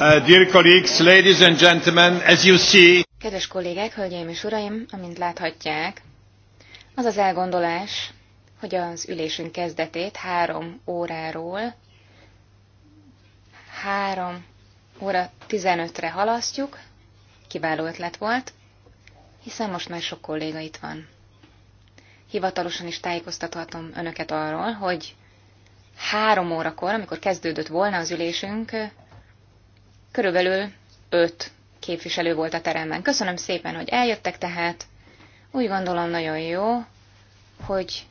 Uh, dear colleagues, ladies and gentlemen, as you see... Kedves kollégák, hölgyeim és uraim, amint láthatják, az az elgondolás, hogy az ülésünk kezdetét három óráról három óra tizenötre halasztjuk, kiváló ötlet volt, hiszen most már sok kolléga itt van. Hivatalosan is tájékoztathatom önöket arról, hogy három órakor, amikor kezdődött volna az ülésünk, Körülbelül öt képviselő volt a teremben. Köszönöm szépen, hogy eljöttek tehát. Úgy gondolom nagyon jó, hogy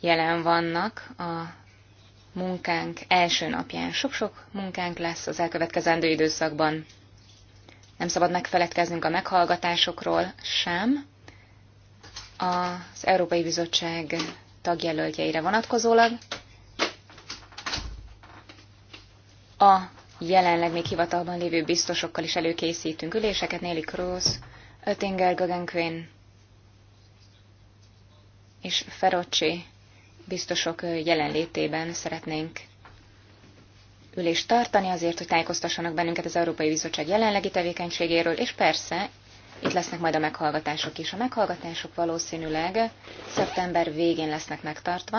jelen vannak a munkánk első napján. Sok-sok munkánk lesz az elkövetkezendő időszakban. Nem szabad megfeledkeznünk a meghallgatásokról sem. Az Európai Bizottság tagjelöltjeire vonatkozólag. A jelenleg még hivatalban lévő biztosokkal is előkészítünk üléseket, Néli Kroos, Oettinger, Gagenquin és Ferocsi biztosok jelenlétében szeretnénk ülést tartani azért, hogy tájékoztassanak bennünket az Európai Bizottság jelenlegi tevékenységéről, és persze itt lesznek majd a meghallgatások is. A meghallgatások valószínűleg szeptember végén lesznek megtartva.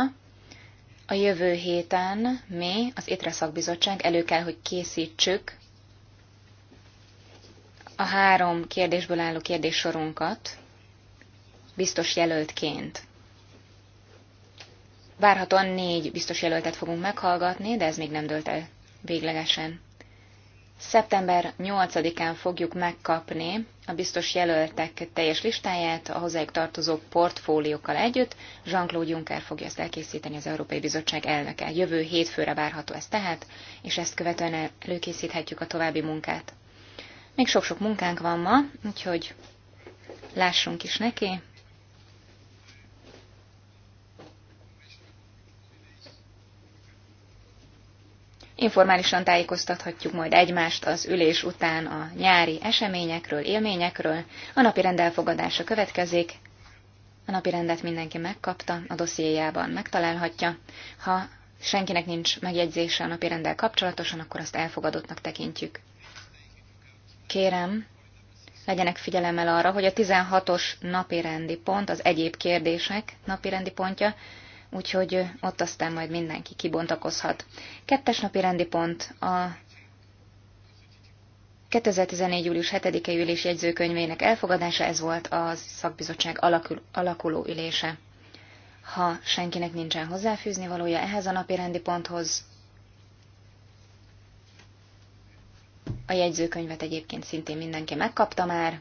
A jövő héten mi, az Étre szakbizottság elő kell, hogy készítsük a három kérdésből álló kérdéssorunkat biztos jelöltként. Várhatóan négy biztos jelöltet fogunk meghallgatni, de ez még nem dölt el véglegesen. Szeptember 8-án fogjuk megkapni a biztos jelöltek teljes listáját a hozzájuk tartozó portfóliókkal együtt. Jean-Claude Juncker fogja ezt elkészíteni az Európai Bizottság elnöke. Jövő hétfőre várható ez tehát, és ezt követően előkészíthetjük a további munkát. Még sok-sok munkánk van ma, úgyhogy lássunk is neki. informálisan tájékoztathatjuk majd egymást az ülés után a nyári eseményekről, élményekről. A napi rend elfogadása következik. A napi rendet mindenki megkapta, a dossziéjában megtalálhatja. Ha senkinek nincs megjegyzése a napi rendel kapcsolatosan, akkor azt elfogadottnak tekintjük. Kérem, legyenek figyelemmel arra, hogy a 16-os napirendi pont, az egyéb kérdések napirendi pontja, úgyhogy ott aztán majd mindenki kibontakozhat. Kettes napi rendi pont a 2014. július 7-e ülés jegyzőkönyvének elfogadása, ez volt a szakbizottság alakul, alakuló ülése. Ha senkinek nincsen hozzáfűzni valója ehhez a napi rendi ponthoz, a jegyzőkönyvet egyébként szintén mindenki megkapta már,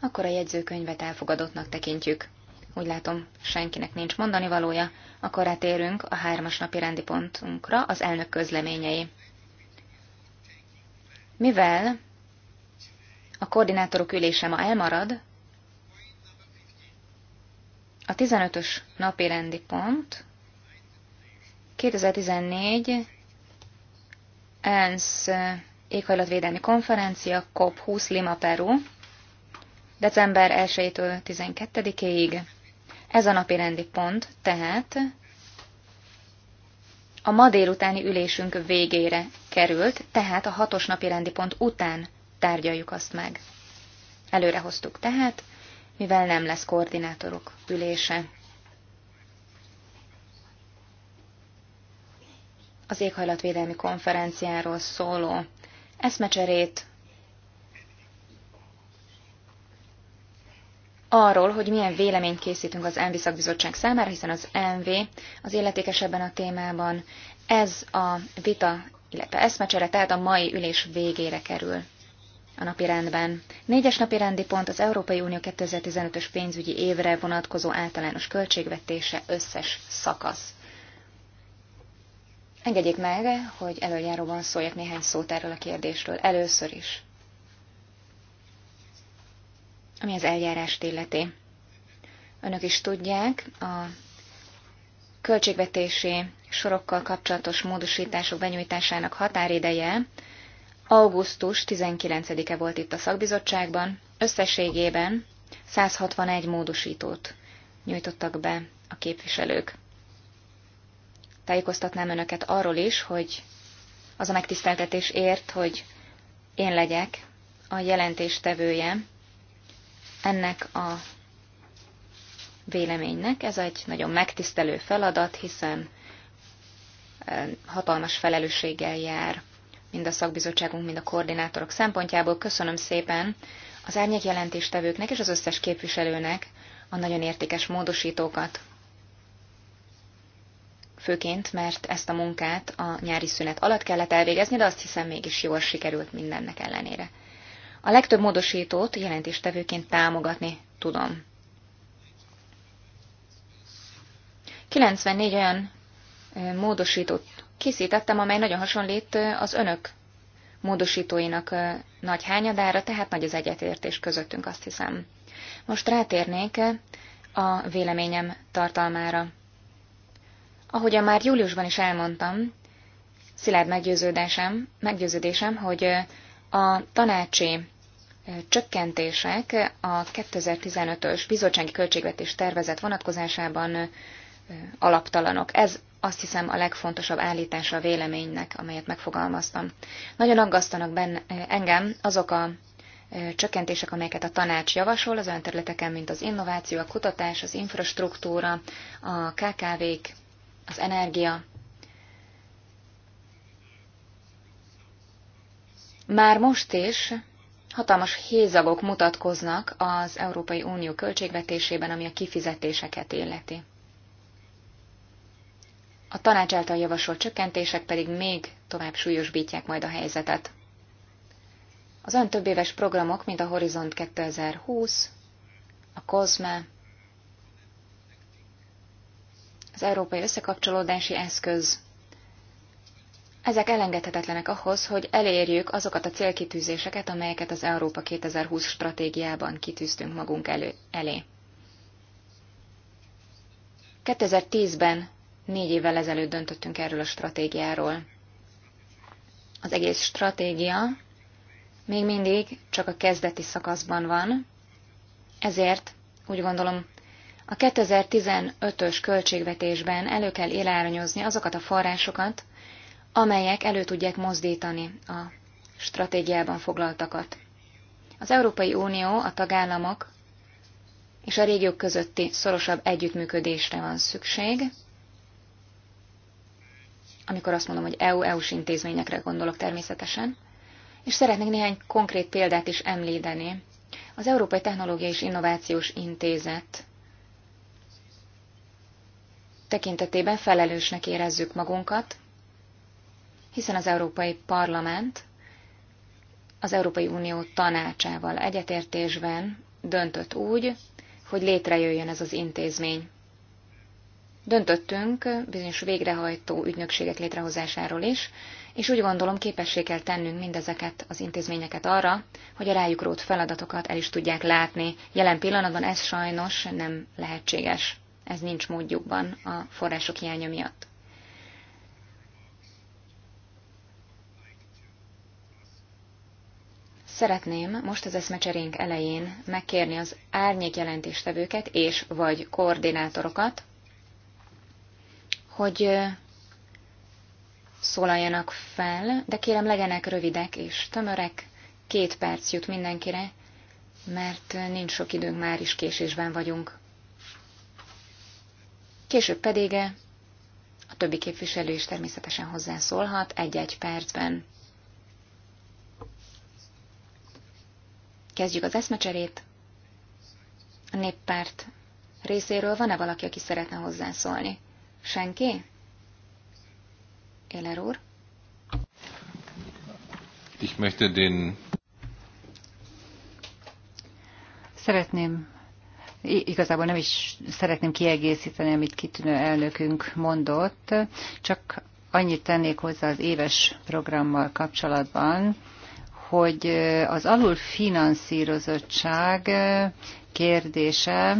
akkor a jegyzőkönyvet elfogadottnak tekintjük. Úgy látom, senkinek nincs mondani valója, akkor rátérünk a hármas napi rendi pontunkra, az elnök közleményei. Mivel a koordinátorok ülése ma elmarad, a 15-ös napi rendi pont 2014 ENSZ éghajlatvédelmi konferencia COP20 Lima Peru december 1-től 12-ig ez a napi rendi pont, tehát a ma délutáni ülésünk végére került, tehát a hatos napi rendi pont után tárgyaljuk azt meg. Előre hoztuk tehát, mivel nem lesz koordinátorok ülése. Az éghajlatvédelmi konferenciáról szóló eszmecserét arról, hogy milyen véleményt készítünk az ENVI szakbizottság számára, hiszen az ENV az illetékesebben a témában. Ez a vita, illetve eszmecsere, tehát a mai ülés végére kerül a napi rendben. Négyes napi rendi pont az Európai Unió 2015-ös pénzügyi évre vonatkozó általános költségvetése összes szakasz. Engedjék meg, hogy előjáróban szóljak néhány szót erről a kérdésről. Először is ami az eljárást illeti. Önök is tudják, a költségvetési sorokkal kapcsolatos módosítások benyújtásának határideje augusztus 19-e volt itt a szakbizottságban. Összességében 161 módosítót nyújtottak be a képviselők. Tájékoztatnám önöket arról is, hogy az a megtiszteltetés ért, hogy én legyek a jelentéstevője ennek a véleménynek. Ez egy nagyon megtisztelő feladat, hiszen e, hatalmas felelősséggel jár mind a szakbizottságunk, mind a koordinátorok szempontjából. Köszönöm szépen az árnyék jelentéstevőknek és az összes képviselőnek a nagyon értékes módosítókat. Főként, mert ezt a munkát a nyári szünet alatt kellett elvégezni, de azt hiszem mégis jól sikerült mindennek ellenére. A legtöbb módosítót jelentéstevőként támogatni tudom. 94 olyan módosítót készítettem, amely nagyon hasonlít az önök módosítóinak nagy hányadára, tehát nagy az egyetértés közöttünk, azt hiszem. Most rátérnék a véleményem tartalmára. Ahogyan már júliusban is elmondtam, szilárd meggyőződésem, meggyőződésem hogy a tanácsi csökkentések a 2015-ös bizottsági költségvetés tervezet vonatkozásában alaptalanok. Ez azt hiszem a legfontosabb állítása a véleménynek, amelyet megfogalmaztam. Nagyon aggasztanak benne, engem azok a csökkentések, amelyeket a tanács javasol az olyan területeken, mint az innováció, a kutatás, az infrastruktúra, a KKV-k, az energia. Már most is hatalmas hézagok mutatkoznak az Európai Unió költségvetésében, ami a kifizetéseket illeti. A tanács által javasolt csökkentések pedig még tovább súlyosbítják majd a helyzetet. Az olyan éves programok, mint a Horizont 2020, a COSME, az Európai Összekapcsolódási Eszköz, ezek elengedhetetlenek ahhoz, hogy elérjük azokat a célkitűzéseket, amelyeket az Európa 2020 stratégiában kitűztünk magunk elő, elé. 2010-ben, négy évvel ezelőtt döntöttünk erről a stratégiáról. Az egész stratégia még mindig csak a kezdeti szakaszban van, ezért úgy gondolom, a 2015-ös költségvetésben elő kell élárnyozni azokat a forrásokat, amelyek elő tudják mozdítani a stratégiában foglaltakat. Az Európai Unió, a tagállamok és a régiók közötti szorosabb együttműködésre van szükség. Amikor azt mondom, hogy EU-EU-s intézményekre gondolok természetesen, és szeretnék néhány konkrét példát is említeni. Az Európai Technológiai és Innovációs Intézet tekintetében felelősnek érezzük magunkat, hiszen az Európai Parlament az Európai Unió tanácsával egyetértésben döntött úgy, hogy létrejöjjön ez az intézmény. Döntöttünk bizonyos végrehajtó ügynökségek létrehozásáról is, és úgy gondolom képessé kell tennünk mindezeket az intézményeket arra, hogy a rájuk rót feladatokat el is tudják látni. Jelen pillanatban ez sajnos nem lehetséges. Ez nincs módjukban a források hiánya miatt. Szeretném most az eszmecserénk elején megkérni az árnyék jelentéstevőket és vagy koordinátorokat, hogy szólaljanak fel, de kérem legyenek rövidek és tömörek, két perc jut mindenkire, mert nincs sok időnk, már is késésben vagyunk. Később pedig a többi képviselő is természetesen hozzászólhat egy-egy percben. Kezdjük az eszmecserét. A néppárt részéről van-e valaki, aki szeretne hozzászólni? Senki? Éler úr? Ich möchte den... Szeretném, igazából nem is szeretném kiegészíteni, amit kitűnő elnökünk mondott, csak annyit tennék hozzá az éves programmal kapcsolatban, hogy az alulfinanszírozottság kérdése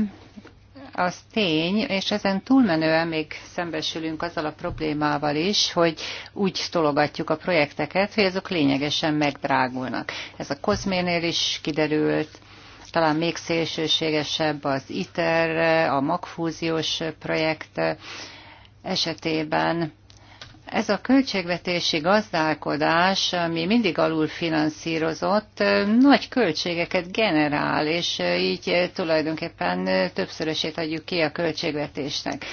az tény, és ezen túlmenően még szembesülünk azzal a problémával is, hogy úgy tologatjuk a projekteket, hogy azok lényegesen megdrágulnak. Ez a Kozménél is kiderült, talán még szélsőségesebb az ITER, a magfúziós projekt esetében ez a költségvetési gazdálkodás, ami mindig finanszírozott, nagy költségeket generál, és így tulajdonképpen többszörösét adjuk ki a költségvetésnek.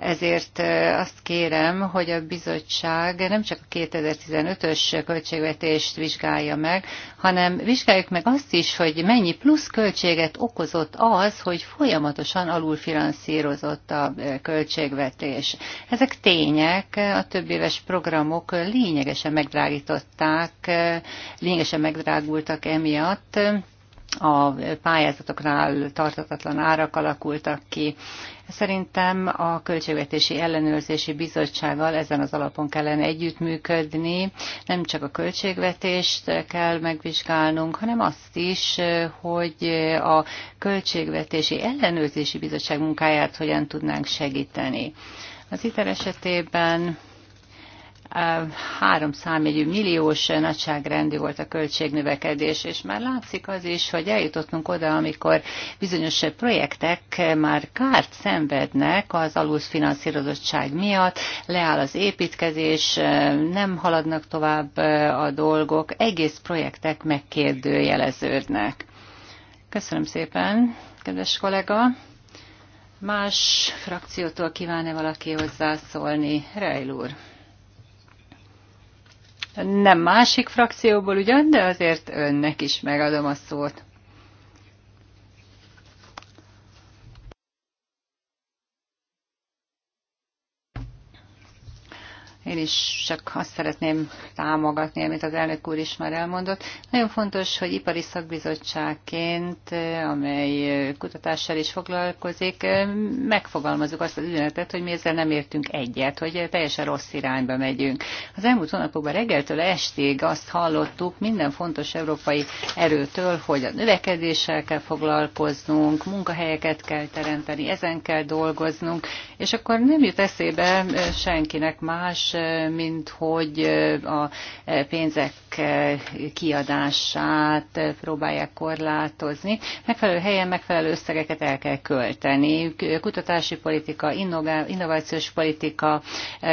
Ezért azt kérem, hogy a bizottság nem csak a 2015-ös költségvetést vizsgálja meg, hanem vizsgáljuk meg azt is, hogy mennyi plusz költséget okozott az, hogy folyamatosan alulfinanszírozott a költségvetés. Ezek tények, a több éves programok lényegesen megdrágították, lényegesen megdrágultak emiatt, a pályázatoknál tartatatlan árak alakultak ki, Szerintem a Költségvetési Ellenőrzési Bizottsággal ezen az alapon kellene együttműködni. Nem csak a költségvetést kell megvizsgálnunk, hanem azt is, hogy a Költségvetési Ellenőrzési Bizottság munkáját hogyan tudnánk segíteni. Az ITER esetében három számjegyű milliós nagyságrendű volt a költségnövekedés, és már látszik az is, hogy eljutottunk oda, amikor bizonyos projektek már kárt szenvednek az alulfinanszírozottság miatt, leáll az építkezés, nem haladnak tovább a dolgok, egész projektek megkérdőjeleződnek. Köszönöm szépen, kedves kollega! Más frakciótól kíván-e valaki hozzászólni? Rejl úr nem másik frakcióból ugyan, de azért önnek is megadom a szót. Én is csak azt szeretném támogatni, amit az elnök úr is már elmondott. Nagyon fontos, hogy ipari szakbizottságként, amely kutatással is foglalkozik, megfogalmazunk azt az üzenetet, hogy mi ezzel nem értünk egyet, hogy teljesen rossz irányba megyünk. Az elmúlt hónapokban reggeltől estig azt hallottuk minden fontos európai erőtől, hogy a növekedéssel kell foglalkoznunk, munkahelyeket kell teremteni, ezen kell dolgoznunk, és akkor nem jut eszébe senkinek más, mint hogy a pénzek kiadását próbálják korlátozni. Megfelelő helyen megfelelő összegeket el kell költeni. Kutatási politika, innovációs politika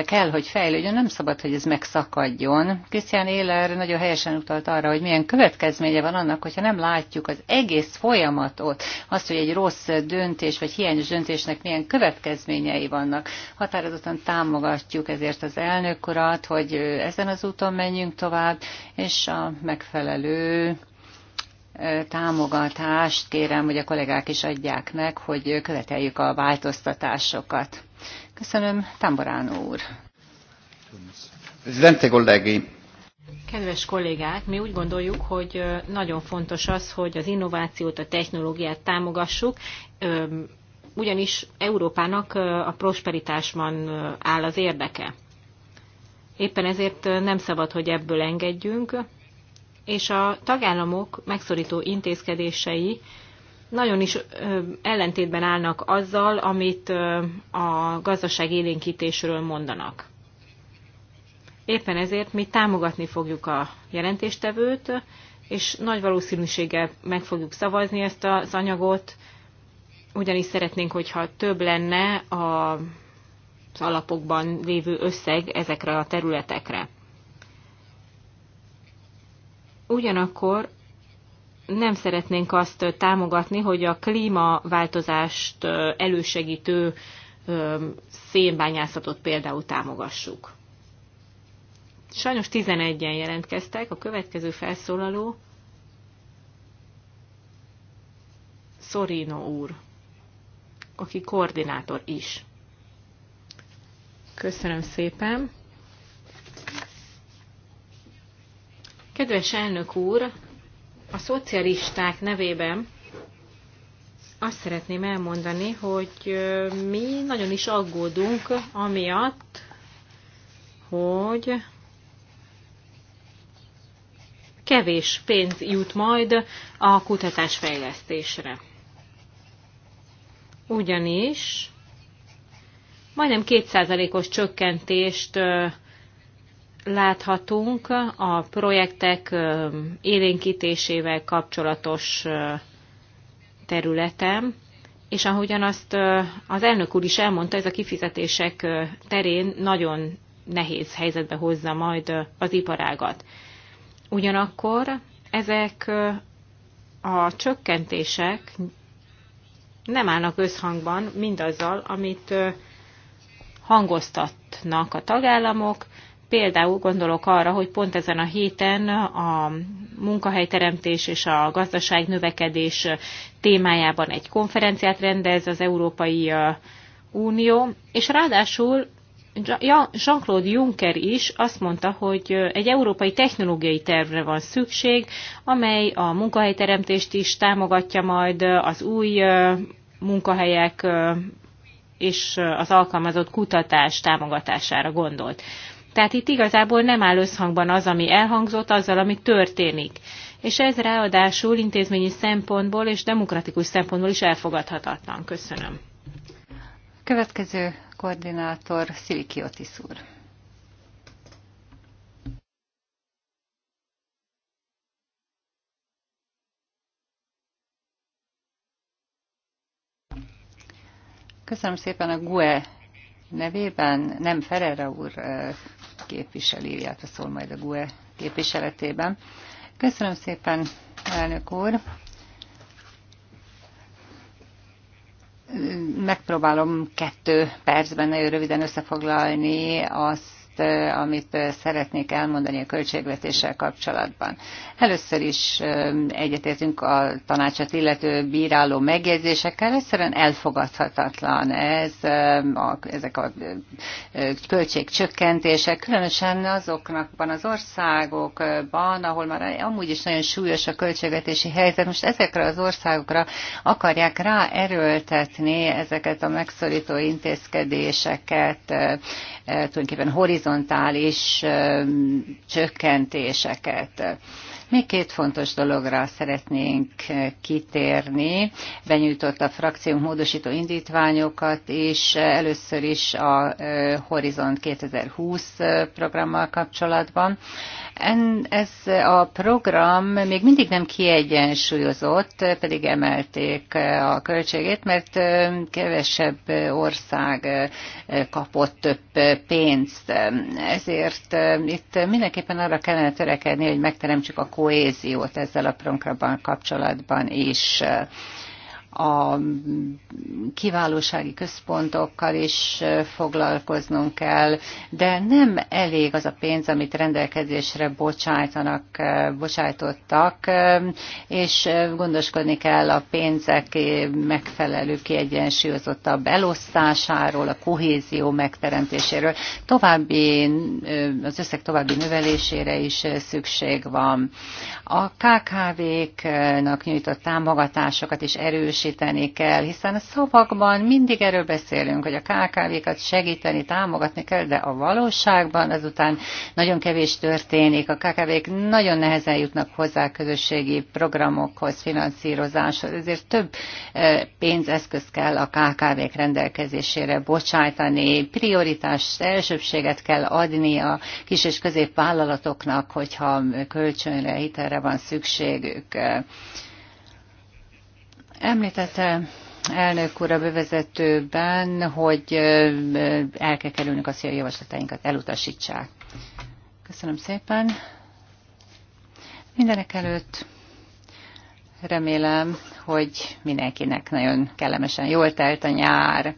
kell, hogy fejlődjön, nem szabad, hogy ez megszakadjon. Krisztián Éler nagyon helyesen utalt arra, hogy milyen következménye van annak, hogyha nem látjuk az egész folyamatot, azt, hogy egy rossz döntés vagy hiányos döntésnek milyen következményei vannak. Határozottan támogatjuk ezért az el elnök urat, hogy ezen az úton menjünk tovább, és a megfelelő támogatást kérem, hogy a kollégák is adják meg, hogy követeljük a változtatásokat. Köszönöm, Tamborán úr. Kedves kollégák, mi úgy gondoljuk, hogy nagyon fontos az, hogy az innovációt, a technológiát támogassuk, ugyanis Európának a prosperitásban áll az érdeke. Éppen ezért nem szabad, hogy ebből engedjünk, és a tagállamok megszorító intézkedései nagyon is ellentétben állnak azzal, amit a gazdaság élénkítésről mondanak. Éppen ezért mi támogatni fogjuk a jelentéstevőt, és nagy valószínűséggel meg fogjuk szavazni ezt az anyagot, ugyanis szeretnénk, hogyha több lenne a alapokban lévő összeg ezekre a területekre. Ugyanakkor nem szeretnénk azt támogatni, hogy a klímaváltozást elősegítő szénbányászatot például támogassuk. Sajnos 11-en jelentkeztek, a következő felszólaló Szorino úr, aki koordinátor is. Köszönöm szépen. Kedves elnök úr, a szocialisták nevében azt szeretném elmondani, hogy mi nagyon is aggódunk amiatt, hogy kevés pénz jut majd a kutatásfejlesztésre. Ugyanis Majdnem 2 csökkentést láthatunk a projektek élénkítésével kapcsolatos területen, és ahogyan azt az elnök úr is elmondta, ez a kifizetések terén nagyon nehéz helyzetbe hozza majd az iparágat. Ugyanakkor ezek a csökkentések nem állnak összhangban mindazzal, amit hangoztatnak a tagállamok, Például gondolok arra, hogy pont ezen a héten a munkahelyteremtés és a gazdaság növekedés témájában egy konferenciát rendez az Európai Unió, és ráadásul Jean-Claude Juncker is azt mondta, hogy egy európai technológiai tervre van szükség, amely a munkahelyteremtést is támogatja majd az új munkahelyek és az alkalmazott kutatás támogatására gondolt. Tehát itt igazából nem áll összhangban az, ami elhangzott, azzal, ami történik. És ez ráadásul intézményi szempontból és demokratikus szempontból is elfogadhatatlan. Köszönöm. Következő koordinátor Szilikiotis úr. Köszönöm szépen a GUE nevében, nem Ferreira úr képviseli, illetve szól majd a GUE képviseletében. Köszönöm szépen, elnök úr. megpróbálom kettő percben nagyon röviden összefoglalni az amit szeretnék elmondani a költségvetéssel kapcsolatban. Először is egyetértünk a tanácsot illető bíráló megjegyzésekkel, egyszerűen elfogadhatatlan ez, a, ezek a költségcsökkentések, különösen azoknakban az országokban, ahol már amúgy is nagyon súlyos a költségvetési helyzet, most ezekre az országokra akarják ráerőltetni ezeket a megszorító intézkedéseket, tulajdonképpen horizontális horizontális csökkentéseket. Még két fontos dologra szeretnénk kitérni. Benyújtott a frakció módosító indítványokat, és először is a Horizont 2020 programmal kapcsolatban. En, ez a program még mindig nem kiegyensúlyozott, pedig emelték a költségét, mert kevesebb ország kapott több pénzt. Ezért itt mindenképpen arra kellene törekedni, hogy megteremtsük a kohéziót ezzel a programban kapcsolatban is a kiválósági központokkal is foglalkoznunk kell, de nem elég az a pénz, amit rendelkezésre bocsájtanak, bocsájtottak, és gondoskodni kell a pénzek megfelelő kiegyensúlyozottabb elosztásáról, a kohézió megteremtéséről. További, az összeg további növelésére is szükség van. A KKV-knak nyújtott támogatásokat is erős erősíteni kell, hiszen a szavakban mindig erről beszélünk, hogy a KKV-kat segíteni, támogatni kell, de a valóságban azután nagyon kevés történik. A KKV-k nagyon nehezen jutnak hozzá közösségi programokhoz, finanszírozáshoz, ezért több e, pénzeszköz kell a KKV-k rendelkezésére bocsájtani, prioritást, elsőbséget kell adni a kis és középvállalatoknak, hogyha kölcsönre, hitelre van szükségük. Említette elnök úr a bevezetőben, hogy el kell kerülnünk a hogy javaslatainkat elutasítsák. Köszönöm szépen. Mindenek előtt remélem, hogy mindenkinek nagyon kellemesen jól telt a nyár.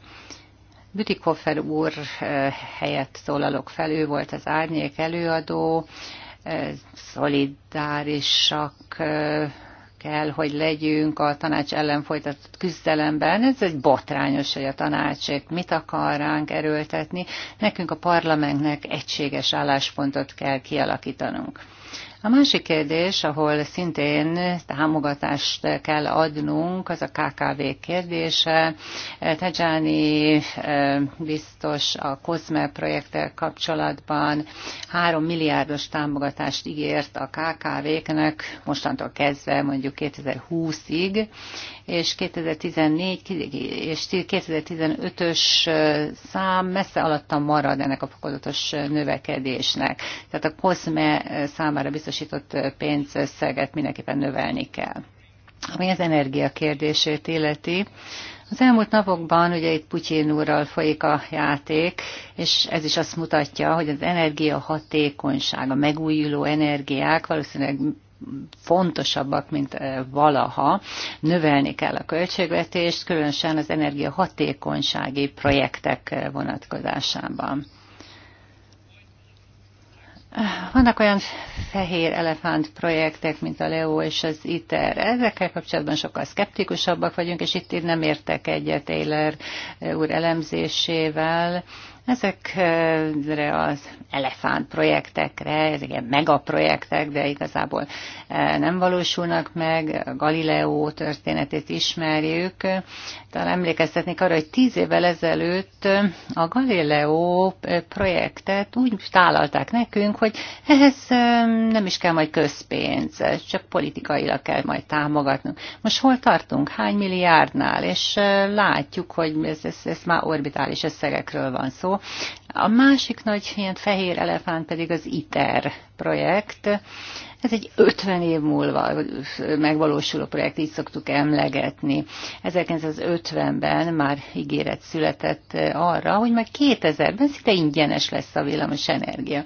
Bütikhofer úr helyett szólalok fel, ő volt az árnyék előadó, szolidárisak kell, hogy legyünk a tanács ellen folytatott küzdelemben. Ez egy botrányos, hogy a tanács mit akar ránk erőltetni. Nekünk a parlamentnek egységes álláspontot kell kialakítanunk. A másik kérdés, ahol szintén támogatást kell adnunk, az a KKV kérdése. Tajani eh, biztos a COSME projekttel kapcsolatban 3 milliárdos támogatást ígért a KKV-knek mostantól kezdve mondjuk 2020-ig, és 2014 és 2015-ös szám messze alatta marad ennek a fokozatos növekedésnek. Tehát a COSME számára biztosított pénzösszeget mindenképpen növelni kell. Ami az energia kérdését illeti, az elmúlt napokban ugye itt Putyin úrral folyik a játék, és ez is azt mutatja, hogy az energia hatékonyság, a megújuló energiák valószínűleg fontosabbak, mint eh, valaha. Növelni kell a költségvetést, különösen az energiahatékonysági projektek eh, vonatkozásában. Vannak olyan fehér elefánt projektek, mint a Leo és az ITER. Ezekkel kapcsolatban sokkal szkeptikusabbak vagyunk, és itt én nem értek egyet Taylor eh, úr elemzésével. Ezekre az elefánt projektekre, ezek ilyen megaprojektek, de igazából e, nem valósulnak meg. Galileo történetét ismerjük. Talán emlékeztetnék arra, hogy tíz évvel ezelőtt a Galileo projektet úgy tálalták nekünk, hogy ehhez e, nem is kell majd közpénz, csak politikailag kell majd támogatnunk. Most hol tartunk? Hány milliárdnál? És e, látjuk, hogy ez, ez, ez már orbitális összegekről van szó a másik nagy ilyen fehér elefánt pedig az ITER projekt. Ez egy 50 év múlva megvalósuló projekt, így szoktuk emlegetni. 1950-ben már ígéret született arra, hogy majd 2000-ben szinte ingyenes lesz a villamos energia.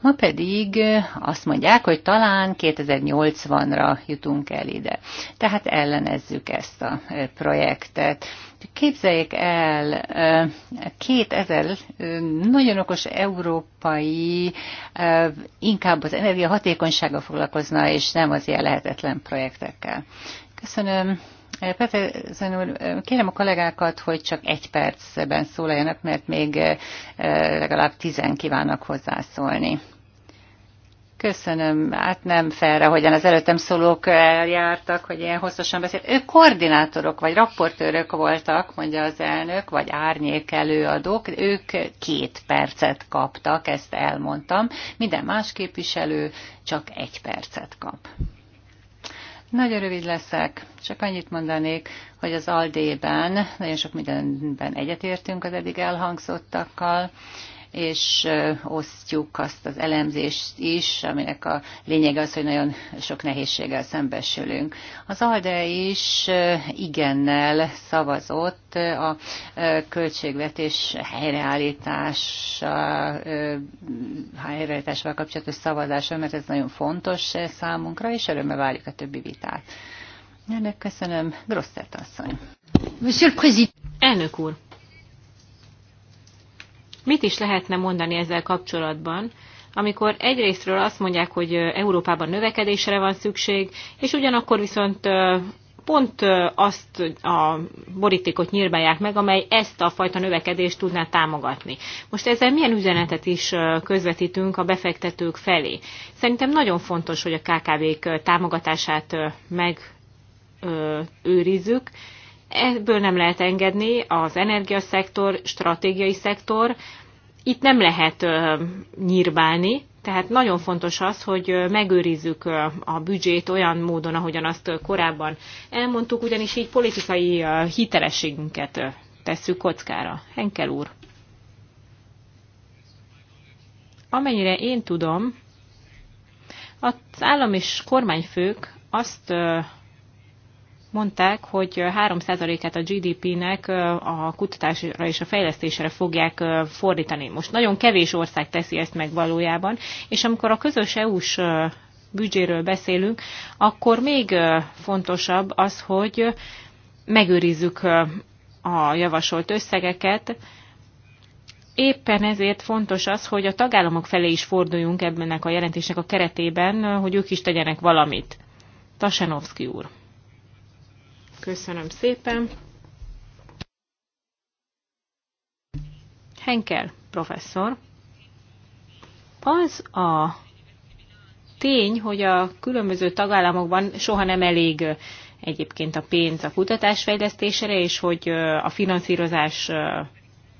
Ma pedig azt mondják, hogy talán 2080-ra jutunk el ide. Tehát ellenezzük ezt a projektet. Képzeljék el, két ezer nagyon okos európai inkább az energiahatékonysággal foglalkozna, és nem az ilyen lehetetlen projektekkel. Köszönöm. Peterzen úr, kérem a kollégákat, hogy csak egy percben szólaljanak, mert még legalább tizen kívánnak hozzászólni. Köszönöm. Hát nem felre, hogyan az előttem szólók eljártak, hogy ilyen hosszasan beszélt. Ők koordinátorok vagy rapportőrök voltak, mondja az elnök, vagy árnyék előadók. Ők két percet kaptak, ezt elmondtam. Minden más képviselő csak egy percet kap. Nagyon rövid leszek, csak annyit mondanék, hogy az Aldében nagyon sok mindenben egyetértünk az eddig elhangzottakkal, és osztjuk azt az elemzést is, aminek a lényege az, hogy nagyon sok nehézséggel szembesülünk. Az ALDE is igennel szavazott a költségvetés helyreállítása, helyreállításával kapcsolatos szavazásra, mert ez nagyon fontos számunkra, és örömmel várjuk a többi vitát. Ennek köszönöm, Grosszert asszony. Monsieur le Président. Elnök úr, Mit is lehetne mondani ezzel kapcsolatban, amikor egyrésztről azt mondják, hogy Európában növekedésre van szükség, és ugyanakkor viszont pont azt a borítékot nyírbálják meg, amely ezt a fajta növekedést tudná támogatni. Most ezzel milyen üzenetet is közvetítünk a befektetők felé? Szerintem nagyon fontos, hogy a KKV-k támogatását megőrizzük, Ebből nem lehet engedni az energiaszektor, stratégiai szektor. Itt nem lehet nyírbálni, tehát nagyon fontos az, hogy megőrizzük a büdzsét olyan módon, ahogyan azt korábban elmondtuk, ugyanis így politikai hitelességünket tesszük kockára. Henkel úr. Amennyire én tudom, az állam és kormányfők azt mondták, hogy 3%-át a GDP-nek a kutatásra és a fejlesztésre fogják fordítani. Most nagyon kevés ország teszi ezt meg valójában, és amikor a közös EU-s büdzséről beszélünk, akkor még fontosabb az, hogy megőrizzük a javasolt összegeket. Éppen ezért fontos az, hogy a tagállamok felé is forduljunk ebben a jelentésnek a keretében, hogy ők is tegyenek valamit. Tasenovszki úr. Köszönöm szépen. Henkel professzor, az a tény, hogy a különböző tagállamokban soha nem elég egyébként a pénz a kutatásfejlesztésre, és hogy a finanszírozás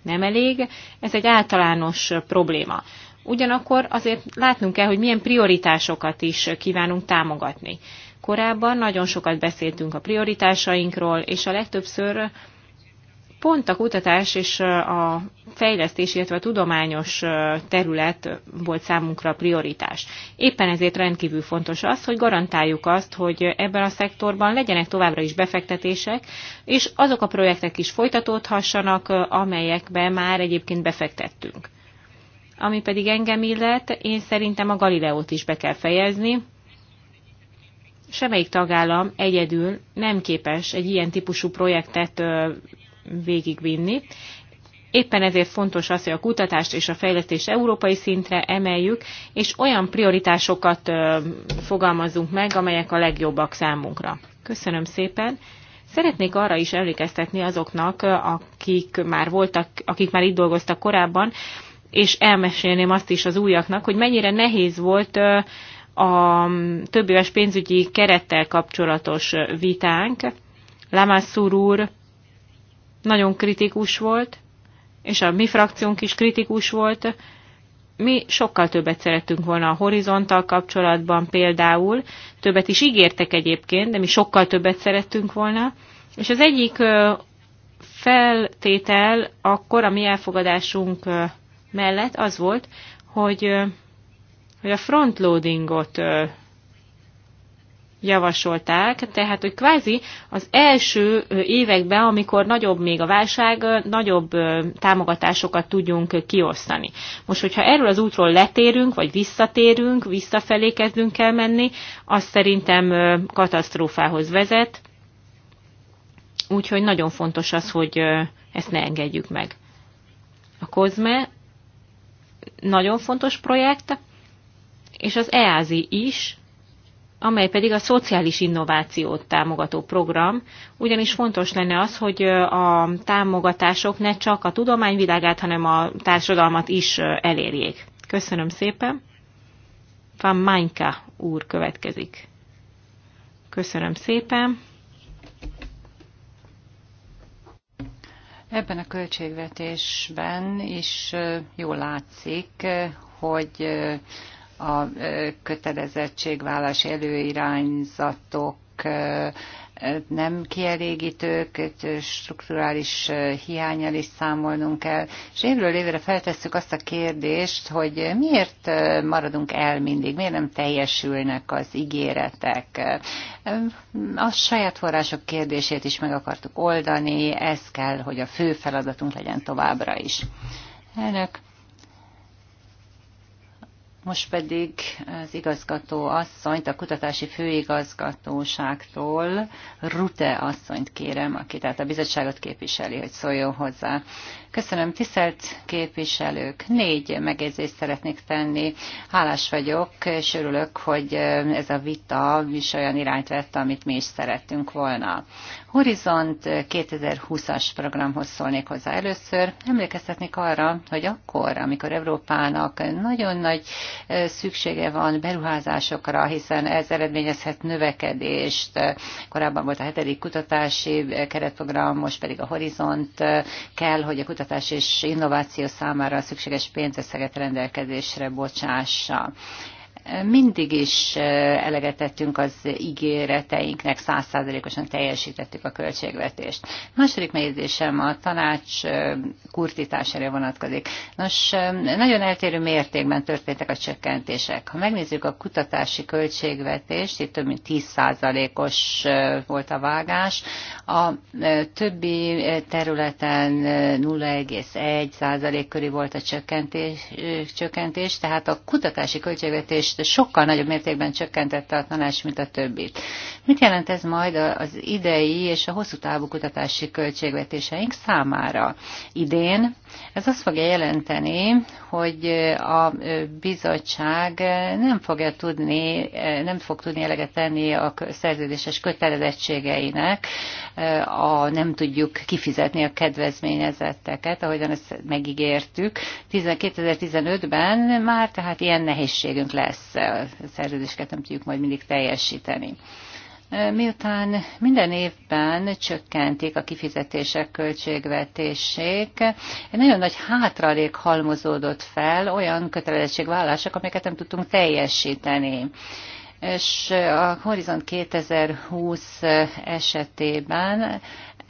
nem elég, ez egy általános probléma. Ugyanakkor azért látnunk kell, hogy milyen prioritásokat is kívánunk támogatni. Korábban nagyon sokat beszéltünk a prioritásainkról, és a legtöbbször pont a kutatás és a fejlesztés, illetve a tudományos terület volt számunkra a prioritás. Éppen ezért rendkívül fontos az, hogy garantáljuk azt, hogy ebben a szektorban legyenek továbbra is befektetések, és azok a projektek is folytatódhassanak, amelyekbe már egyébként befektettünk. Ami pedig engem illet, én szerintem a Galileót is be kell fejezni, semmelyik tagállam egyedül nem képes egy ilyen típusú projektet végigvinni. Éppen ezért fontos az, hogy a kutatást és a fejlesztést európai szintre emeljük, és olyan prioritásokat fogalmazzunk meg, amelyek a legjobbak számunkra. Köszönöm szépen! Szeretnék arra is emlékeztetni azoknak, akik már voltak, akik már itt dolgoztak korábban, és elmesélném azt is az újaknak, hogy mennyire nehéz volt a éves pénzügyi kerettel kapcsolatos vitánk. Lamassur úr nagyon kritikus volt, és a mi frakciónk is kritikus volt. Mi sokkal többet szerettünk volna a horizontal kapcsolatban például, többet is ígértek egyébként, de mi sokkal többet szerettünk volna. És az egyik feltétel akkor a mi elfogadásunk mellett az volt, hogy hogy a frontloadingot javasolták, tehát hogy kvázi az első években, amikor nagyobb még a válság, nagyobb támogatásokat tudjunk kiosztani. Most, hogyha erről az útról letérünk, vagy visszatérünk, visszafelé kezdünk el menni, az szerintem katasztrófához vezet, úgyhogy nagyon fontos az, hogy ezt ne engedjük meg. A COSME nagyon fontos projekt, és az EASI is, amely pedig a szociális innovációt támogató program, ugyanis fontos lenne az, hogy a támogatások ne csak a tudományvilágát, hanem a társadalmat is elérjék. Köszönöm szépen. Van Mányka úr következik. Köszönöm szépen. Ebben a költségvetésben is jól látszik, hogy a kötelezettségvállás előirányzatok nem kielégítők, strukturális hiányal is számolnunk kell. És évről évre feltesszük azt a kérdést, hogy miért maradunk el mindig, miért nem teljesülnek az ígéretek. A saját források kérdését is meg akartuk oldani, ez kell, hogy a fő feladatunk legyen továbbra is. Elnök, most pedig az igazgató asszonyt, a kutatási főigazgatóságtól Rute asszonyt kérem, aki tehát a bizottságot képviseli, hogy szóljon hozzá. Köszönöm, tisztelt képviselők! Négy megjegyzést szeretnék tenni. Hálás vagyok, és örülök, hogy ez a vita is olyan irányt vett, amit mi is szerettünk volna. Horizont 2020-as programhoz szólnék hozzá először. Emlékeztetnék arra, hogy akkor, amikor Európának nagyon nagy szüksége van beruházásokra, hiszen ez eredményezhet növekedést. Korábban volt a hetedik kutatási keretprogram, most pedig a Horizont kell, hogy a kutatás és innováció számára szükséges pénzösszeget rendelkezésre bocsássa mindig is elegetettünk az ígéreteinknek, százszázalékosan teljesítettük a költségvetést. A második megjegyzésem a tanács kurtítására vonatkozik. Nos, nagyon eltérő mértékben történtek a csökkentések. Ha megnézzük a kutatási költségvetést, itt több mint 10%-os volt a vágás, a többi területen 0,1% körül volt a csökkentés, csökkentés tehát a kutatási költségvetés költségvetést sokkal nagyobb mértékben csökkentette a tanács, mint a többit. Mit jelent ez majd az idei és a hosszú távú kutatási költségvetéseink számára? Idén ez azt fogja jelenteni, hogy a bizottság nem fogja tudni, nem fog tudni eleget tenni a szerződéses kötelezettségeinek, a, nem tudjuk kifizetni a kedvezményezetteket, ahogyan ezt megígértük. 2015-ben már tehát ilyen nehézségünk lesz, a szerződéseket nem tudjuk majd mindig teljesíteni. Miután minden évben csökkentik a kifizetések költségvetését, egy nagyon nagy hátralék halmozódott fel olyan kötelezettségvállások, amiket nem tudtunk teljesíteni és a Horizont 2020 esetében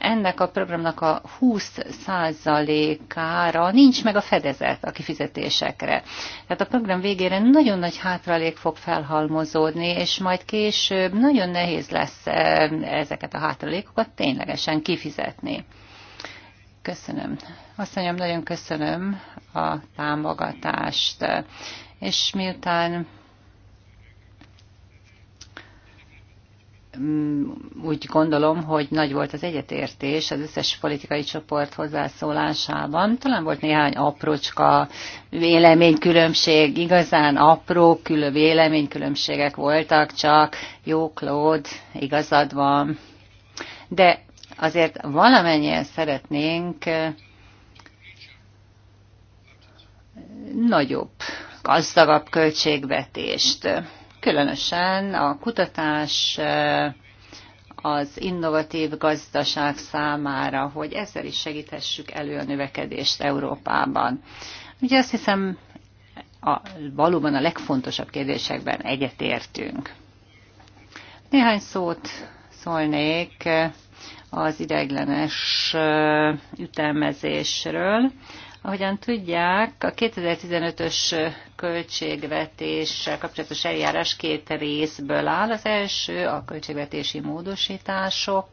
ennek a programnak a 20%-ára nincs meg a fedezet a kifizetésekre. Tehát a program végére nagyon nagy hátralék fog felhalmozódni, és majd később nagyon nehéz lesz e, ezeket a hátralékokat ténylegesen kifizetni. Köszönöm. mondjam, nagyon köszönöm a támogatást. És miután Mm, úgy gondolom, hogy nagy volt az egyetértés az összes politikai csoport hozzászólásában. Talán volt néhány aprócska véleménykülönbség, igazán apró külön véleménykülönbségek voltak, csak jó, Claude, igazad van. De azért valamennyien szeretnénk eh, nagyobb, gazdagabb költségvetést különösen a kutatás eh, az innovatív gazdaság számára, hogy ezzel is segíthessük elő a növekedést Európában. Ugye azt hiszem, a, valóban a legfontosabb kérdésekben egyetértünk. Néhány szót szólnék eh, az ideiglenes eh, ütemezésről. Ahogyan tudják, a 2015-ös költségvetéssel kapcsolatos eljárás két részből áll. Az első a költségvetési módosítások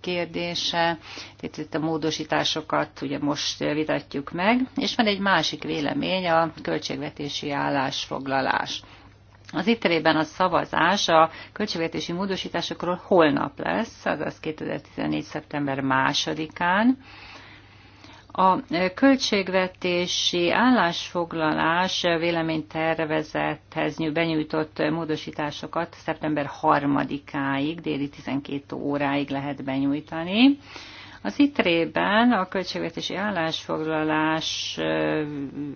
kérdése. Itt, itt a módosításokat ugye most vitatjuk meg, és van egy másik vélemény, a költségvetési állásfoglalás. Az itterében a szavazás a költségvetési módosításokról holnap lesz, azaz 2014. szeptember másodikán. A költségvetési állásfoglalás véleménytervezethez benyújtott módosításokat szeptember 3-áig, déli 12 óráig lehet benyújtani. Az ITRE-ben a költségvetési állásfoglalás,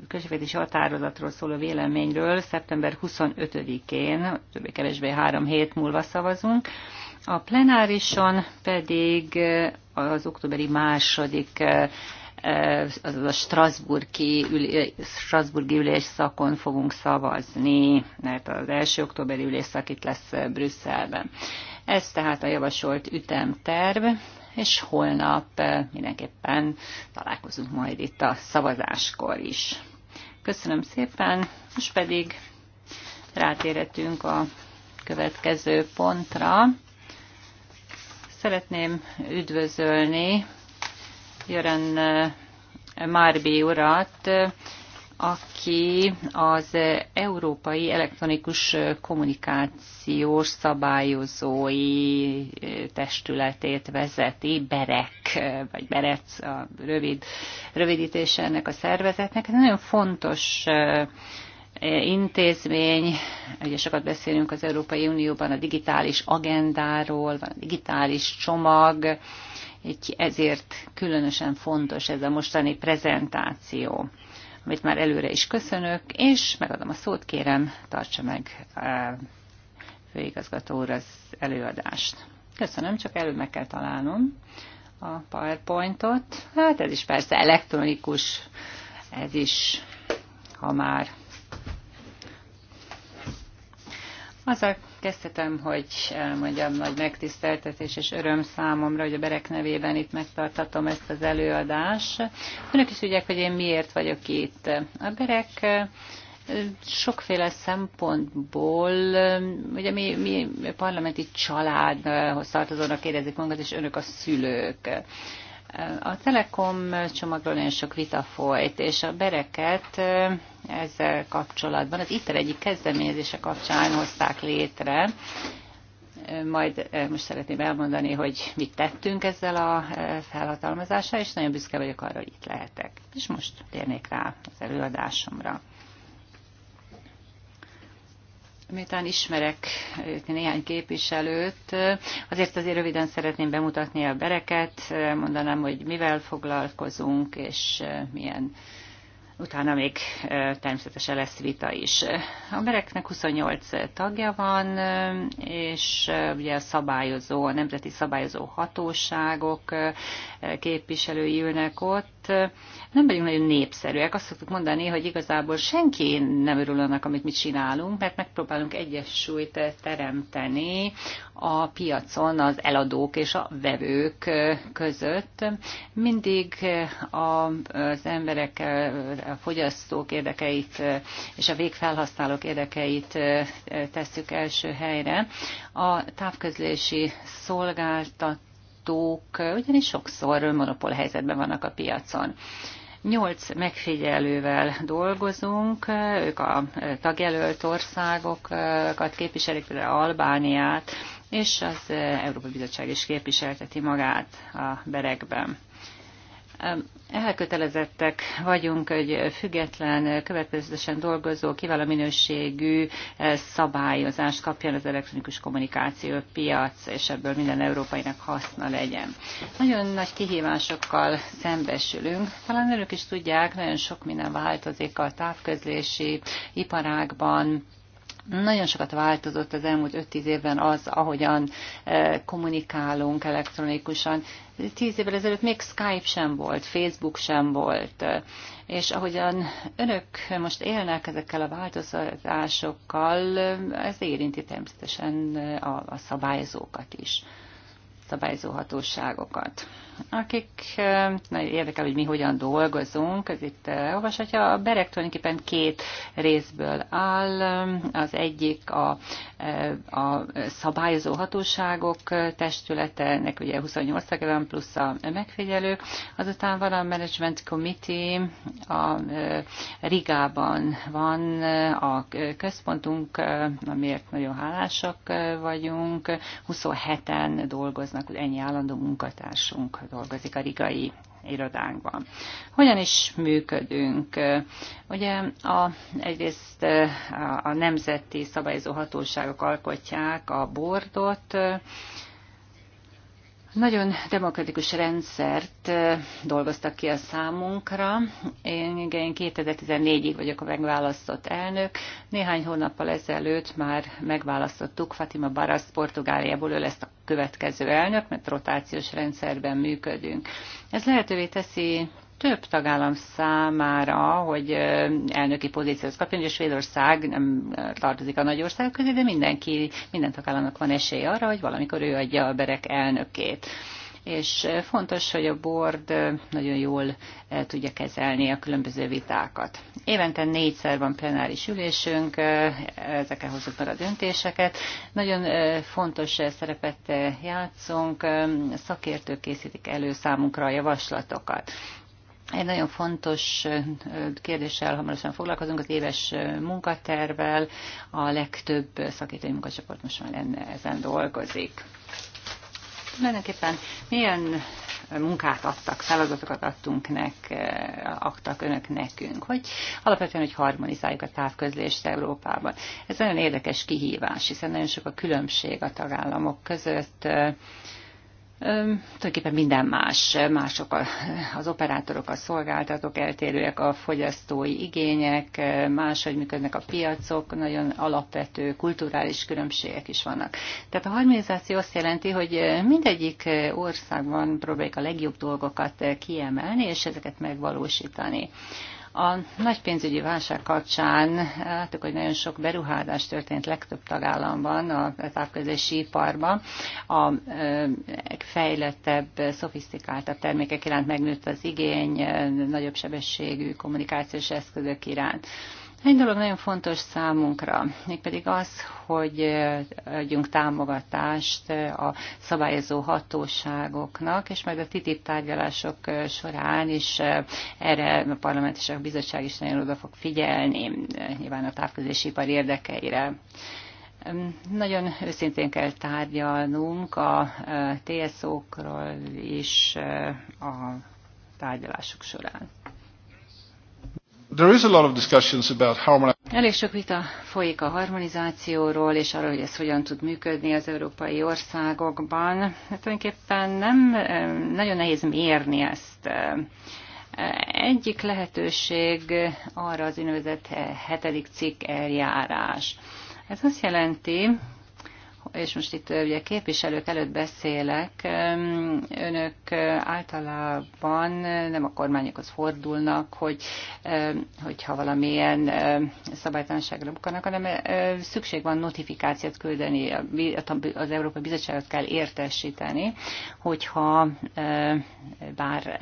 költségvetési határozatról szóló véleményről szeptember 25-én, többé-kevésbé három hét múlva szavazunk, a plenárison pedig az októberi második az a Strasburgi, ülés, Strasburgi ülésszakon fogunk szavazni, mert az első októberi ülésszak itt lesz Brüsszelben. Ez tehát a javasolt ütemterv, és holnap mindenképpen találkozunk majd itt a szavazáskor is. Köszönöm szépen, most pedig rátérhetünk a következő pontra. Szeretném üdvözölni Jörön eh, Márbi urat, eh, aki az eh, Európai Elektronikus Kommunikációs Szabályozói Testületét vezeti, BEREC, vagy BEREC a rövid, rövidítése ennek a szervezetnek. Ez nagyon fontos intézmény, ugye sokat beszélünk az Európai Unióban a digitális agendáról, van a digitális csomag, így ezért különösen fontos ez a mostani prezentáció, amit már előre is köszönök, és megadom a szót, kérem, tartsa meg eh, főigazgató úr az előadást. Köszönöm, csak előbb meg kell találnom a PowerPointot. Hát ez is persze elektronikus, ez is, ha már Azzal kezdhetem, hogy elmondjam, nagy megtiszteltetés és öröm számomra, hogy a Berek nevében itt megtartatom ezt az előadást. Önök is tudják, hogy én miért vagyok itt. A Berek sokféle szempontból, ugye mi, mi parlamenti családhoz tartozónak érezik magunkat, és önök a szülők. A Telekom csomagról nagyon sok vita folyt, és a bereket ezzel kapcsolatban, az ITER egyik kezdeményezése kapcsán hozták létre, majd most szeretném elmondani, hogy mit tettünk ezzel a felhatalmazással, és nagyon büszke vagyok arra, hogy itt lehetek. És most térnék rá az előadásomra miután ismerek eh, néhány képviselőt, eh, azért azért röviden szeretném bemutatni a bereket, eh, mondanám, hogy mivel foglalkozunk, és milyen utána még természetesen lesz vita is. A bereknek 28 tagja van, és ugye a szabályozó, a nemzeti szabályozó hatóságok képviselői ülnek ott, nem vagyunk nagyon népszerűek. Azt szoktuk mondani, hogy igazából senki nem örül annak, amit mi csinálunk, mert megpróbálunk egyensúlyt teremteni a piacon az eladók és a vevők között. Mindig az emberek, a fogyasztók érdekeit és a végfelhasználók érdekeit tesszük első helyre. A távközlési szolgáltató gyártók ugyanis sokszor monopól helyzetben vannak a piacon. Nyolc megfigyelővel dolgozunk, ők a tagjelölt országokat képviselik, például Albániát, és az Európai Bizottság is képviselteti magát a berekben elkötelezettek vagyunk, hogy független, következetesen dolgozó, kiváló minőségű eh, szabályozást kapjon az elektronikus kommunikáció piac, és ebből minden európainak haszna legyen. Nagyon nagy kihívásokkal szembesülünk. Talán önök is tudják, nagyon sok minden változik a távközlési iparágban, nagyon sokat változott az elmúlt 5-10 évben az, ahogyan eh, kommunikálunk elektronikusan. 10 évvel ezelőtt még Skype sem volt, Facebook sem volt, eh, és ahogyan önök most élnek ezekkel a változásokkal, ez érinti természetesen eh, a, a szabályozókat is szabályzó hatóságokat, akik nagyon érdekel, hogy mi hogyan dolgozunk, ez itt olvashatja. A berek tulajdonképpen két részből áll. Az egyik a, a szabályozó hatóságok testülete, ennek ugye 28 tagja plusz a megfigyelő. Azután van a Management Committee, a Rigában van a központunk, amiért nagyon hálásak vagyunk. 27-en dolgoznak hogy ennyi állandó munkatársunk dolgozik a rigai irodánkban. Hogyan is működünk? Ugye a, egyrészt a, a nemzeti szabályozó hatóságok alkotják a bordot, nagyon demokratikus rendszert dolgoztak ki a számunkra. Én, igen, 2014-ig vagyok a megválasztott elnök. Néhány hónappal ezelőtt már megválasztottuk Fatima Barasz Portugáliából, ő lesz a következő elnök, mert rotációs rendszerben működünk. Ez lehetővé teszi több tagállam számára, hogy elnöki pozíciót kapjon, és Svédország nem tartozik a nagy országok közé, de mindenki, minden tagállamnak van esély arra, hogy valamikor ő adja a berek elnökét és fontos, hogy a board nagyon jól tudja kezelni a különböző vitákat. Évente négyszer van plenáris ülésünk, ezekkel hozzuk fel a döntéseket. Nagyon fontos szerepet játszunk, szakértők készítik elő számunkra a javaslatokat. Egy nagyon fontos kérdéssel hamarosan foglalkozunk, az éves munkatervel. A legtöbb szakítói munkacsoport most már lenne, ezen dolgozik. Tulajdonképpen milyen munkát adtak, feladatokat adtunk nek, aktak önök nekünk, hogy alapvetően, hogy harmonizáljuk a távközlést Európában. Ez nagyon érdekes kihívás, hiszen nagyon sok a különbség a tagállamok között tulajdonképpen minden más, mások az operátorok, a szolgáltatók eltérőek, a fogyasztói igények, máshogy működnek a piacok, nagyon alapvető kulturális különbségek is vannak. Tehát a harmonizáció azt jelenti, hogy mindegyik országban próbáljuk a legjobb dolgokat kiemelni, és ezeket megvalósítani. A nagy pénzügyi válság kapcsán láttuk, hogy nagyon sok beruházás történt legtöbb tagállamban a távközlési iparban. A fejlettebb, szofisztikáltabb termékek iránt megnőtt az igény, nagyobb sebességű kommunikációs eszközök iránt. Egy dolog nagyon fontos számunkra, mégpedig az, hogy adjunk támogatást a szabályozó hatóságoknak, és majd a TTIP tárgyalások során is erre a Parlament és a Bizottság is nagyon oda fog figyelni, nyilván a ipar érdekeire. Nagyon őszintén kell tárgyalnunk a TSO-król is a tárgyalások során. There is a lot of discussions about Elég sok vita folyik a harmonizációról, és arról, hogy ez hogyan tud működni az európai országokban. Hát tulajdonképpen nem, eh, nagyon nehéz mérni ezt. Eh, egyik lehetőség arra az úgynevezett eh, hetedik cikk eljárás. Ez azt jelenti, és most itt ugye képviselők előtt beszélek, önök általában nem a kormányokhoz fordulnak, hogy, hogyha valamilyen szabálytalanságra bukanak, hanem szükség van notifikációt küldeni, az Európai Bizottságot kell értesíteni, hogyha bár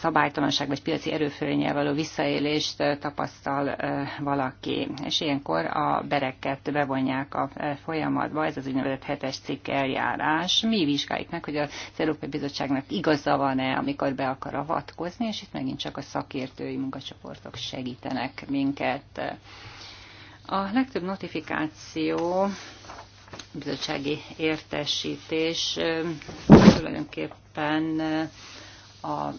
szabálytalanság vagy piaci erőfölényel való visszaélést tapasztal valaki. És ilyenkor a bereket bevonják a folyamatba, ez az úgynevezett hetes cikk eljárás. Mi vizsgáljuk meg, hogy az Európai Bizottságnak igaza van-e, amikor be akar avatkozni, és itt megint csak a szakértői munkacsoportok segítenek minket. A legtöbb notifikáció bizottsági értesítés tulajdonképpen a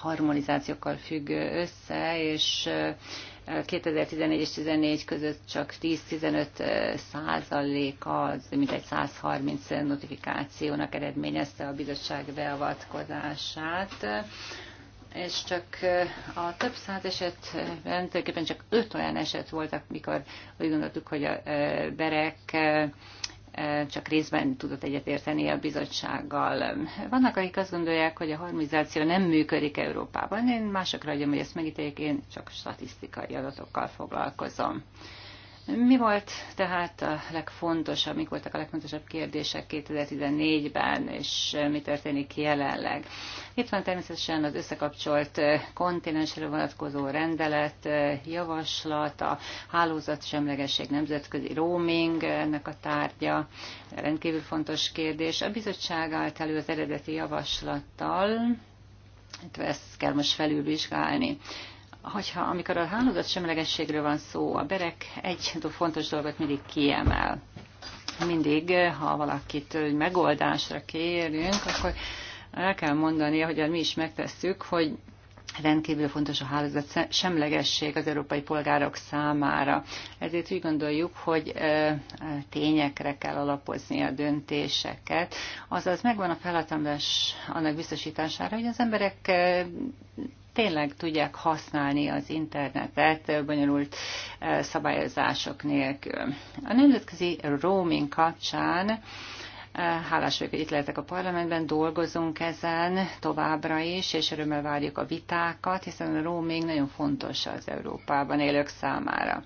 harmonizációkkal függ össze, és 2014 és 2014 között csak 10-15 százalék az egy 130 notifikációnak eredményezte a bizottság beavatkozását és csak a több száz esetben tulajdonképpen csak öt olyan eset voltak, mikor úgy gondoltuk, hogy a berek csak részben tudott egyetérteni a bizottsággal. Vannak, akik azt gondolják, hogy a harmonizáció nem működik Európában. Én másokra hagyom, hogy ezt megítéljék, én csak statisztikai adatokkal foglalkozom. Mi volt tehát a legfontosabb, mik voltak a legfontosabb kérdések 2014-ben, és mi történik jelenleg? Itt van természetesen az összekapcsolt kontinensre vonatkozó rendelet, javaslat, a semlegesség nemzetközi roaming ennek a tárgya, rendkívül fontos kérdés. A bizottság állt elő az eredeti javaslattal, ezt kell most felülvizsgálni hogyha amikor a hálózat semlegességről van szó, a berek egy fontos dolgot mindig kiemel. Mindig, ha valakit megoldásra kérünk, akkor el kell mondani, hogy mi is megtesszük, hogy rendkívül fontos a hálózat semlegesség az európai polgárok számára. Ezért úgy gondoljuk, hogy tényekre kell alapozni a döntéseket. Azaz megvan a feladatás annak biztosítására, hogy az emberek tényleg tudják használni az internetet bonyolult szabályozások nélkül. A nemzetközi roaming kapcsán Hálás vagyok, hogy itt lehetek a parlamentben, dolgozunk ezen továbbra is, és örömmel várjuk a vitákat, hiszen a roaming nagyon fontos az Európában élők számára.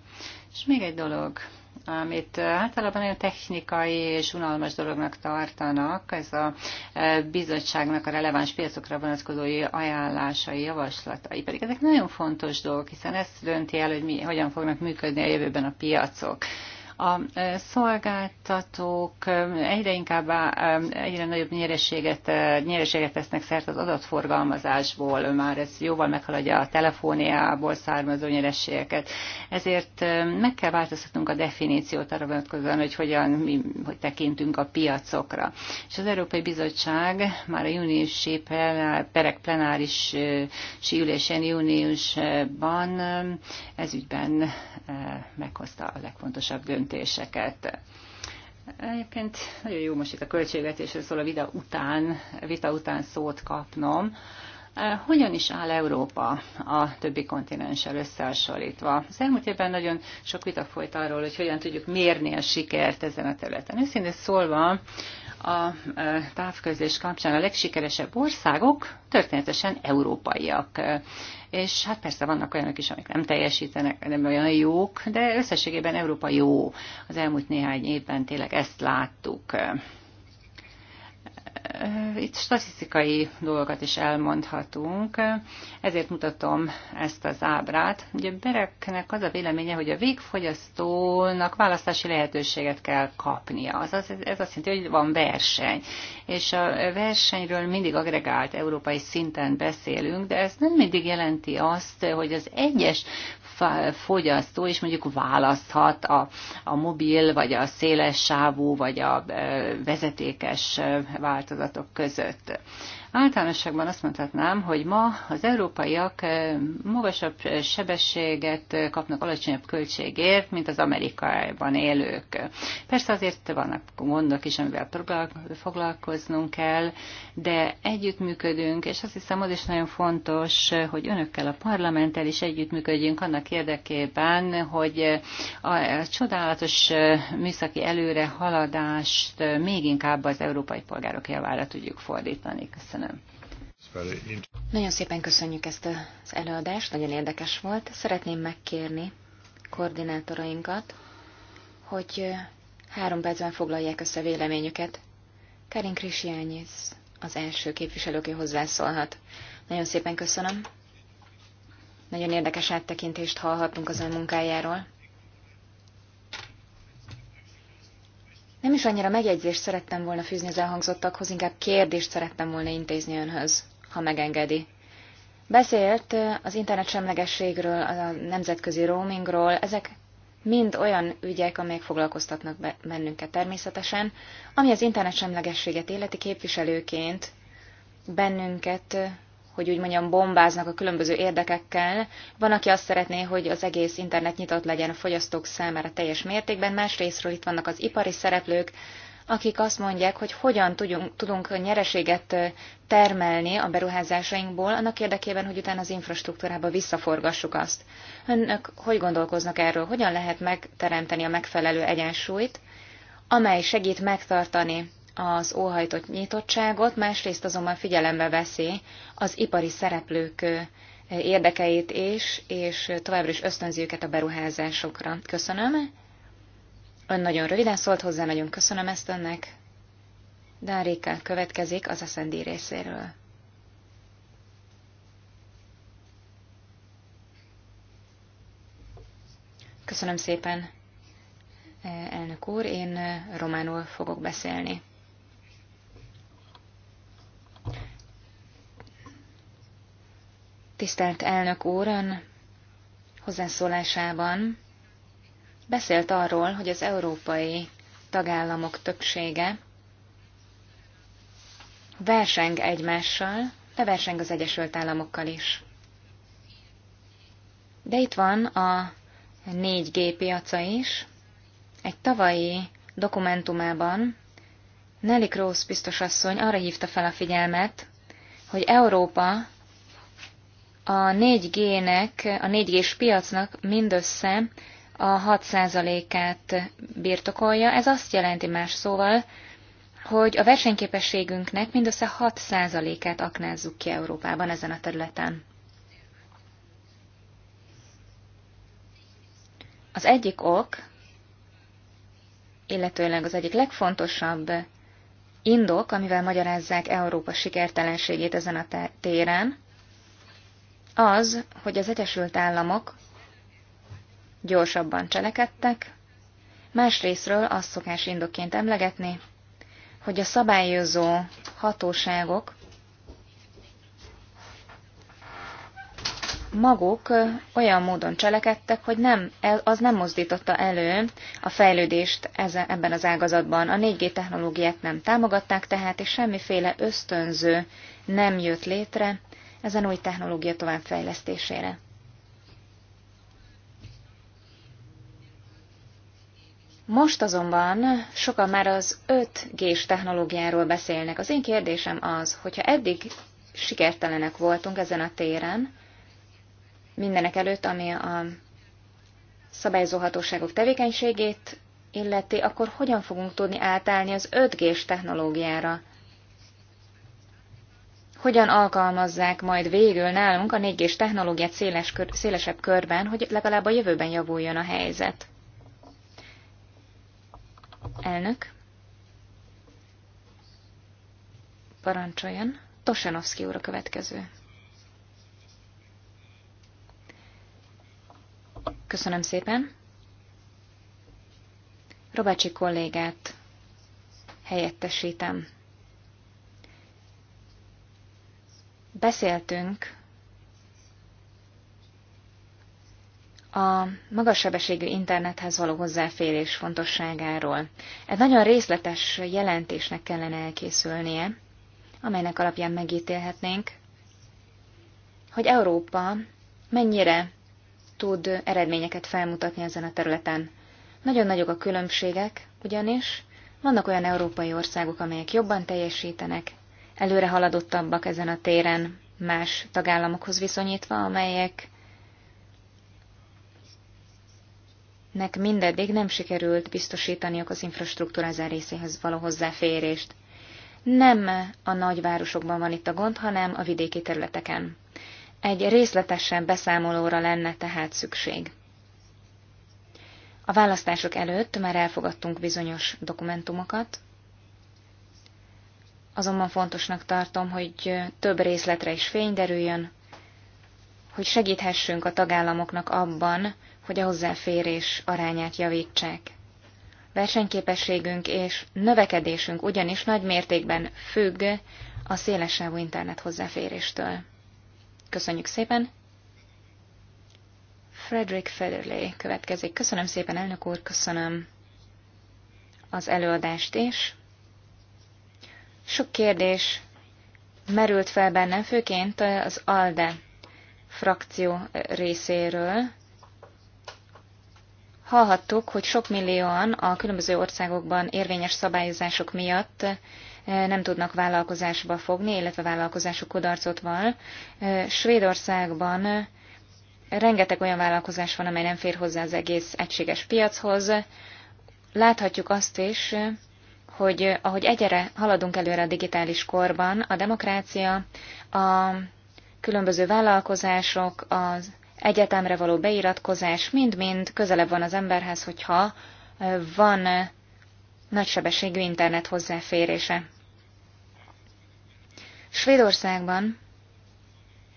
És még egy dolog, amit eh, általában olyan technikai és unalmas dolognak tartanak, ez a eh, bizottságnak a releváns piacokra vonatkozó ajánlásai, javaslatai. Pedig ezek nagyon fontos dolgok, hiszen ez dönti el, hogy mi, hogyan fognak működni a jövőben a piacok. A szolgáltatók egyre inkább egyre nagyobb nyereséget, nyereséget tesznek szert az adatforgalmazásból, már ez jóval meghaladja a telefóniából származó nyerességeket. Ezért meg kell változtatnunk a definíciót arra vonatkozóan, hogy hogyan mi hogy tekintünk a piacokra. És az Európai Bizottság már a júniusi perek plenáris síülésén júniusban ezügyben meghozta a legfontosabb döntést döntéseket. Egyébként nagyon jó most itt a költségvetésről szól a vita után, vita után szót kapnom. Eh, hogyan is áll Európa a többi kontinenssel összehasonlítva? Az elmúlt évben nagyon sok vita folyt arról, hogy hogyan tudjuk mérni a sikert ezen a területen. Őszintén szólva, a eh, távközlés kapcsán a legsikeresebb országok történetesen európaiak. Eh, és hát persze vannak olyanok is, amik nem teljesítenek, nem olyan jók, de összességében Európa jó. Az elmúlt néhány évben tényleg ezt láttuk itt statisztikai dolgokat is elmondhatunk, ezért mutatom ezt az ábrát. Ugye Bereknek az a véleménye, hogy a végfogyasztónak választási lehetőséget kell kapnia. Azaz, ez azt jelenti, hogy van verseny. És a versenyről mindig agregált európai szinten beszélünk, de ez nem mindig jelenti azt, hogy az egyes fogyasztó is mondjuk választhat a, a mobil, vagy a széles sávú, vagy a vezetékes változatok között. Általánosságban azt mondhatnám, hogy ma az európaiak eh, magasabb sebességet kapnak alacsonyabb költségért, mint az Amerikában élők. Persze azért vannak gondok is, amivel foglalkoznunk kell, de együttműködünk, és azt hiszem az is nagyon fontos, hogy önökkel a parlamenttel is együttműködjünk annak érdekében, hogy a csodálatos eh, műszaki előrehaladást eh, még inkább az európai polgárok javára tudjuk fordítani. Köszönöm. Köszönöm. Nagyon szépen köszönjük ezt az előadást, nagyon érdekes volt. Szeretném megkérni koordinátorainkat, hogy három percben foglalják össze véleményüket. Karin Krisiányis az első képviselő, aki hozzászólhat. Nagyon szépen köszönöm. Nagyon érdekes áttekintést hallhatunk az ön munkájáról. Nem is annyira megjegyzést szerettem volna fűzni az elhangzottakhoz, inkább kérdést szerettem volna intézni önhöz, ha megengedi. Beszélt az internet semlegességről, a nemzetközi roamingról, ezek mind olyan ügyek, amelyek foglalkoztatnak bennünket természetesen, ami az internet semlegességet életi képviselőként bennünket hogy úgy mondjam, bombáznak a különböző érdekekkel. Van, aki azt szeretné, hogy az egész internet nyitott legyen a fogyasztók számára teljes mértékben, másrésztről itt vannak az ipari szereplők, akik azt mondják, hogy hogyan tudjunk, tudunk nyereséget termelni a beruházásainkból, annak érdekében, hogy utána az infrastruktúrába visszaforgassuk azt. Önök hogy gondolkoznak erről? Hogyan lehet megteremteni a megfelelő egyensúlyt, amely segít megtartani az óhajtott nyitottságot, másrészt azonban figyelembe veszi az ipari szereplők érdekeit is, és továbbra is ösztönzi őket a beruházásokra. Köszönöm. Ön nagyon röviden szólt hozzá, nagyon köszönöm ezt önnek. Dáréka következik az Ascendi részéről. Köszönöm szépen, elnök úr, én románul fogok beszélni. tisztelt elnök úrön hozzászólásában beszélt arról, hogy az európai tagállamok többsége verseng egymással, de verseng az Egyesült Államokkal is. De itt van a 4G piaca is. Egy tavalyi dokumentumában Nelly Kroos biztosasszony arra hívta fel a figyelmet, hogy Európa a 4G-nek, a 4G-s piacnak mindössze a 6%-át birtokolja. Ez azt jelenti más szóval, hogy a versenyképességünknek mindössze 6%-át aknázzuk ki Európában ezen a területen. Az egyik ok, illetőleg az egyik legfontosabb indok, amivel magyarázzák Európa sikertelenségét ezen a téren, az, hogy az Egyesült Államok gyorsabban cselekedtek, másrésztről azt szokás indokként emlegetni, hogy a szabályozó hatóságok maguk olyan módon cselekedtek, hogy nem, az nem mozdította elő a fejlődést ebben az ágazatban. A 4G technológiát nem támogatták tehát, és semmiféle ösztönző nem jött létre ezen új technológia továbbfejlesztésére. Most azonban sokan már az 5G-s technológiáról beszélnek. Az én kérdésem az, hogyha eddig sikertelenek voltunk ezen a téren, mindenek előtt, ami a szabályozó hatóságok tevékenységét illeti, akkor hogyan fogunk tudni átállni az 5G-s technológiára? hogyan alkalmazzák majd végül nálunk a 4G-s technológiát széles kör, szélesebb körben, hogy legalább a jövőben javuljon a helyzet. Elnök. Parancsoljon. Tosanovszki úr a következő. Köszönöm szépen. Robácsi kollégát helyettesítem. beszéltünk a magassebességű internethez való hozzáférés fontosságáról. Egy nagyon részletes jelentésnek kellene elkészülnie, amelynek alapján megítélhetnénk, hogy Európa mennyire tud eredményeket felmutatni ezen a területen. Nagyon nagyok a különbségek, ugyanis vannak olyan európai országok, amelyek jobban teljesítenek, előre haladottabbak ezen a téren más tagállamokhoz viszonyítva, amelyek nek mindeddig nem sikerült biztosítaniuk az infrastruktúra ezen részéhez való hozzáférést. Nem a nagyvárosokban van itt a gond, hanem a vidéki területeken. Egy részletesen beszámolóra lenne tehát szükség. A választások előtt már elfogadtunk bizonyos dokumentumokat, azonban fontosnak tartom, hogy több részletre is fény derüljön, hogy segíthessünk a tagállamoknak abban, hogy a hozzáférés arányát javítsák. Versenyképességünk és növekedésünk ugyanis nagy mértékben függ a szélesávú internet hozzáféréstől. Köszönjük szépen! Frederick Federley következik. Köszönöm szépen, elnök úr, köszönöm az előadást is. Sok kérdés merült fel bennem, főként az ALDE frakció részéről. Hallhattuk, hogy sok millióan a különböző országokban érvényes szabályozások miatt eh, nem tudnak vállalkozásba fogni, illetve vállalkozásuk kudarcot van. Eh, Svédországban eh, rengeteg olyan vállalkozás van, amely nem fér hozzá az egész egységes piachoz. Láthatjuk azt is, hogy ahogy egyre haladunk előre a digitális korban, a demokrácia, a különböző vállalkozások, az egyetemre való beiratkozás mind-mind közelebb van az emberhez, hogyha van nagysebességű internet hozzáférése. Svédországban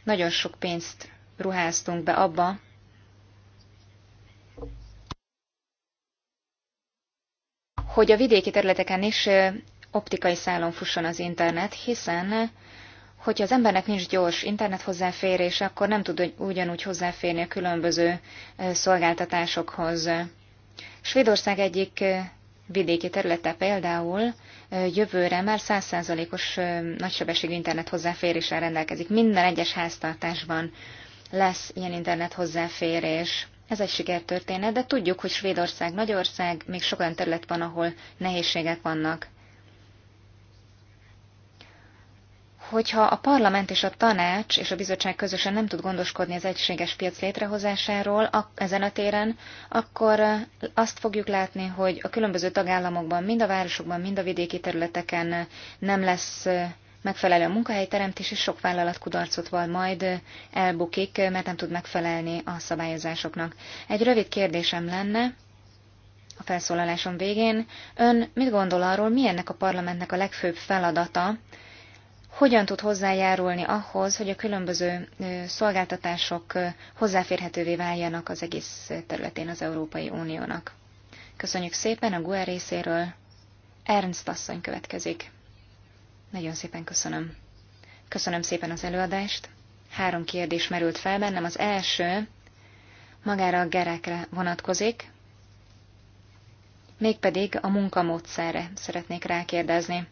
nagyon sok pénzt ruháztunk be abba, hogy a vidéki területeken is optikai szálon fusson az internet, hiszen hogyha az embernek nincs gyors internet hozzáférése, akkor nem tud ugyanúgy hozzáférni a különböző szolgáltatásokhoz. Svédország egyik vidéki területe például jövőre már 100%-os nagysebességű internet hozzáféréssel rendelkezik. Minden egyes háztartásban lesz ilyen internet hozzáférés. Ez egy sikertörténet, de tudjuk, hogy Svédország, Nagyország, még sok olyan terület van, ahol nehézségek vannak. Hogyha a parlament és a tanács és a bizottság közösen nem tud gondoskodni az egységes piac létrehozásáról a, ezen a téren, akkor eh, azt fogjuk látni, hogy a különböző tagállamokban, mind a városokban, mind a vidéki területeken eh, nem lesz eh, megfelelő a munkahelyteremtés, és sok vállalat kudarcot val majd elbukik, mert nem tud megfelelni a szabályozásoknak. Egy rövid kérdésem lenne a felszólalásom végén. Ön mit gondol arról, mi ennek a parlamentnek a legfőbb feladata, hogyan tud hozzájárulni ahhoz, hogy a különböző szolgáltatások hozzáférhetővé váljanak az egész területén az Európai Uniónak. Köszönjük szépen a GUE részéről. Ernst asszony következik. Nagyon szépen köszönöm. Köszönöm szépen az előadást. Három kérdés merült fel bennem. Az első magára a gerekre vonatkozik, mégpedig a munkamódszerre szeretnék rákérdezni.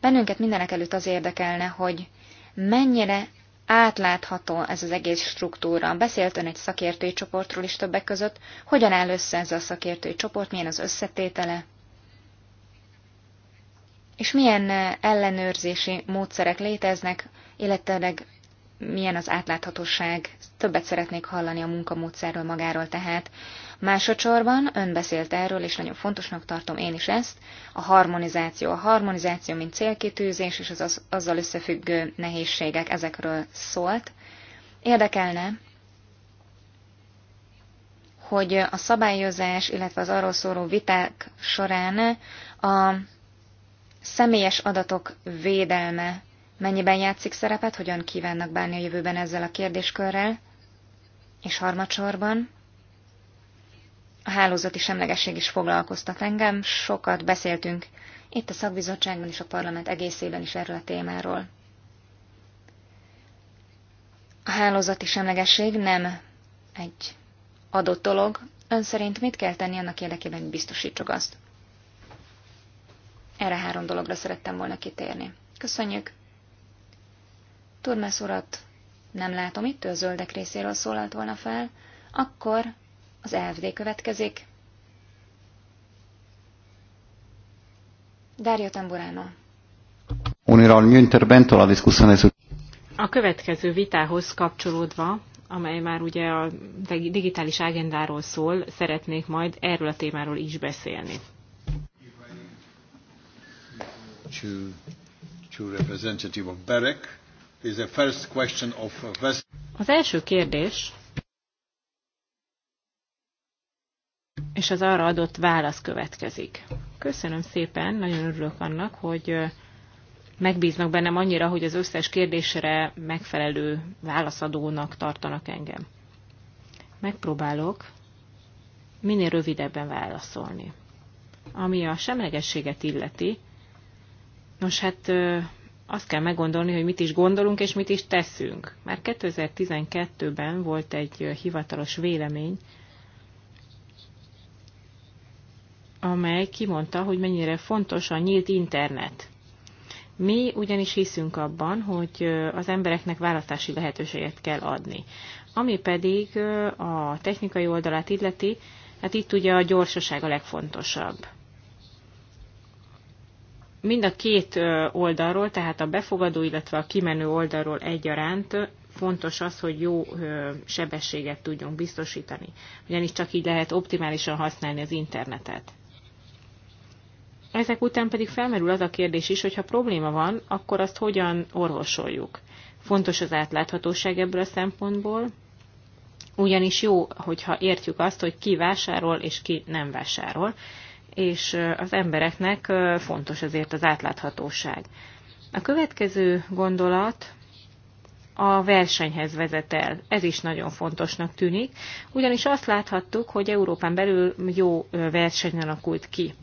Bennünket mindenek előtt az érdekelne, hogy mennyire átlátható ez az egész struktúra. Beszélt ön egy szakértői csoportról is többek között. Hogyan áll össze ez a szakértői csoport, milyen az összetétele? és milyen eh, ellenőrzési módszerek léteznek, illetőleg milyen az átláthatóság. Többet szeretnék hallani a munkamódszerről magáról tehát. Másodszorban ön beszélt erről, és nagyon fontosnak tartom én is ezt, a harmonizáció. A harmonizáció, mint célkitűzés, és az, az azzal összefüggő nehézségek ezekről szólt. Érdekelne, hogy a szabályozás, illetve az arról szóló viták során a személyes adatok védelme mennyiben játszik szerepet, hogyan kívánnak bánni a jövőben ezzel a kérdéskörrel, és harmadsorban a hálózati semlegesség is foglalkoztat engem, sokat beszéltünk itt a szakbizottságban és a parlament egészében is erről a témáról. A hálózati semlegesség nem egy adott dolog. Ön szerint mit kell tenni annak érdekében, hogy biztosítsuk azt? Erre három dologra szerettem volna kitérni. Köszönjük! Turmes urat nem látom itt, ő a zöldek részéről szólalt volna fel, akkor az EFD következik. Dario Tamburano. A következő vitához kapcsolódva, amely már ugye a digitális agendáról szól, szeretnék majd erről a témáról is beszélni to, to representative of is the first question of West Az első kérdés, és az arra adott válasz következik. Köszönöm szépen, nagyon örülök annak, hogy megbíznak bennem annyira, hogy az összes kérdésre megfelelő válaszadónak tartanak engem. Megpróbálok minél rövidebben válaszolni. Ami a semlegességet illeti, Nos hát azt kell meggondolni, hogy mit is gondolunk és mit is teszünk. Már 2012-ben volt egy hivatalos vélemény, amely kimondta, hogy mennyire fontos a nyílt internet. Mi ugyanis hiszünk abban, hogy az embereknek választási lehetőséget kell adni. Ami pedig a technikai oldalát illeti, hát itt ugye a gyorsaság a legfontosabb mind a két oldalról, tehát a befogadó, illetve a kimenő oldalról egyaránt fontos az, hogy jó sebességet tudjunk biztosítani, ugyanis csak így lehet optimálisan használni az internetet. Ezek után pedig felmerül az a kérdés is, hogy ha probléma van, akkor azt hogyan orvosoljuk. Fontos az átláthatóság ebből a szempontból, ugyanis jó, hogyha értjük azt, hogy ki vásárol és ki nem vásárol, és az embereknek fontos azért az átláthatóság. A következő gondolat a versenyhez vezet el. Ez is nagyon fontosnak tűnik, ugyanis azt láthattuk, hogy Európán belül jó verseny alakult ki.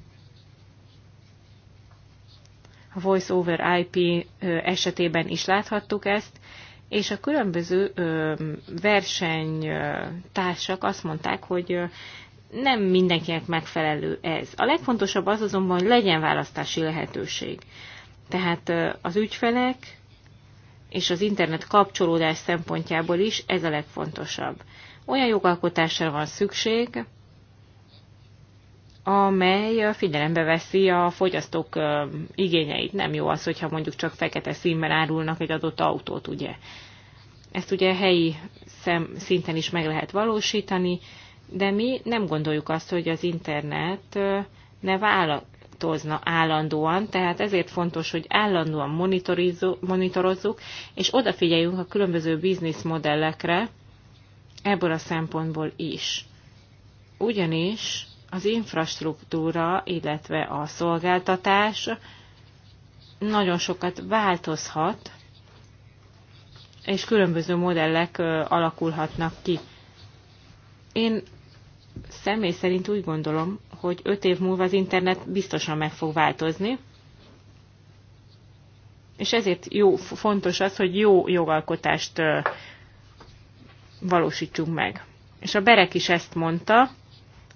A Voice over IP esetében is láthattuk ezt, és a különböző versenytársak azt mondták, hogy nem mindenkinek megfelelő ez. A legfontosabb az azonban, hogy legyen választási lehetőség. Tehát az ügyfelek és az internet kapcsolódás szempontjából is ez a legfontosabb. Olyan jogalkotásra van szükség, amely figyelembe veszi a fogyasztók igényeit. Nem jó az, hogyha mondjuk csak fekete színben árulnak egy adott autót, ugye. Ezt ugye helyi szem, szinten is meg lehet valósítani, de mi nem gondoljuk azt, hogy az internet ne változna állandóan, tehát ezért fontos, hogy állandóan monitorozzuk, és odafigyeljünk a különböző bizniszmodellekre ebből a szempontból is. Ugyanis az infrastruktúra, illetve a szolgáltatás nagyon sokat változhat, és különböző modellek alakulhatnak ki. Én személy szerint úgy gondolom, hogy öt év múlva az internet biztosan meg fog változni, és ezért jó, fontos az, hogy jó jogalkotást valósítsunk meg. És a Berek is ezt mondta,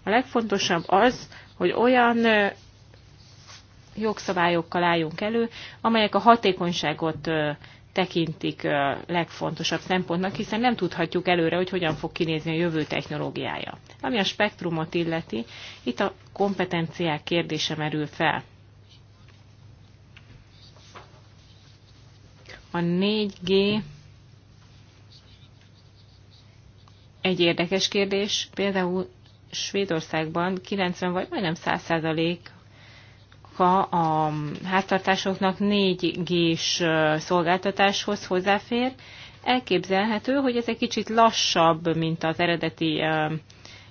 a legfontosabb az, hogy olyan jogszabályokkal álljunk elő, amelyek a hatékonyságot tekintik legfontosabb szempontnak, hiszen nem tudhatjuk előre, hogy hogyan fog kinézni a jövő technológiája. Ami a spektrumot illeti, itt a kompetenciák kérdése merül fel. A 4G egy érdekes kérdés, például Svédországban 90 vagy majdnem 100 százalék a háztartásoknak 4G-s szolgáltatáshoz hozzáfér. Elképzelhető, hogy ez egy kicsit lassabb, mint az eredeti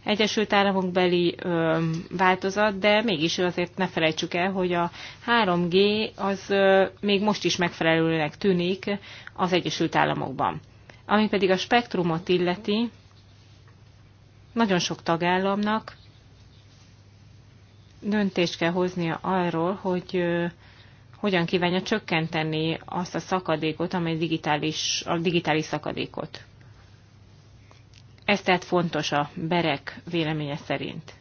Egyesült Államok beli változat, de mégis azért ne felejtsük el, hogy a 3G az még most is megfelelőnek tűnik az Egyesült Államokban. Ami pedig a spektrumot illeti, nagyon sok tagállamnak döntést kell hoznia arról, hogy hogyan kívánja csökkenteni azt a szakadékot, amely digitális, a digitális szakadékot. Ez tehát fontos a berek véleménye szerint.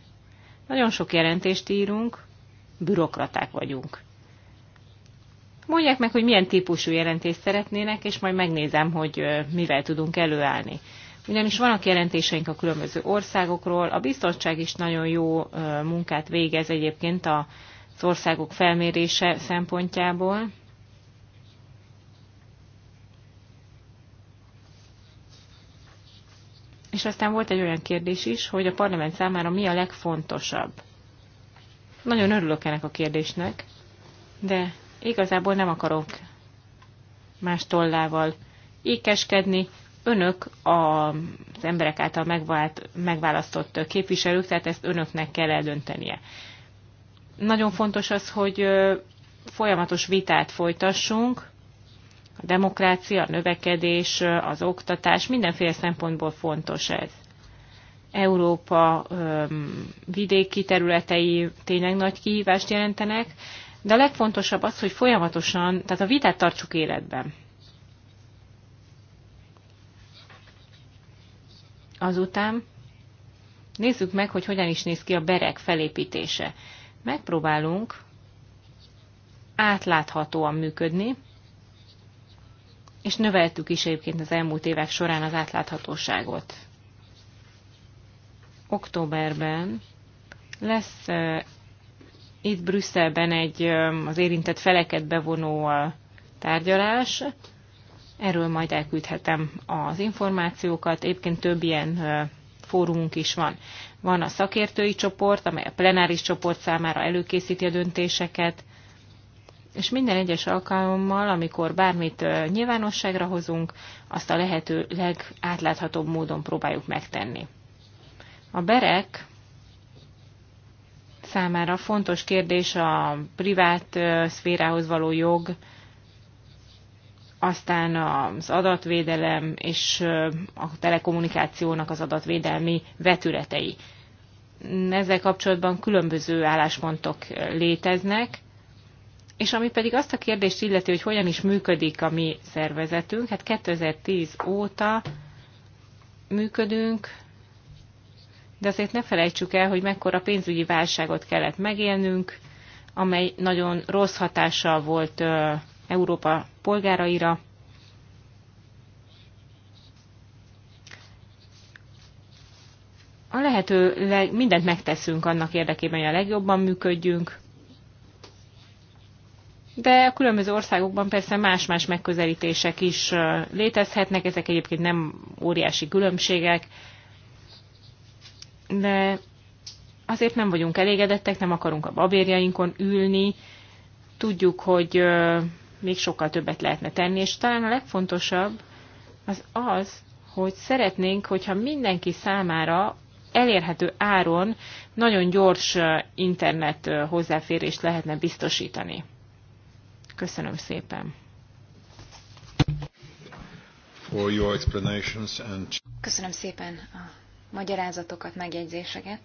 Nagyon sok jelentést írunk, bürokraták vagyunk. Mondják meg, hogy milyen típusú jelentést szeretnének, és majd megnézem, hogy mivel tudunk előállni ugyanis vannak jelentéseink a különböző országokról. A biztonság is nagyon jó munkát végez egyébként az országok felmérése szempontjából. És aztán volt egy olyan kérdés is, hogy a parlament számára mi a legfontosabb. Nagyon örülök ennek a kérdésnek, de igazából nem akarok más tollával ékeskedni, önök az emberek által megvált, megválasztott képviselők, tehát ezt önöknek kell eldöntenie. Nagyon fontos az, hogy folyamatos vitát folytassunk, a demokrácia, a növekedés, az oktatás, mindenféle szempontból fontos ez. Európa öm, vidéki területei tényleg nagy kihívást jelentenek, de a legfontosabb az, hogy folyamatosan, tehát a vitát tartsuk életben. Azután nézzük meg, hogy hogyan is néz ki a berek felépítése. Megpróbálunk átláthatóan működni, és növeltük is egyébként az elmúlt évek során az átláthatóságot. Októberben lesz itt Brüsszelben egy az érintett feleket bevonó tárgyalás, Erről majd elküldhetem az információkat. Éppként több ilyen fórumunk is van. Van a szakértői csoport, amely a plenáris csoport számára előkészíti a döntéseket, és minden egyes alkalommal, amikor bármit nyilvánosságra hozunk, azt a lehető legátláthatóbb módon próbáljuk megtenni. A berek számára fontos kérdés a privát szférához való jog, aztán az adatvédelem és a telekommunikációnak az adatvédelmi vetületei. Ezzel kapcsolatban különböző álláspontok léteznek, és ami pedig azt a kérdést illeti, hogy hogyan is működik a mi szervezetünk, hát 2010 óta működünk, de azért ne felejtsük el, hogy mekkora pénzügyi válságot kellett megélnünk, amely nagyon rossz hatással volt Európa polgáraira. A lehető leg, mindent megteszünk annak érdekében, hogy a legjobban működjünk, de a különböző országokban persze más-más megközelítések is létezhetnek, ezek egyébként nem óriási különbségek, de azért nem vagyunk elégedettek, nem akarunk a babérjainkon ülni, tudjuk, hogy még sokkal többet lehetne tenni, és talán a legfontosabb az az, hogy szeretnénk, hogyha mindenki számára elérhető áron nagyon gyors internet hozzáférést lehetne biztosítani. Köszönöm szépen. For your explanations and... Köszönöm szépen a magyarázatokat, megjegyzéseket.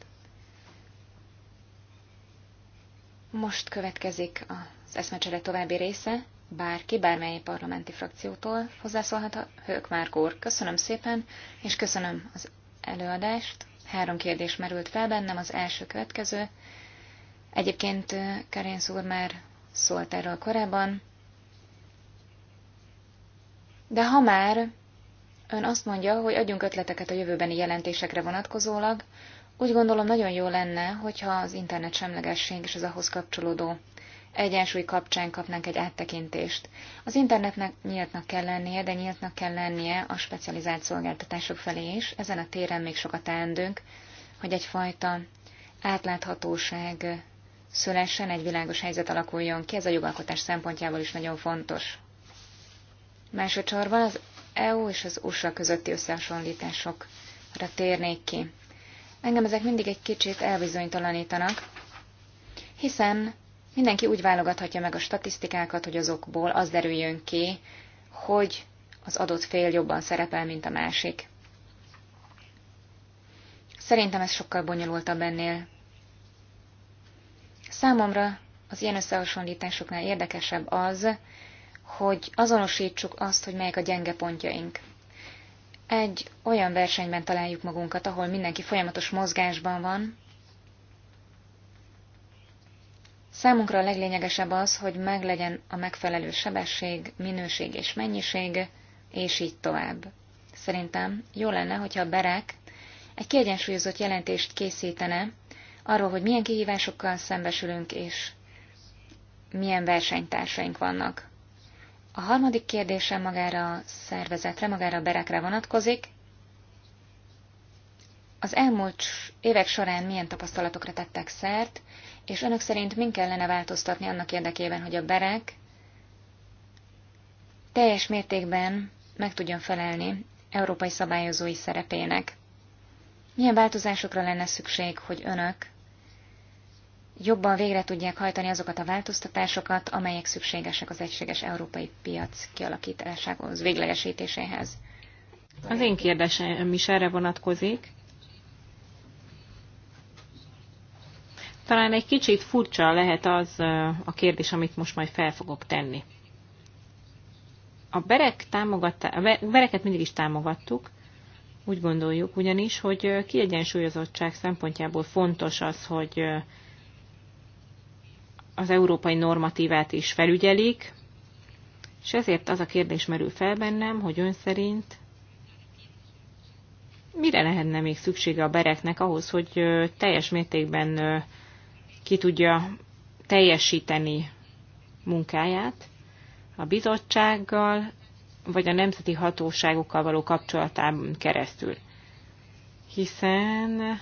Most következik az eszmecsere további része bárki, bármely parlamenti frakciótól hozzászólhat a Hökmárk úr. Köszönöm szépen, és köszönöm az előadást. Három kérdés merült fel bennem, az első következő. Egyébként Karénz úr már szólt erről korábban, de ha már ön azt mondja, hogy adjunk ötleteket a jövőbeni jelentésekre vonatkozólag, úgy gondolom nagyon jó lenne, hogyha az internet semlegesség és az ahhoz kapcsolódó egyensúly kapcsán kapnánk egy áttekintést. Az internetnek nyíltnak kell lennie, de nyíltnak kell lennie a specializált szolgáltatások felé is. Ezen a téren még sokat teendünk, hogy egyfajta átláthatóság szülessen, egy világos helyzet alakuljon ki, ez a jogalkotás szempontjából is nagyon fontos. Másodszorban az EU és az USA közötti összehasonlításokra térnék ki. Engem ezek mindig egy kicsit elbizonytalanítanak, hiszen Mindenki úgy válogathatja meg a statisztikákat, hogy azokból az derüljön ki, hogy az adott fél jobban szerepel, mint a másik. Szerintem ez sokkal bonyolultabb ennél. Számomra az ilyen összehasonlításoknál érdekesebb az, hogy azonosítsuk azt, hogy melyek a gyenge pontjaink. Egy olyan versenyben találjuk magunkat, ahol mindenki folyamatos mozgásban van, Számunkra a leglényegesebb az, hogy meglegyen a megfelelő sebesség, minőség és mennyiség, és így tovább. Szerintem jó lenne, hogyha a Berek egy kiegyensúlyozott jelentést készítene arról, hogy milyen kihívásokkal szembesülünk, és milyen versenytársaink vannak. A harmadik kérdésem magára a szervezetre, magára a berekre vonatkozik az elmúlt évek során milyen tapasztalatokra tettek szert, és önök szerint min kellene változtatni annak érdekében, hogy a berek teljes mértékben meg tudjon felelni európai szabályozói szerepének. Milyen változásokra lenne szükség, hogy önök jobban végre tudják hajtani azokat a változtatásokat, amelyek szükségesek az egységes európai piac kialakításához, véglegesítéséhez? Az én kérdésem is erre vonatkozik. Talán egy kicsit furcsa lehet az a kérdés, amit most majd fel fogok tenni. A, berek támogatta, a bereket mindig is támogattuk, úgy gondoljuk ugyanis, hogy kiegyensúlyozottság szempontjából fontos az, hogy az európai normatívát is felügyelik, és ezért az a kérdés merül fel bennem, hogy ön szerint mire lehetne még szüksége a bereknek ahhoz, hogy teljes mértékben ki tudja teljesíteni munkáját a bizottsággal, vagy a nemzeti hatóságokkal való kapcsolatában keresztül. Hiszen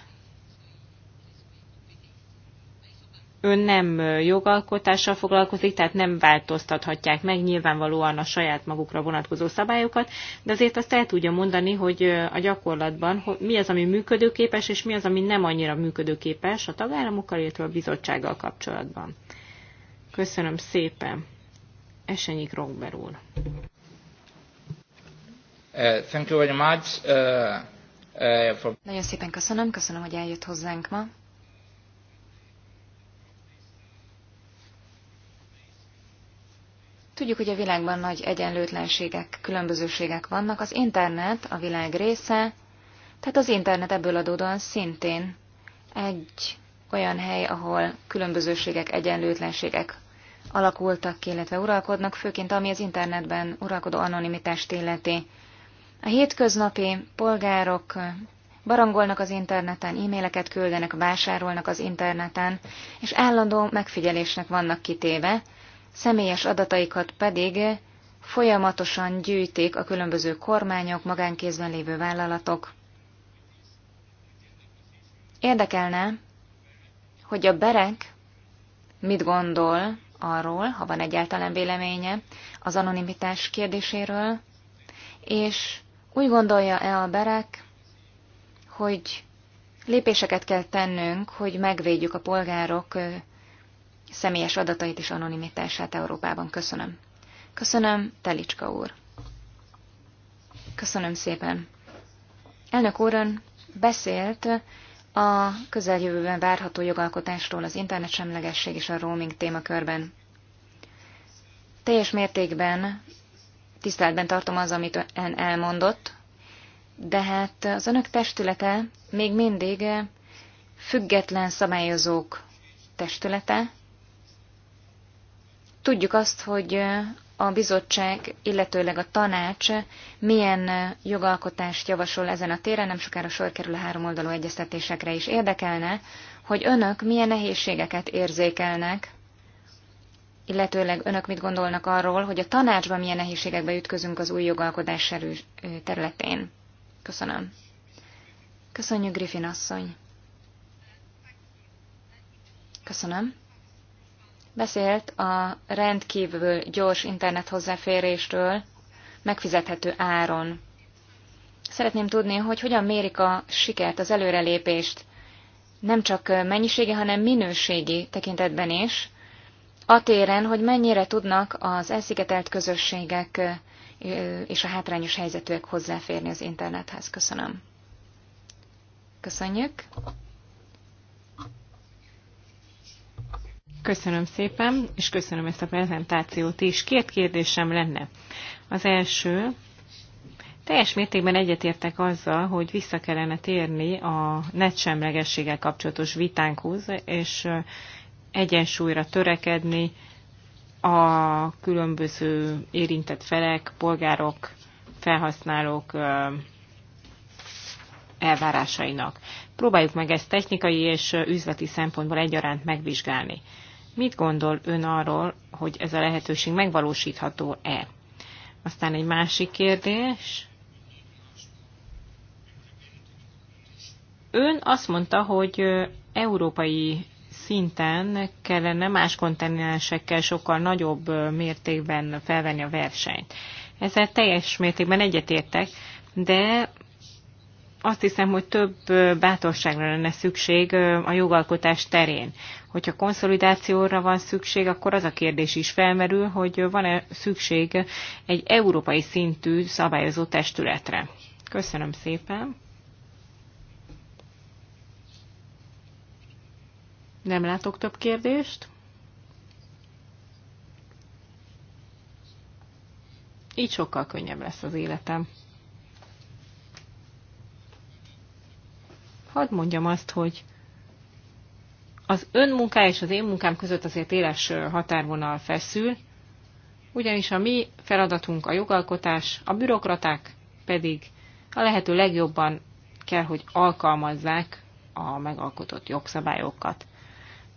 ön nem jogalkotással foglalkozik, tehát nem változtathatják meg nyilvánvalóan a saját magukra vonatkozó szabályokat, de azért azt el tudja mondani, hogy a gyakorlatban hogy mi az, ami működőképes, és mi az, ami nem annyira működőképes a tagállamokkal, illetve a bizottsággal kapcsolatban. Köszönöm szépen. Esenyik Rogber úr. Uh, thank you very much. Uh, uh, for... Nagyon szépen köszönöm, köszönöm, hogy eljött hozzánk ma. Tudjuk, hogy a világban nagy egyenlőtlenségek, különbözőségek vannak. Az internet a világ része, tehát az internet ebből adódóan szintén egy olyan hely, ahol különbözőségek, egyenlőtlenségek alakultak ki, illetve uralkodnak, főként ami az internetben uralkodó anonimitást illeti. A hétköznapi polgárok barangolnak az interneten, e-maileket küldenek, vásárolnak az interneten, és állandó megfigyelésnek vannak kitéve, személyes adataikat pedig folyamatosan gyűjtik a különböző kormányok, magánkézben lévő vállalatok. Érdekelne, hogy a berek mit gondol arról, ha van egyáltalán véleménye, az anonimitás kérdéséről, és úgy gondolja-e a berek, hogy lépéseket kell tennünk, hogy megvédjük a polgárok személyes adatait és anonimitását Európában. Köszönöm. Köszönöm, Telicska úr. Köszönöm szépen. Elnök úrön beszélt a közeljövőben várható jogalkotásról az internet semlegesség és a roaming témakörben. Teljes mértékben tiszteletben tartom az, amit ön elmondott, de hát az önök testülete még mindig független szabályozók testülete, Tudjuk azt, hogy a bizottság, illetőleg a tanács milyen jogalkotást javasol ezen a téren, nem sokára sor kerül a háromoldalú egyeztetésekre is. Érdekelne, hogy önök milyen nehézségeket érzékelnek, illetőleg önök mit gondolnak arról, hogy a tanácsban milyen nehézségekbe ütközünk az új jogalkotás területén. Köszönöm. Köszönjük, Griffin asszony. Köszönöm. Beszélt a rendkívül gyors internet hozzáférésről, megfizethető áron. Szeretném tudni, hogy hogyan mérik a sikert, az előrelépést, nem csak mennyiségi, hanem minőségi tekintetben is, a téren, hogy mennyire tudnak az elszigetelt közösségek és a hátrányos helyzetűek hozzáférni az internethez. Köszönöm. Köszönjük. Köszönöm szépen, és köszönöm ezt a prezentációt is. Két kérdésem lenne. Az első, teljes mértékben egyetértek azzal, hogy vissza kellene térni a netsemlegességgel kapcsolatos vitánkhoz, és egyensúlyra törekedni a különböző érintett felek, polgárok, felhasználók elvárásainak. Próbáljuk meg ezt technikai és üzleti szempontból egyaránt megvizsgálni. Mit gondol ön arról, hogy ez a lehetőség megvalósítható-e? Aztán egy másik kérdés. Ön azt mondta, hogy európai szinten kellene más kontinensekkel sokkal nagyobb mértékben felvenni a versenyt. Ezzel teljes mértékben egyetértek, de azt hiszem, hogy több bátorságra lenne szükség a jogalkotás terén. Hogyha konszolidációra van szükség, akkor az a kérdés is felmerül, hogy van-e szükség egy európai szintű szabályozó testületre. Köszönöm szépen! Nem látok több kérdést. Így sokkal könnyebb lesz az életem. hadd mondjam azt, hogy az ön és az én munkám között azért éles határvonal feszül, ugyanis a mi feladatunk a jogalkotás, a bürokraták pedig a lehető legjobban kell, hogy alkalmazzák a megalkotott jogszabályokat.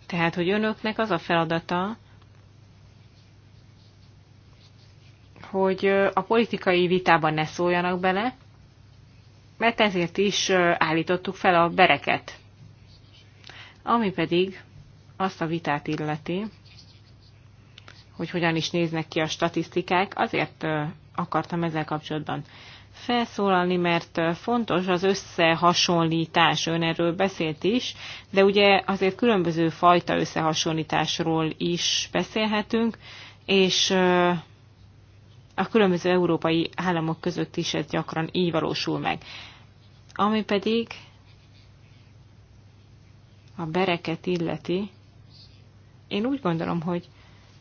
Tehát, hogy önöknek az a feladata, hogy a politikai vitában ne szóljanak bele, mert ezért is állítottuk fel a bereket. Ami pedig azt a vitát illeti, hogy hogyan is néznek ki a statisztikák, azért akartam ezzel kapcsolatban felszólalni, mert fontos az összehasonlítás, ön erről beszélt is, de ugye azért különböző fajta összehasonlításról is beszélhetünk, és a különböző európai államok között is ez gyakran így valósul meg. Ami pedig a bereket illeti, én úgy gondolom, hogy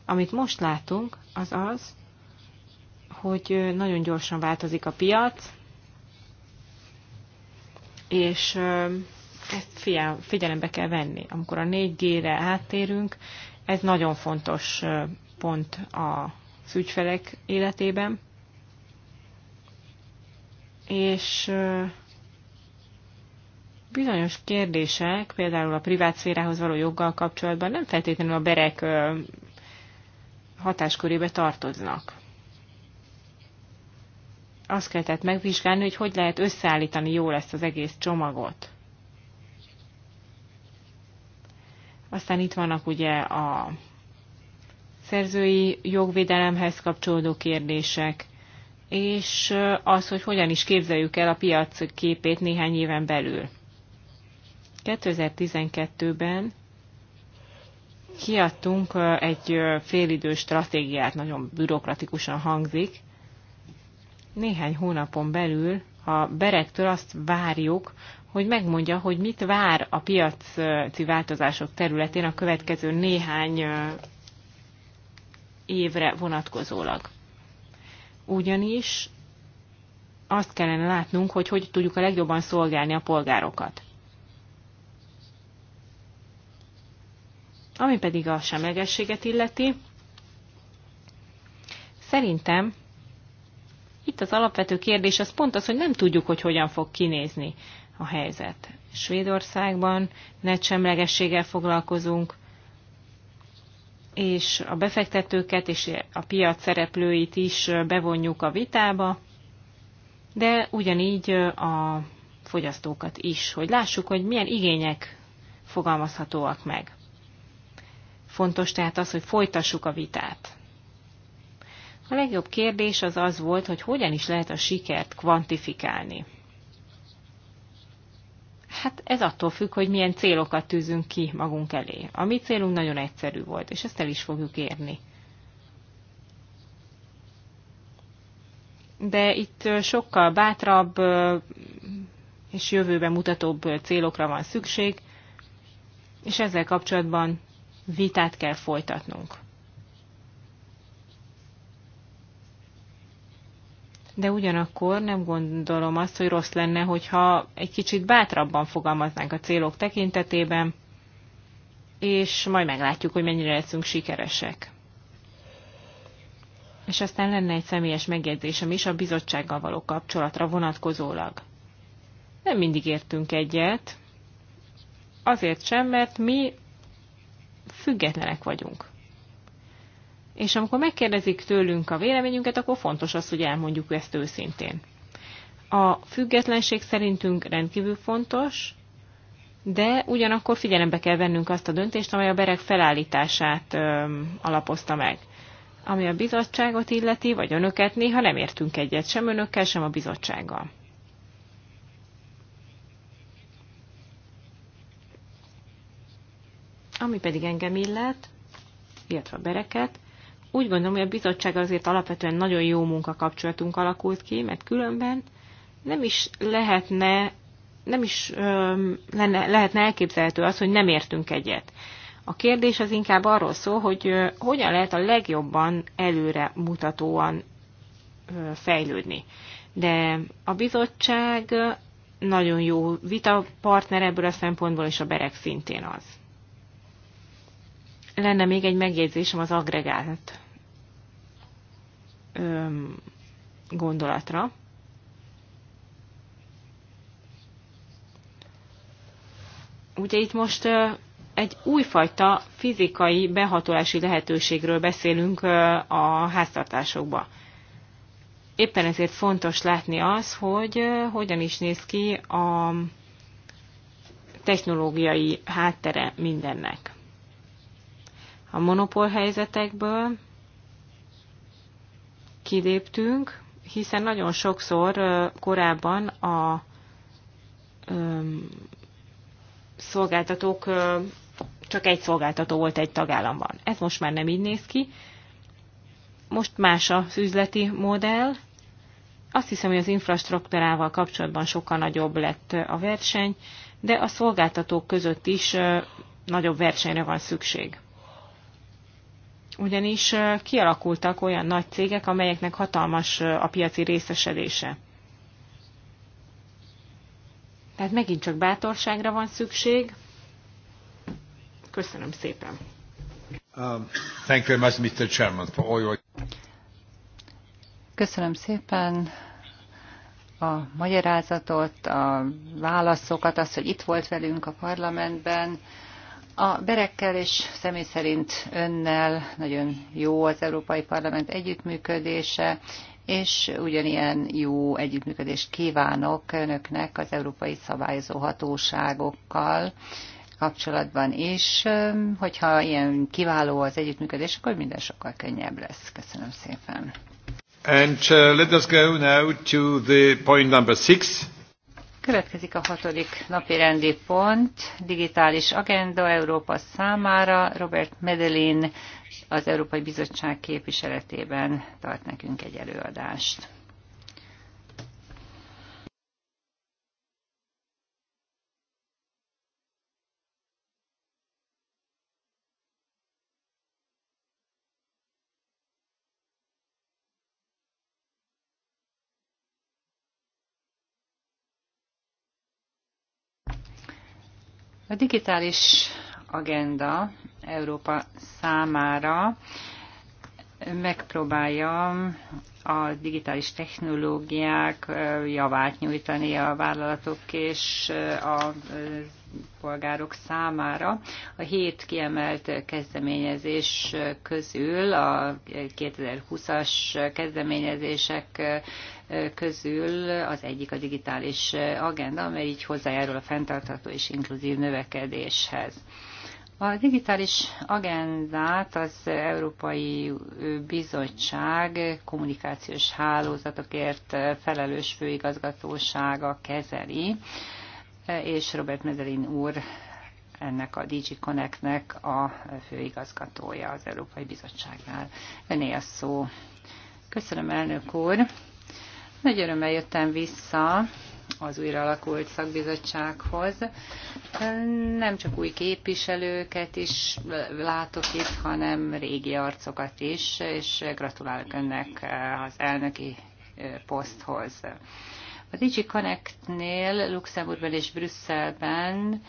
amit most látunk, az az, hogy nagyon gyorsan változik a piac, és ezt figyelembe kell venni. Amikor a 4G-re áttérünk, ez nagyon fontos pont a ügyfelek életében. És bizonyos kérdések, például a privátszférához való joggal kapcsolatban nem feltétlenül a berek hatáskörébe tartoznak. Azt kell tehát megvizsgálni, hogy hogy lehet összeállítani jól ezt az egész csomagot. Aztán itt vannak ugye a szerzői jogvédelemhez kapcsolódó kérdések, és az, hogy hogyan is képzeljük el a piac képét néhány éven belül. 2012-ben kiadtunk egy félidő stratégiát, nagyon bürokratikusan hangzik. Néhány hónapon belül a Berektől azt várjuk, hogy megmondja, hogy mit vár a piaci változások területén a következő néhány évre vonatkozólag. Ugyanis azt kellene látnunk, hogy hogy tudjuk a legjobban szolgálni a polgárokat. Ami pedig a semlegességet illeti, szerintem itt az alapvető kérdés az pont az, hogy nem tudjuk, hogy hogyan fog kinézni a helyzet. Svédországban net semlegességgel foglalkozunk, és a befektetőket és a piac szereplőit is bevonjuk a vitába, de ugyanígy a fogyasztókat is, hogy lássuk, hogy milyen igények fogalmazhatóak meg. Fontos tehát az, hogy folytassuk a vitát. A legjobb kérdés az az volt, hogy hogyan is lehet a sikert kvantifikálni. Hát ez attól függ, hogy milyen célokat tűzünk ki magunk elé. A mi célunk nagyon egyszerű volt, és ezt el is fogjuk érni. De itt sokkal bátrabb és jövőben mutatóbb célokra van szükség, és ezzel kapcsolatban vitát kell folytatnunk. De ugyanakkor nem gondolom azt, hogy rossz lenne, hogyha egy kicsit bátrabban fogalmaznánk a célok tekintetében, és majd meglátjuk, hogy mennyire leszünk sikeresek. És aztán lenne egy személyes megjegyzésem is a bizottsággal való kapcsolatra vonatkozólag. Nem mindig értünk egyet, azért sem, mert mi függetlenek vagyunk. És amikor megkérdezik tőlünk a véleményünket, akkor fontos az, hogy elmondjuk ezt őszintén. A függetlenség szerintünk rendkívül fontos, de ugyanakkor figyelembe kell vennünk azt a döntést, amely a berek felállítását ö, alapozta meg. Ami a bizottságot illeti, vagy önöket, néha nem értünk egyet sem önökkel, sem a bizottsággal. Ami pedig engem illet, illetve a bereket, úgy gondolom, hogy a bizottság azért alapvetően nagyon jó munkakapcsolatunk alakult ki, mert különben nem is lehetne, nem is öm, lenne, lehetne elképzelhető az, hogy nem értünk egyet. A kérdés az inkább arról szól, hogy ö, hogyan lehet a legjobban előre mutatóan ö, fejlődni. De a bizottság nagyon jó partner ebből a szempontból, és a berek szintén az lenne még egy megjegyzésem az agregált öm, gondolatra. Ugye itt most ö, egy újfajta fizikai behatolási lehetőségről beszélünk ö, a háztartásokba. Éppen ezért fontos látni az, hogy ö, hogyan is néz ki a technológiai háttere mindennek a monopól helyzetekből kiléptünk, hiszen nagyon sokszor korábban a szolgáltatók, csak egy szolgáltató volt egy tagállamban. Ez most már nem így néz ki. Most más az üzleti modell. Azt hiszem, hogy az infrastruktúrával kapcsolatban sokkal nagyobb lett a verseny, de a szolgáltatók között is nagyobb versenyre van szükség ugyanis kialakultak olyan nagy cégek, amelyeknek hatalmas a piaci részesedése. Tehát megint csak bátorságra van szükség. Köszönöm szépen. Um, thank you very much, Mr. Chairman, for all your... Köszönöm szépen a magyarázatot, a válaszokat, azt, hogy itt volt velünk a parlamentben. A berekkel és személy szerint önnel nagyon jó az Európai Parlament együttműködése, és ugyanilyen jó együttműködést kívánok önöknek az európai szabályozó hatóságokkal kapcsolatban is. Hogyha ilyen kiváló az együttműködés, akkor minden sokkal könnyebb lesz. Köszönöm szépen. And uh, let us go now to the point number six. Következik a hatodik napi rendi pont, digitális agenda Európa számára. Robert Medellin az Európai Bizottság képviseletében tart nekünk egy előadást. A digitális agenda Európa számára megpróbálja a digitális technológiák javát nyújtani a vállalatok és a polgárok számára. A hét kiemelt kezdeményezés közül a 2020-as kezdeményezések közül az egyik a digitális agenda, amely így hozzájárul a fenntartható és inkluzív növekedéshez. A digitális agendát az Európai Bizottság kommunikációs hálózatokért felelős főigazgatósága kezeli, és Robert Medelin úr ennek a DG Connectnek a főigazgatója az Európai Bizottságnál. Öné a szó. Köszönöm, elnök úr. Nagy örömmel jöttem vissza az újra alakult szakbizottsághoz. Nem csak új képviselőket is látok itt, hanem régi arcokat is, és gratulálok önnek az elnöki poszthoz. A Digi Connect-nél Luxemburgban és Brüsszelben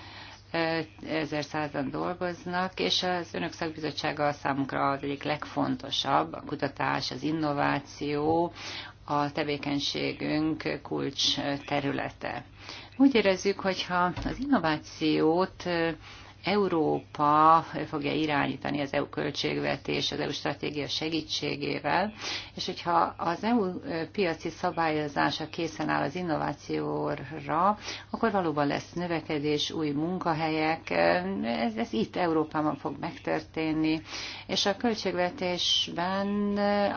ezer százan dolgoznak, és az önök szakbizottsága számunkra az egyik legfontosabb, a kutatás, az innováció, a tevékenységünk kulcs területe. Úgy érezzük, hogyha az innovációt Európa fogja irányítani az EU költségvetés, az EU stratégia segítségével, és hogyha az EU piaci szabályozása készen áll az innovációra, akkor valóban lesz növekedés, új munkahelyek, ez, ez itt Európában fog megtörténni, és a költségvetésben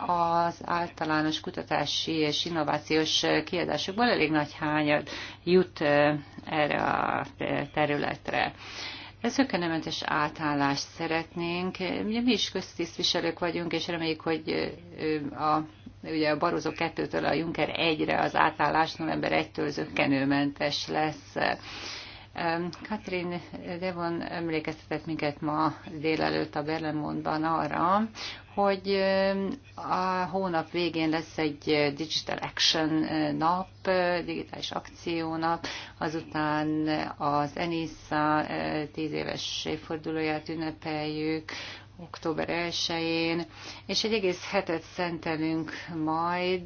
az általános kutatási és innovációs kiadásokból elég nagy hányad jut eh, erre a eh, területre. Zökkenőmentes átállást szeretnénk. Ugye mi is köztisztviselők vagyunk, és reméljük, hogy a, ugye a Barozó 2-től a Juncker 1-re az átállás november 1-től zökkenőmentes lesz. Katrin Devon emlékeztetett minket ma délelőtt a Berlemontban arra, hogy a hónap végén lesz egy Digital Action nap, digitális akciónap, azután az ENISA 10 eh, éves évfordulóját ünnepeljük, október 1-én, és egy egész hetet szentelünk majd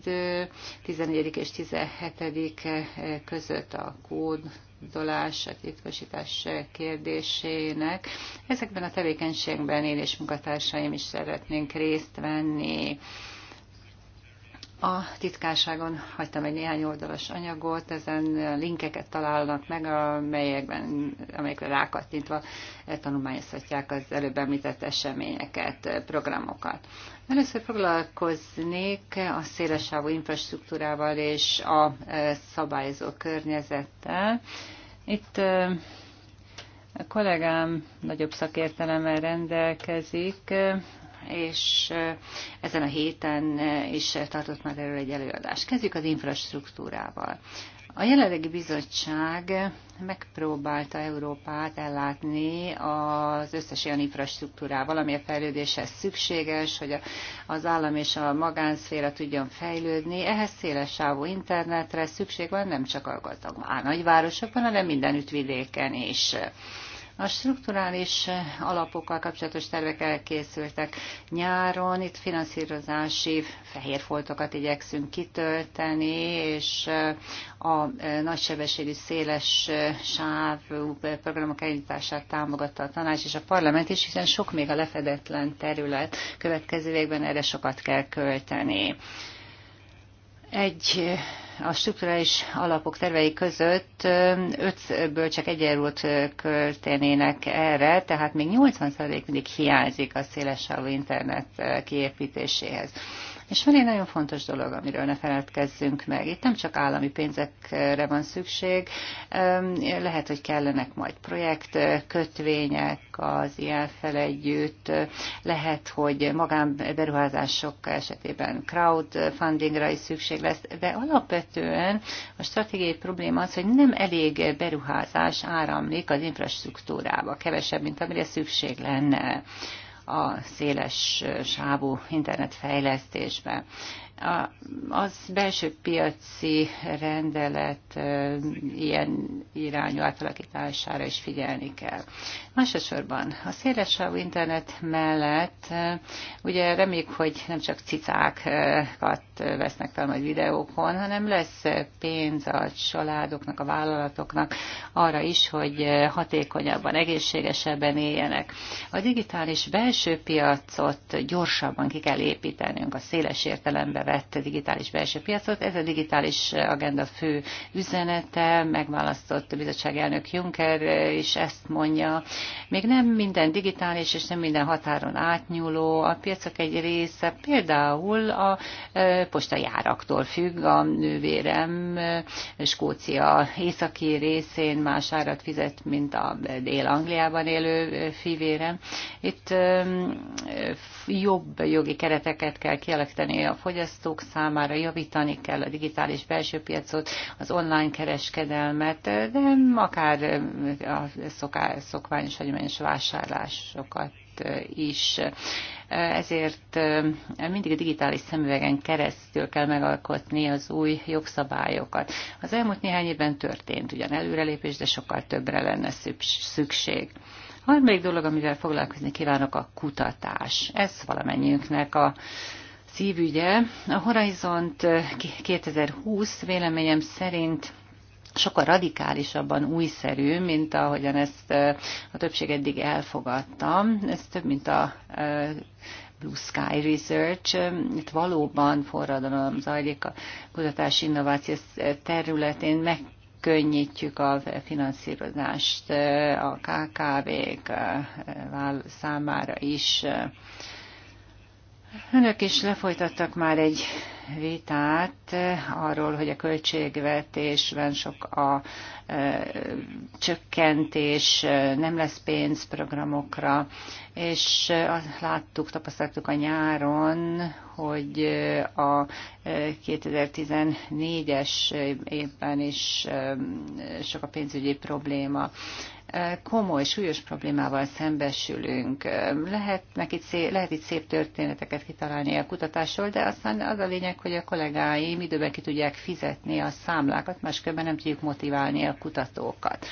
14. Eh, és 17. Eh, között a kód titkolás, a titkosítás kérdésének. Ezekben a tevékenységben én és munkatársaim is szeretnénk részt venni. A titkárságon hagytam egy néhány oldalas anyagot, ezen linkeket találnak meg, amelyekben, amelyekre rákattintva tanulmányozhatják az előbb említett eseményeket, programokat. Először foglalkoznék a szélesávú infrastruktúrával és a e, szabályozó környezettel. Itt e, a kollégám nagyobb szakértelemmel rendelkezik, és ezen a héten is tartott már erről egy előadást. Kezdjük az infrastruktúrával. A jelenlegi bizottság megpróbálta Európát ellátni az összes olyan infrastruktúrával, ami a fejlődéshez szükséges, hogy az állam és a magánszféra tudjon fejlődni. Ehhez széles sávú internetre szükség van nem csak a gazdag nagyvárosokban, hanem mindenütt vidéken is. És a strukturális alapokkal kapcsolatos tervek elkészültek nyáron, itt finanszírozási fehér foltokat igyekszünk kitölteni, és a nagysebességű széles sáv programok elindítását támogatta a tanács és a parlament is, hiszen sok még a lefedetlen terület. Következő években erre sokat kell költeni. Egy a strukturális alapok tervei között ötből csak egy költenének erre, tehát még 80% mindig hiányzik a szélesávú internet kiépítéséhez. És van egy nagyon fontos dolog, amiről ne feledkezzünk meg. Itt nem csak állami pénzekre van szükség, lehet, hogy kellenek majd projekt kötvények az ilyen fel együtt, lehet, hogy magánberuházások esetében crowdfundingra is szükség lesz, de alapvetően a stratégiai probléma az, hogy nem elég beruházás áramlik az infrastruktúrába, kevesebb, mint amire szükség lenne a széles sávú internetfejlesztésbe a az belső piaci rendelet ilyen irányú átalakítására is figyelni kell. Másodszorban a szélesávú internet mellett ugye reméljük, hogy nem csak cicákat vesznek fel majd videókon, hanem lesz pénz a családoknak, a vállalatoknak arra is, hogy hatékonyabban, egészségesebben éljenek. A digitális belső piacot gyorsabban ki kell építenünk a széles értelemben vett digitális belső piacot. Ez a digitális agenda fő üzenete, megválasztott a bizottság elnök Juncker is ezt mondja. Még nem minden digitális és nem minden határon átnyúló. A piacok egy része például a e, postai áraktól függ, a nővérem Skócia északi részén más árat fizet, mint a Dél-Angliában élő fivérem. Itt e, jobb jogi kereteket kell kialakítani a fogyasztó fogyasztók számára javítani kell a digitális belső piacot, az online kereskedelmet, de akár a szoká, szokványos hagyományos vásárlásokat is. Ezért mindig a digitális szemüvegen keresztül kell megalkotni az új jogszabályokat. Az elmúlt néhány évben történt ugyan előrelépés, de sokkal többre lenne szükség. A harmadik dolog, amivel foglalkozni kívánok, a kutatás. Ez valamennyiünknek a szívügye. A Horizont 2020 véleményem szerint sokkal radikálisabban újszerű, mint ahogyan ezt eh, a többség eddig elfogadta. Ez több, mint a eh, Blue Sky Research. Itt valóban forradalom zajlik a kutatási innováció területén, meg könnyítjük a finanszírozást eh, a KKV-k számára is. Önök is lefolytattak már egy vitát arról, hogy a költségvetésben sok a e, csökkentés, e, nem lesz pénz programokra, és e, azt láttuk, tapasztaltuk a nyáron, hogy e, a 2014-es évben is sok a pénzügyi probléma komoly, súlyos problémával szembesülünk. Lehetnek itt szép, lehet itt szép történeteket kitalálni a kutatásról, de aztán az a lényeg, hogy a kollégáim időben ki tudják fizetni a számlákat, másképpen nem tudjuk motiválni a kutatókat.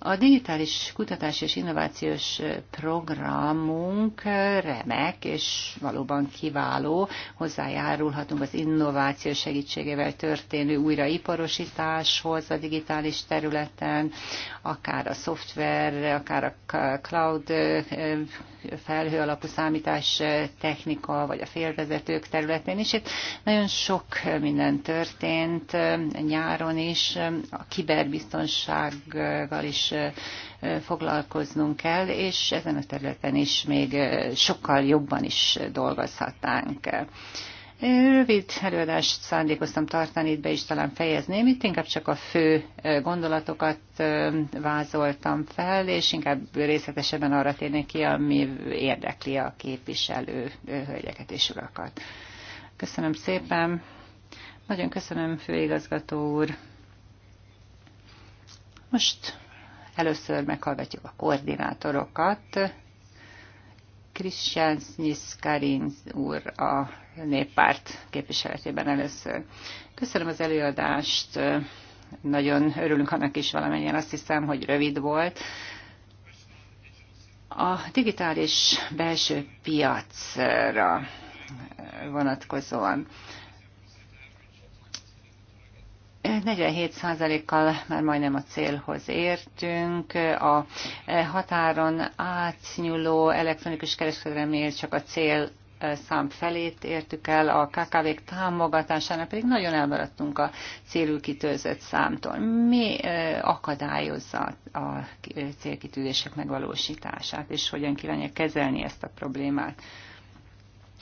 A digitális kutatás és innovációs programunk remek és valóban kiváló. Hozzájárulhatunk az innováció segítségével történő újraiparosításhoz a digitális területen, akár a szoftver, akár a cloud felhő alapú számítás technika, vagy a félvezetők területén is. Itt nagyon sok minden történt nyáron is, a kiberbiztonsággal is foglalkoznunk kell, és ezen a területen is még sokkal jobban is dolgozhatnánk. Rövid előadást szándékoztam tartani, itt be is talán fejezném. Itt inkább csak a fő gondolatokat vázoltam fel, és inkább részletesebben arra térnék ki, ami érdekli a képviselő hölgyeket és urakat. Köszönöm szépen. Nagyon köszönöm, főigazgató úr. Most Először meghallgatjuk a koordinátorokat. Christian Nyiszkarin úr a néppárt képviseletében először. Köszönöm az előadást, nagyon örülünk annak is valamennyien, azt hiszem, hogy rövid volt. A digitális belső piacra vonatkozóan. 47%-kal már majdnem a célhoz értünk. A határon átnyúló elektronikus kereskedelemnél csak a cél eh, szám felét értük el, a KKV-k támogatásánál pedig nagyon elmaradtunk a célul kitőzött számtól. Mi eh, akadályozza a célkitűzések megvalósítását, és hogyan kívánja kezelni ezt a problémát?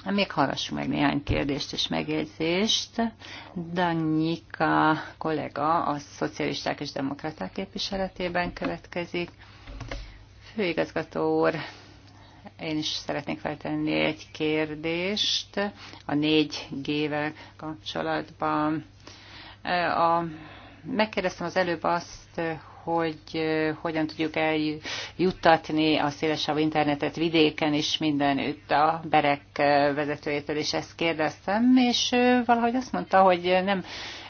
Még hallgassunk meg néhány kérdést és megjegyzést. Danika kollega a szocialisták és demokraták képviseletében következik. Főigazgató úr, én is szeretnék feltenni egy kérdést a 4G-vel kapcsolatban. A, megkérdeztem az előbb azt, hogy hogyan tudjuk eljuttatni a szélesebb internetet vidéken is mindenütt. A Berek vezetőjétől is ezt kérdeztem, és valahogy azt mondta, hogy nem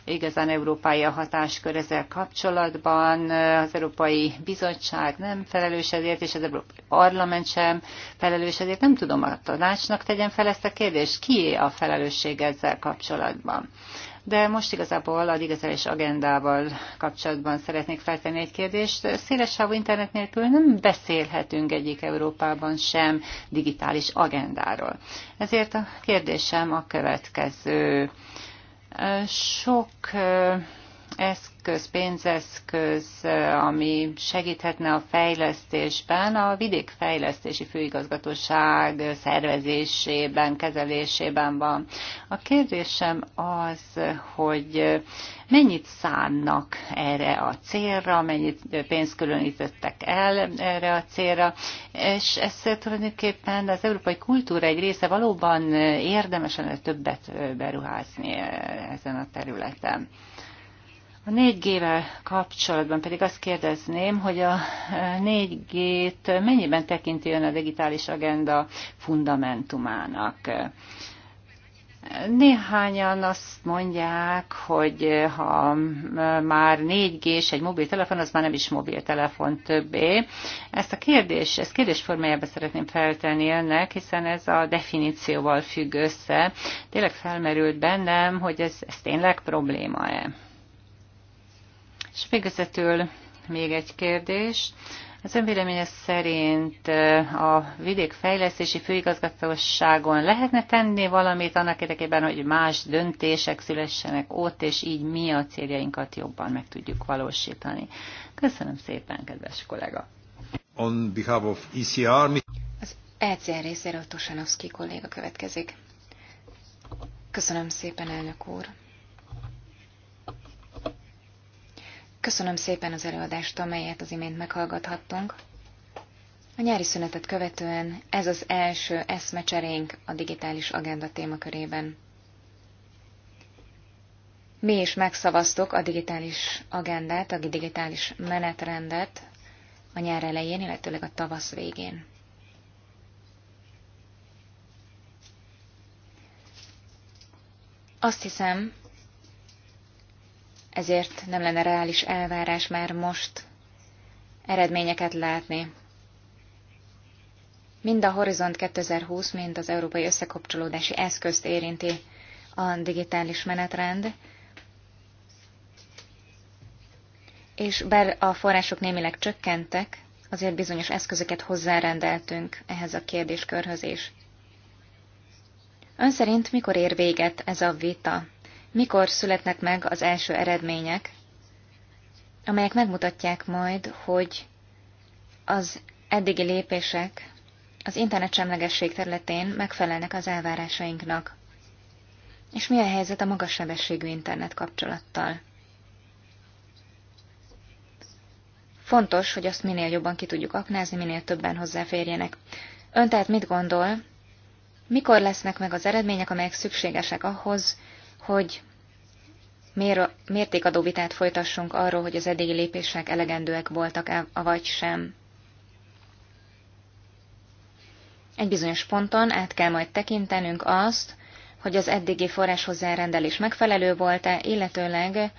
igazán európai a hatáskör ezzel kapcsolatban. Az Európai Bizottság nem felelős ezért, és az Európai Parlament sem felelős ezért. Nem tudom, a tanácsnak tegyen fel ezt a kérdést. Ki a felelősség ezzel kapcsolatban? de most igazából a digitális agendával kapcsolatban szeretnék feltenni egy kérdést. sávú internet nélkül nem beszélhetünk egyik Európában sem digitális agendáról. Ezért a kérdésem a következő. Sok eszköz, pénzeszköz, ami segíthetne a fejlesztésben, a vidékfejlesztési főigazgatóság szervezésében, kezelésében van. A kérdésem az, hogy mennyit szánnak erre a célra, mennyit pénzt különítettek el erre a célra, és ez tulajdonképpen az európai kultúra egy része valóban érdemes lenne többet beruházni ezen a területen. A 4G-vel kapcsolatban pedig azt kérdezném, hogy a 4G-t e, mennyiben tekinti ön a digitális agenda fundamentumának? Néhányan azt mondják, hogy ha már 4G-s egy mobiltelefon, az már nem is mobiltelefon többé. Ezt a kérdés, ezt kérdés formájában szeretném feltenni önnek, hiszen ez a definícióval függ össze. Tényleg felmerült bennem, hogy ez, ez tényleg probléma-e? És végezetül még egy kérdés. Az önvéleménye szerint a vidékfejlesztési főigazgatóságon lehetne tenni valamit annak érdekében, hogy más döntések szülessenek ott, és így mi a céljainkat jobban meg tudjuk valósítani. Köszönöm szépen, kedves kollega! On behalf of ECR, mi? Az ECR részéről Tosanovszki kolléga következik. Köszönöm szépen, elnök úr! Köszönöm szépen az előadást, amelyet az imént meghallgathattunk. A nyári szünetet követően ez az első eszmecserénk a digitális agenda témakörében. Mi is megszavaztuk a digitális agendát, a digitális menetrendet a nyár elején, illetőleg a tavasz végén. Azt hiszem, ezért nem lenne reális elvárás már most eredményeket látni. Mind a Horizont 2020, mind az Európai Összekapcsolódási Eszközt érinti a digitális menetrend, és bár a források némileg csökkentek, azért bizonyos eszközöket hozzárendeltünk ehhez a kérdéskörhöz is. Ön szerint mikor ér véget ez a vita? Mikor születnek meg az első eredmények, amelyek megmutatják majd, hogy az eddigi lépések az internet semlegesség területén megfelelnek az elvárásainknak. És mi a helyzet a magas sebességű internet kapcsolattal? Fontos, hogy azt minél jobban ki tudjuk aknázni, minél többen hozzáférjenek. Ön tehát mit gondol, mikor lesznek meg az eredmények, amelyek szükségesek ahhoz, hogy mértékadó vitát folytassunk arról, hogy az eddigi lépések elegendőek voltak-e, vagy sem. Egy bizonyos ponton át kell majd tekintenünk azt, hogy az eddigi forráshozzárendelés megfelelő volt-e, illetőleg,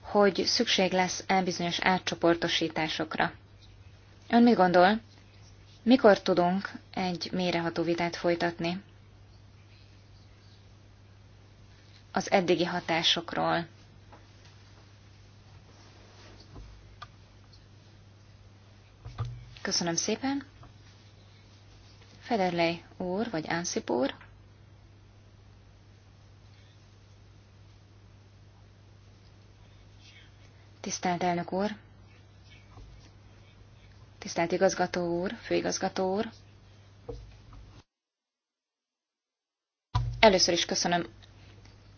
hogy szükség lesz el bizonyos átcsoportosításokra. Ön mi gondol? Mikor tudunk egy méreható vitát folytatni? az eddigi hatásokról. Köszönöm szépen. Federley úr, vagy Ánsip úr. Tisztelt elnök úr, tisztelt igazgató úr, főigazgató úr. Először is köszönöm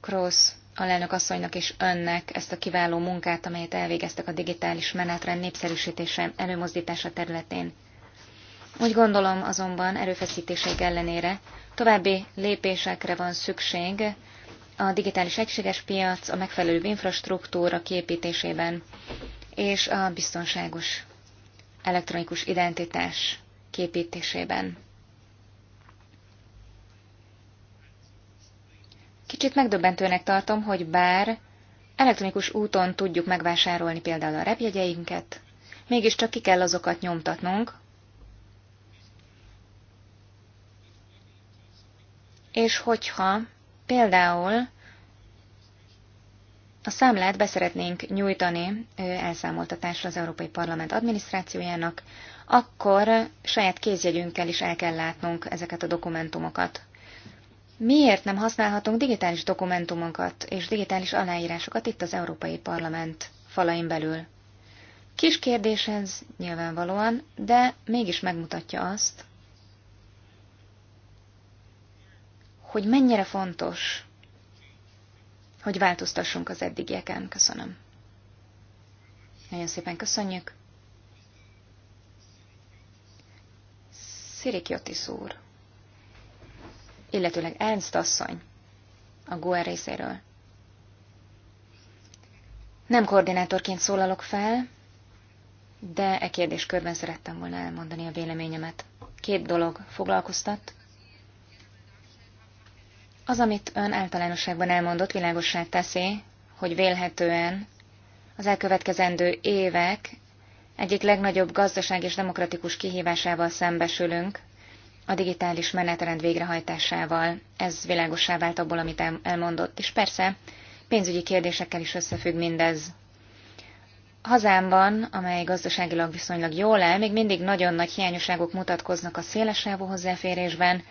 Krósz alelnök asszonynak és önnek ezt a kiváló munkát, amelyet elvégeztek a digitális menetrend népszerűsítése előmozdítása területén. Úgy gondolom azonban erőfeszítéseik ellenére további lépésekre van szükség a digitális egységes piac, a megfelelő infrastruktúra kiépítésében és a biztonságos elektronikus identitás képítésében. Kicsit megdöbbentőnek tartom, hogy bár elektronikus úton tudjuk megvásárolni például a repjegyeinket, mégiscsak ki kell azokat nyomtatnunk, és hogyha például a számlát beszeretnénk nyújtani elszámoltatásra az Európai Parlament adminisztrációjának, akkor saját kézjegyünkkel is el kell látnunk ezeket a dokumentumokat. Miért nem használhatunk digitális dokumentumokat és digitális aláírásokat itt az Európai Parlament falain belül? Kis kérdés ez nyilvánvalóan, de mégis megmutatja azt, hogy mennyire fontos, hogy változtassunk az eddigieken. Köszönöm. Nagyon szépen köszönjük. Szirik Jotis úr illetőleg Ernst asszony a Goer részéről. Nem koordinátorként szólalok fel, de e kérdéskörben szerettem volna elmondani a véleményemet. Két dolog foglalkoztat. Az, amit ön általánosságban elmondott, világossá teszi, hogy vélhetően az elkövetkezendő évek egyik legnagyobb gazdaság és demokratikus kihívásával szembesülünk, a digitális menetrend végrehajtásával. Ez világosá vált abból, amit elmondott. És persze, pénzügyi kérdésekkel is összefügg mindez. Hazámban, amely gazdaságilag viszonylag jól áll, még mindig nagyon nagy hiányosságok mutatkoznak a szélesávú hozzáférésben,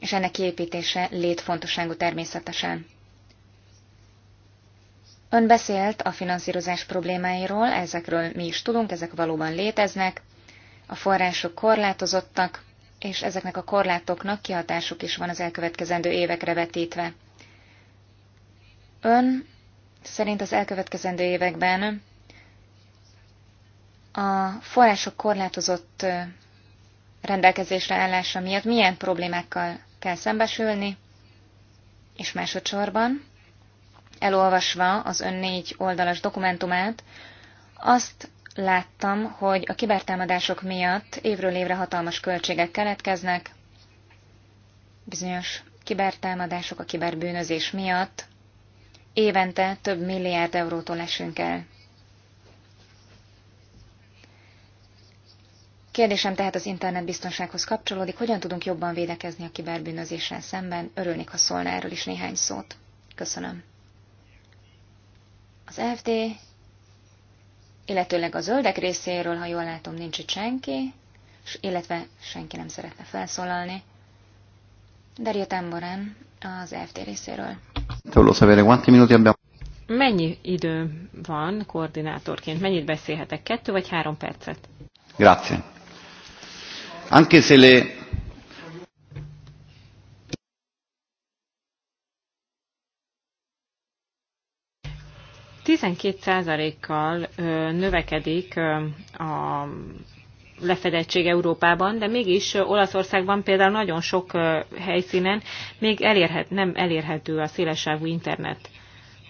és ennek kiépítése létfontosságú természetesen. Ön beszélt a finanszírozás problémáiról, ezekről mi is tudunk, ezek valóban léteznek, a források korlátozottak, és ezeknek a korlátoknak kihatásuk is van az elkövetkezendő évekre vetítve. Ön szerint az elkövetkezendő években a források korlátozott rendelkezésre állása miatt milyen problémákkal kell szembesülni, és másodszorban, elolvasva az ön négy oldalas dokumentumát, azt láttam, hogy a kibertámadások miatt évről évre hatalmas költségek keletkeznek, bizonyos kibertámadások a kiberbűnözés miatt évente több milliárd eurótól esünk el. Kérdésem tehát az internetbiztonsághoz kapcsolódik, hogyan tudunk jobban védekezni a kiberbűnözéssel szemben? Örülnék, ha szólna erről is néhány szót. Köszönöm. Az FD illetőleg a zöldek részéről, ha jól látom, nincs itt senki, illetve senki nem szeretne felszólalni. Daria Temborán az FT részéről. Mennyi idő van koordinátorként? Mennyit beszélhetek? Kettő vagy három percet? Grazie. Anche se le 12%-kal növekedik a lefedettség Európában, de mégis Olaszországban például nagyon sok helyszínen még elérhet, nem elérhető a szélesávú internet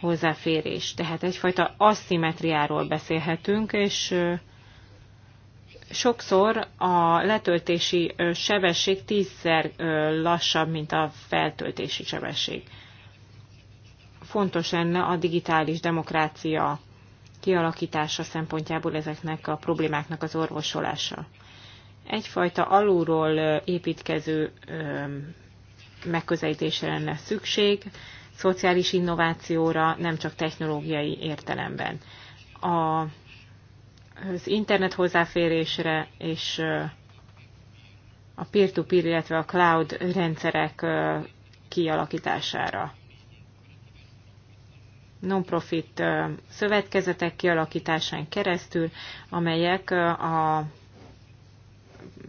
hozzáférés. Tehát egyfajta asszimetriáról beszélhetünk, és sokszor a letöltési sebesség tízszer lassabb, mint a feltöltési sebesség fontos lenne a digitális demokrácia kialakítása szempontjából ezeknek a problémáknak az orvosolása. Egyfajta alulról építkező megközelítésre lenne szükség, szociális innovációra, nem csak technológiai értelemben. A, az internet hozzáférésre és a peer-to-peer, -peer, illetve a cloud rendszerek kialakítására non-profit szövetkezetek kialakításán keresztül, amelyek a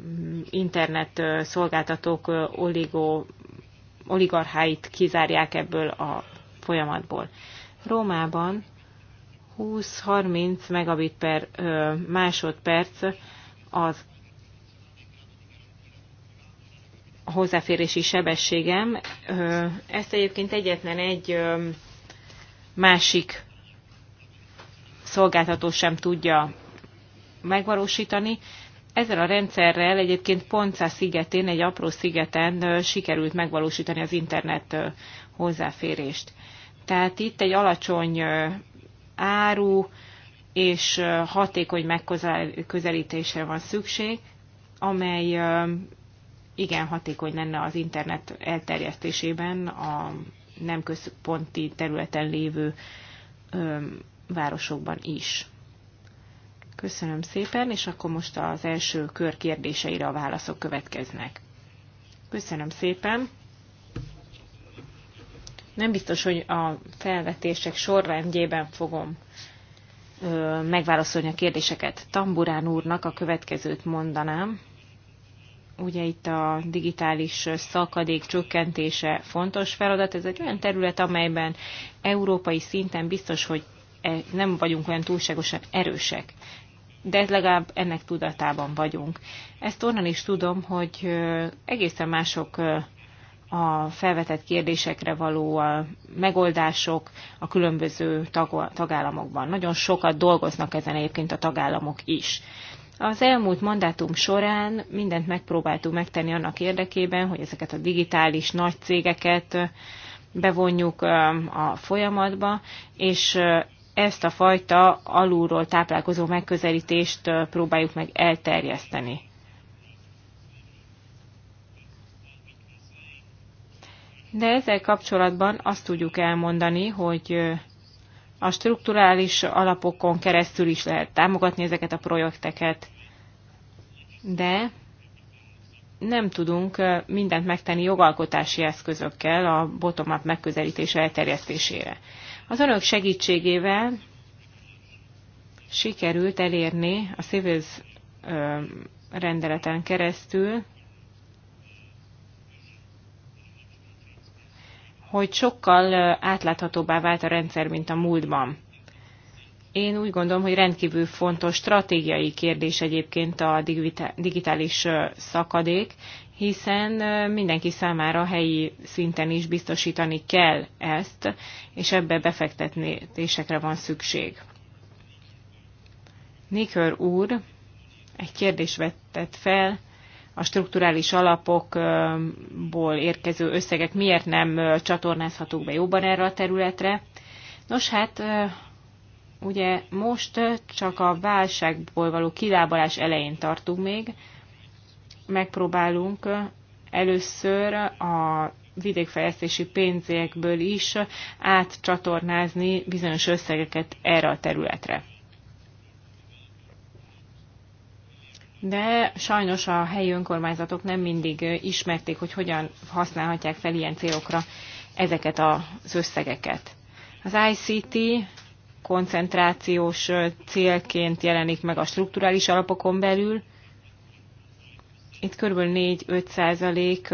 mm, internet szolgáltatók oligó, oligarcháit kizárják ebből a folyamatból. Rómában 20-30 megabit per másodperc az hozzáférési sebességem. Ezt egyébként egyetlen egy másik szolgáltató sem tudja megvalósítani. Ezzel a rendszerrel egyébként Ponca szigetén, egy apró szigeten sikerült megvalósítani az internet hozzáférést. Tehát itt egy alacsony áru és hatékony megközelítésre van szükség, amely igen hatékony lenne az internet elterjesztésében a nem központi területen lévő városokban is. Köszönöm szépen, és akkor most az első kör kérdéseire a válaszok következnek. Köszönöm szépen. Nem biztos, hogy a felvetések sorrendjében fogom megválaszolni a kérdéseket. Tamburán úrnak a következőt mondanám ugye itt a digitális szakadék csökkentése fontos feladat. Ez egy olyan terület, amelyben európai szinten biztos, hogy e, nem vagyunk olyan túlságosan erősek, de legalább ennek tudatában vagyunk. Ezt onnan is tudom, hogy egészen mások a felvetett kérdésekre való a megoldások a különböző tagállamokban. Nagyon sokat dolgoznak ezen egyébként a tagállamok is. Az elmúlt mandátum során mindent megpróbáltunk megtenni annak érdekében, hogy ezeket a digitális nagy cégeket bevonjuk a folyamatba, és ezt a fajta alulról táplálkozó megközelítést próbáljuk meg elterjeszteni. De ezzel kapcsolatban azt tudjuk elmondani, hogy a strukturális alapokon keresztül is lehet támogatni ezeket a projekteket, de nem tudunk mindent megtenni jogalkotási eszközökkel a bottom-up megközelítés elterjesztésére. Az önök segítségével sikerült elérni a Civils rendeleten keresztül, hogy sokkal átláthatóbbá vált a rendszer, mint a múltban. Én úgy gondolom, hogy rendkívül fontos stratégiai kérdés egyébként a digitális szakadék, hiszen mindenki számára helyi szinten is biztosítani kell ezt, és ebbe befektetésekre van szükség. Nikör úr egy kérdést vetett fel, a strukturális alapokból érkező összegek miért nem csatornázhatók be jobban erre a területre. Nos hát, Ugye most csak a válságból való kilábalás elején tartunk még. Megpróbálunk először a vidékfejlesztési pénzekből is átcsatornázni bizonyos összegeket erre a területre. De sajnos a helyi önkormányzatok nem mindig ismerték, hogy hogyan használhatják fel ilyen célokra ezeket az összegeket. Az ICT koncentrációs célként jelenik meg a strukturális alapokon belül. Itt kb. 4-5 százalék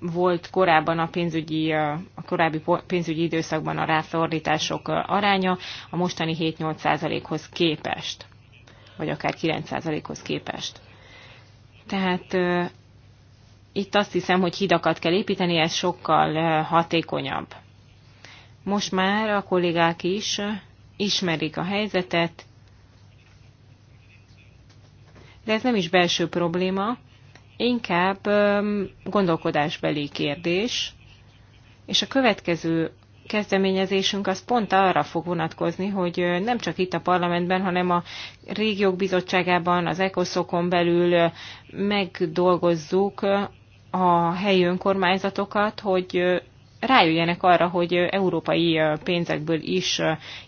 volt korábban a pénzügyi, a korábbi pénzügyi időszakban a ráfordítások aránya a mostani 7-8 százalékhoz képest, vagy akár 9 százalékhoz képest. Tehát itt azt hiszem, hogy hidakat kell építeni, ez sokkal eh, hatékonyabb. Most már a kollégák is eh, ismerik a helyzetet, de ez nem is belső probléma, inkább gondolkodásbeli kérdés, és a következő kezdeményezésünk az pont arra fog vonatkozni, hogy eh, nem csak itt a parlamentben, hanem a régiók bizottságában, az ECOSZOKon belül megdolgozzuk a helyi önkormányzatokat, hogy rájöjjenek arra, hogy európai pénzekből is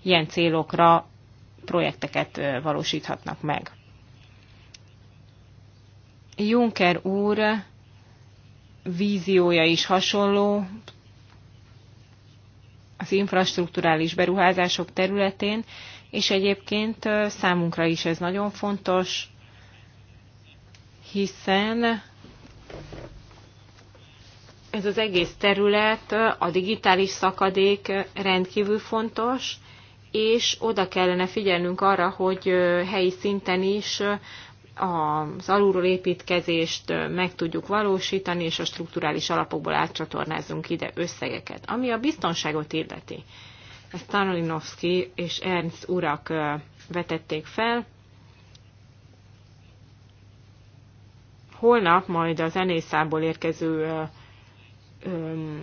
ilyen célokra projekteket valósíthatnak meg. Juncker úr víziója is hasonló az infrastruktúrális beruházások területén, és egyébként számunkra is ez nagyon fontos, hiszen ez az egész terület, a digitális szakadék rendkívül fontos, és oda kellene figyelnünk arra, hogy helyi szinten is az alulról építkezést meg tudjuk valósítani, és a strukturális alapokból átcsatornázunk ide összegeket. Ami a biztonságot illeti, ezt Tanolinovski és Ernst urak vetették fel. Holnap majd az Enészából érkező öm,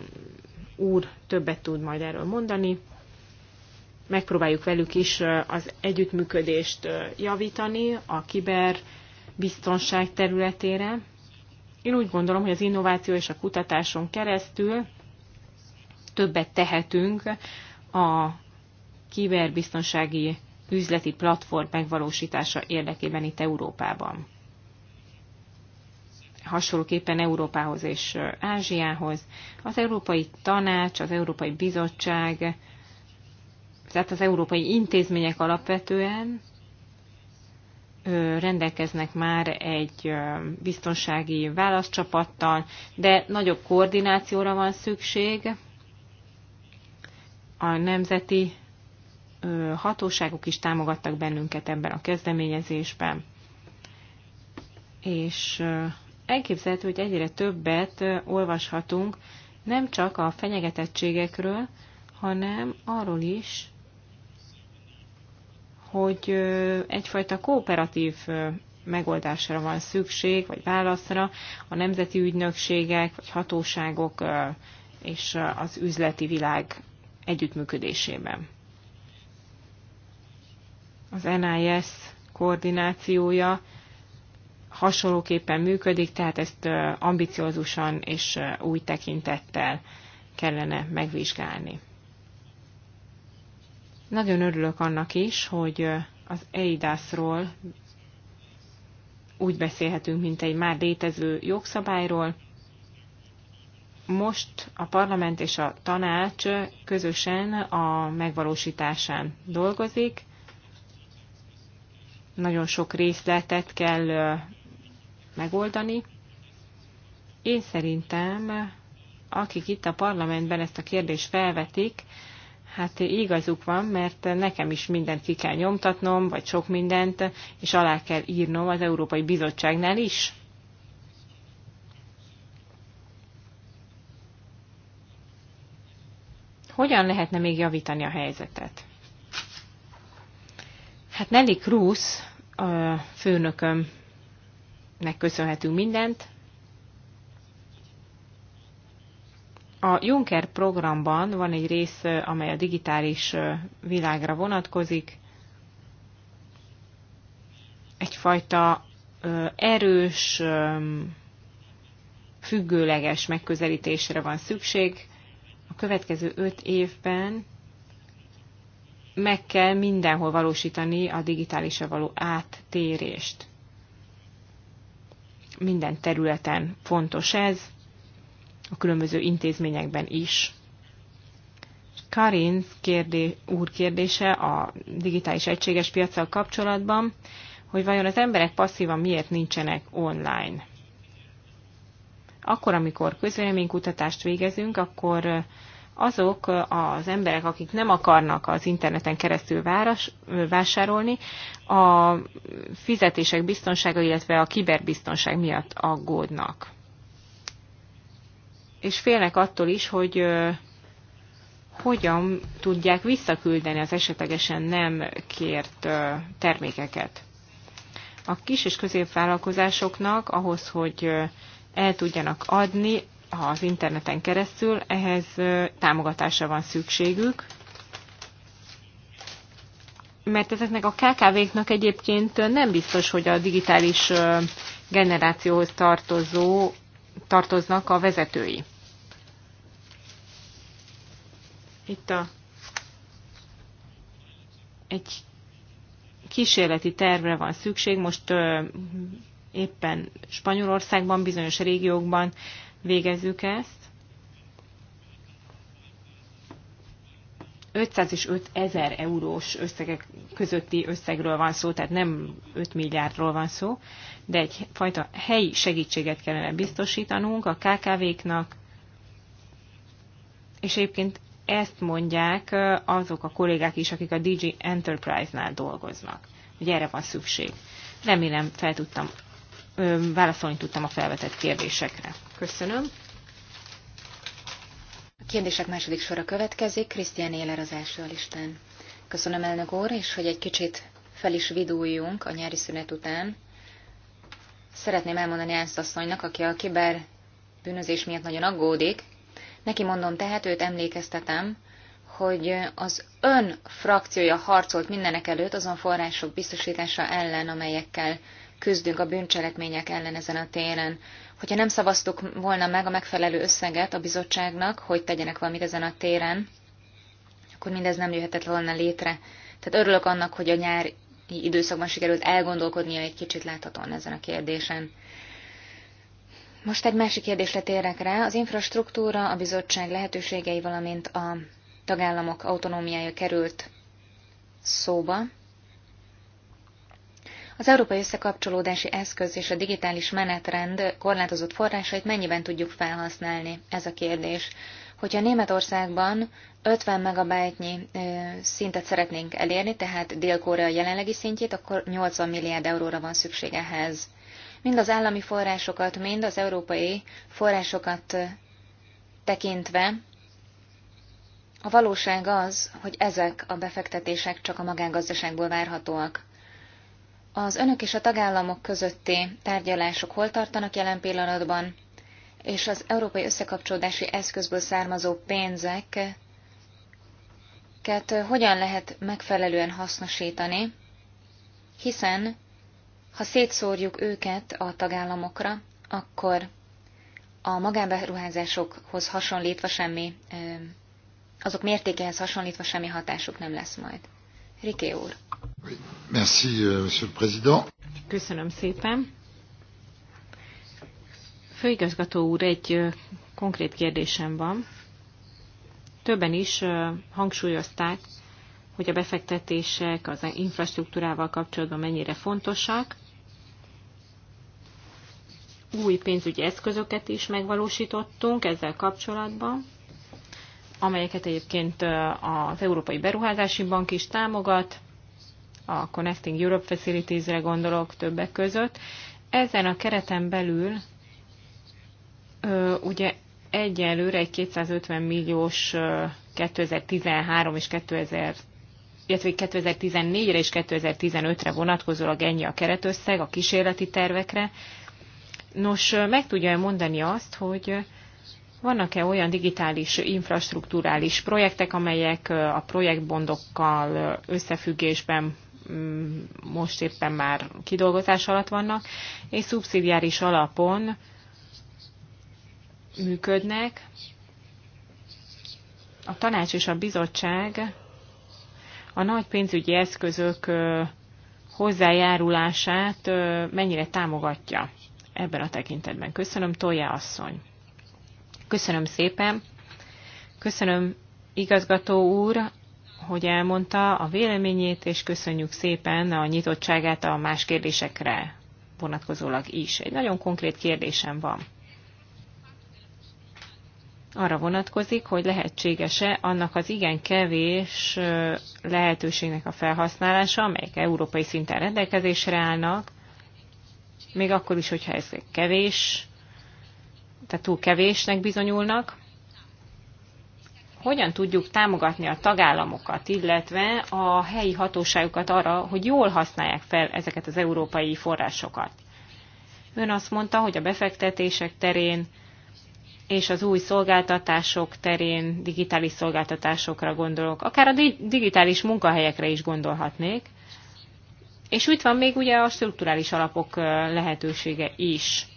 úr többet tud majd erről mondani. Megpróbáljuk velük is az együttműködést javítani a kiberbiztonság területére. Én úgy gondolom, hogy az innováció és a kutatáson keresztül többet tehetünk a kiberbiztonsági üzleti platform megvalósítása érdekében itt Európában hasonlóképpen Európához és Ázsiához. Az Európai Tanács, az Európai Bizottság, tehát az európai intézmények alapvetően rendelkeznek már egy biztonsági válaszcsapattal, de nagyobb koordinációra van szükség a nemzeti hatóságok is támogattak bennünket ebben a kezdeményezésben, és elképzelhető, hogy egyre többet olvashatunk nem csak a fenyegetettségekről, hanem arról is, hogy egyfajta kooperatív megoldásra van szükség, vagy válaszra a nemzeti ügynökségek, vagy hatóságok és az üzleti világ együttműködésében. Az NIS koordinációja hasonlóképpen működik, tehát ezt ambiciózusan és új tekintettel kellene megvizsgálni. Nagyon örülök annak is, hogy az EIDAS-ról úgy beszélhetünk, mint egy már létező jogszabályról. Most a parlament és a tanács közösen a megvalósításán dolgozik. Nagyon sok részletet kell megoldani. Én szerintem, akik itt a parlamentben ezt a kérdést felvetik, hát igazuk van, mert nekem is mindent ki kell nyomtatnom, vagy sok mindent, és alá kell írnom az Európai Bizottságnál is. Hogyan lehetne még javítani a helyzetet? Hát Nelly Cruz, a főnököm megköszönhetünk mindent. A Juncker programban van egy rész, amely a digitális világra vonatkozik. Egyfajta erős, függőleges megközelítésre van szükség. A következő öt évben meg kell mindenhol valósítani a digitálisra való áttérést minden területen fontos ez, a különböző intézményekben is. Karin kérdé, úr kérdése a digitális egységes piacsal kapcsolatban, hogy vajon az emberek passzívan miért nincsenek online. Akkor, amikor közvéleménykutatást végezünk, akkor azok az emberek, akik nem akarnak az interneten keresztül város, vásárolni, a fizetések biztonsága, illetve a kiberbiztonság miatt aggódnak. És félnek attól is, hogy hogyan tudják visszaküldeni az esetlegesen nem kért termékeket. A kis és középvállalkozásoknak ahhoz, hogy el tudjanak adni, az interneten keresztül, ehhez támogatásra van szükségük, mert ezeknek a KKV-knak egyébként nem biztos, hogy a digitális generációhoz tartozó, tartoznak a vezetői. Itt a, egy kísérleti tervre van szükség, most ö, éppen Spanyolországban, bizonyos régiókban végezzük ezt. 500 és 5000 eurós összegek közötti összegről van szó, tehát nem 5 milliárdról van szó, de egyfajta helyi segítséget kellene biztosítanunk a KKV-knak, és egyébként ezt mondják azok a kollégák is, akik a DG Enterprise-nál dolgoznak, hogy erre van szükség. Remélem fel tudtam válaszolni tudtam a felvetett kérdésekre. Köszönöm. A kérdések második sora következik, Krisztián Éler az első a listán. Köszönöm elnök úr, és hogy egy kicsit fel is viduljunk a nyári szünet után. Szeretném elmondani ezt asszonynak, aki a kiber bűnözés miatt nagyon aggódik. Neki mondom tehát, őt emlékeztetem, hogy az ön frakciója harcolt mindenek előtt azon források biztosítása ellen, amelyekkel küzdünk a bűncselekmények ellen ezen a téren. Hogyha nem szavaztuk volna meg a megfelelő összeget a bizottságnak, hogy tegyenek valamit ezen a téren, akkor mindez nem jöhetett volna létre. Tehát örülök annak, hogy a nyári időszakban sikerült elgondolkodnia egy kicsit láthatóan ezen a kérdésen. Most egy másik kérdésre térek rá. Az infrastruktúra, a bizottság lehetőségei, valamint a tagállamok autonómiája került szóba. Az európai összekapcsolódási eszköz és a digitális menetrend korlátozott forrásait mennyiben tudjuk felhasználni? Ez a kérdés. Hogyha Németországban 50 megabájtnyi szintet szeretnénk elérni, tehát Dél-Korea jelenlegi szintjét, akkor 80 milliárd euróra van szükség ehhez. Mind az állami forrásokat, mind az európai forrásokat tekintve a valóság az, hogy ezek a befektetések csak a magángazdaságból várhatóak. Az önök és a tagállamok közötti tárgyalások hol tartanak jelen pillanatban, és az európai összekapcsolódási eszközből származó pénzeket hogyan lehet megfelelően hasznosítani, hiszen ha szétszórjuk őket a tagállamokra, akkor a magánberuházásokhoz hasonlítva semmi, azok mértékehez hasonlítva semmi hatásuk nem lesz majd. Riké úr. Merci, euh, Monsieur le Président. Köszönöm szépen. Főigazgató úr, egy konkrét kérdésem van. Többen is hangsúlyozták, hogy a befektetések az infrastruktúrával kapcsolatban mennyire fontosak. Új pénzügyi eszközöket is megvalósítottunk ezzel kapcsolatban, amelyeket egyébként az Európai Beruházási Bank is támogat a Connecting Europe Facilities-re gondolok többek között. Ezen a kereten belül ugye egyelőre egy 250 milliós 2013 és 2000 illetve 2014-re és 2015-re vonatkozólag ennyi a keretösszeg a kísérleti tervekre. Nos, meg tudja mondani azt, hogy vannak-e olyan digitális infrastruktúrális projektek, amelyek a projektbondokkal összefüggésben Mm, most éppen már kidolgozás alatt vannak, és szubszidiáris alapon működnek. A tanács és a bizottság a nagy pénzügyi eszközök hozzájárulását mennyire támogatja ebben a tekintetben. Köszönöm, Tolja asszony. Köszönöm szépen. Köszönöm, igazgató úr, hogy elmondta a véleményét, és köszönjük szépen a nyitottságát a más kérdésekre vonatkozólag is. Egy nagyon konkrét kérdésem van. Arra vonatkozik, hogy lehetséges-e annak az igen kevés lehetőségnek a felhasználása, amelyek európai szinten rendelkezésre állnak, még akkor is, hogyha ezek kevés, tehát túl kevésnek bizonyulnak, hogyan tudjuk támogatni a tagállamokat, illetve a helyi hatóságokat arra, hogy jól használják fel ezeket az európai forrásokat. Ön azt mondta, hogy a befektetések terén és az új szolgáltatások terén, digitális szolgáltatásokra gondolok, akár a digitális munkahelyekre is gondolhatnék. És itt van még ugye a strukturális alapok lehetősége is.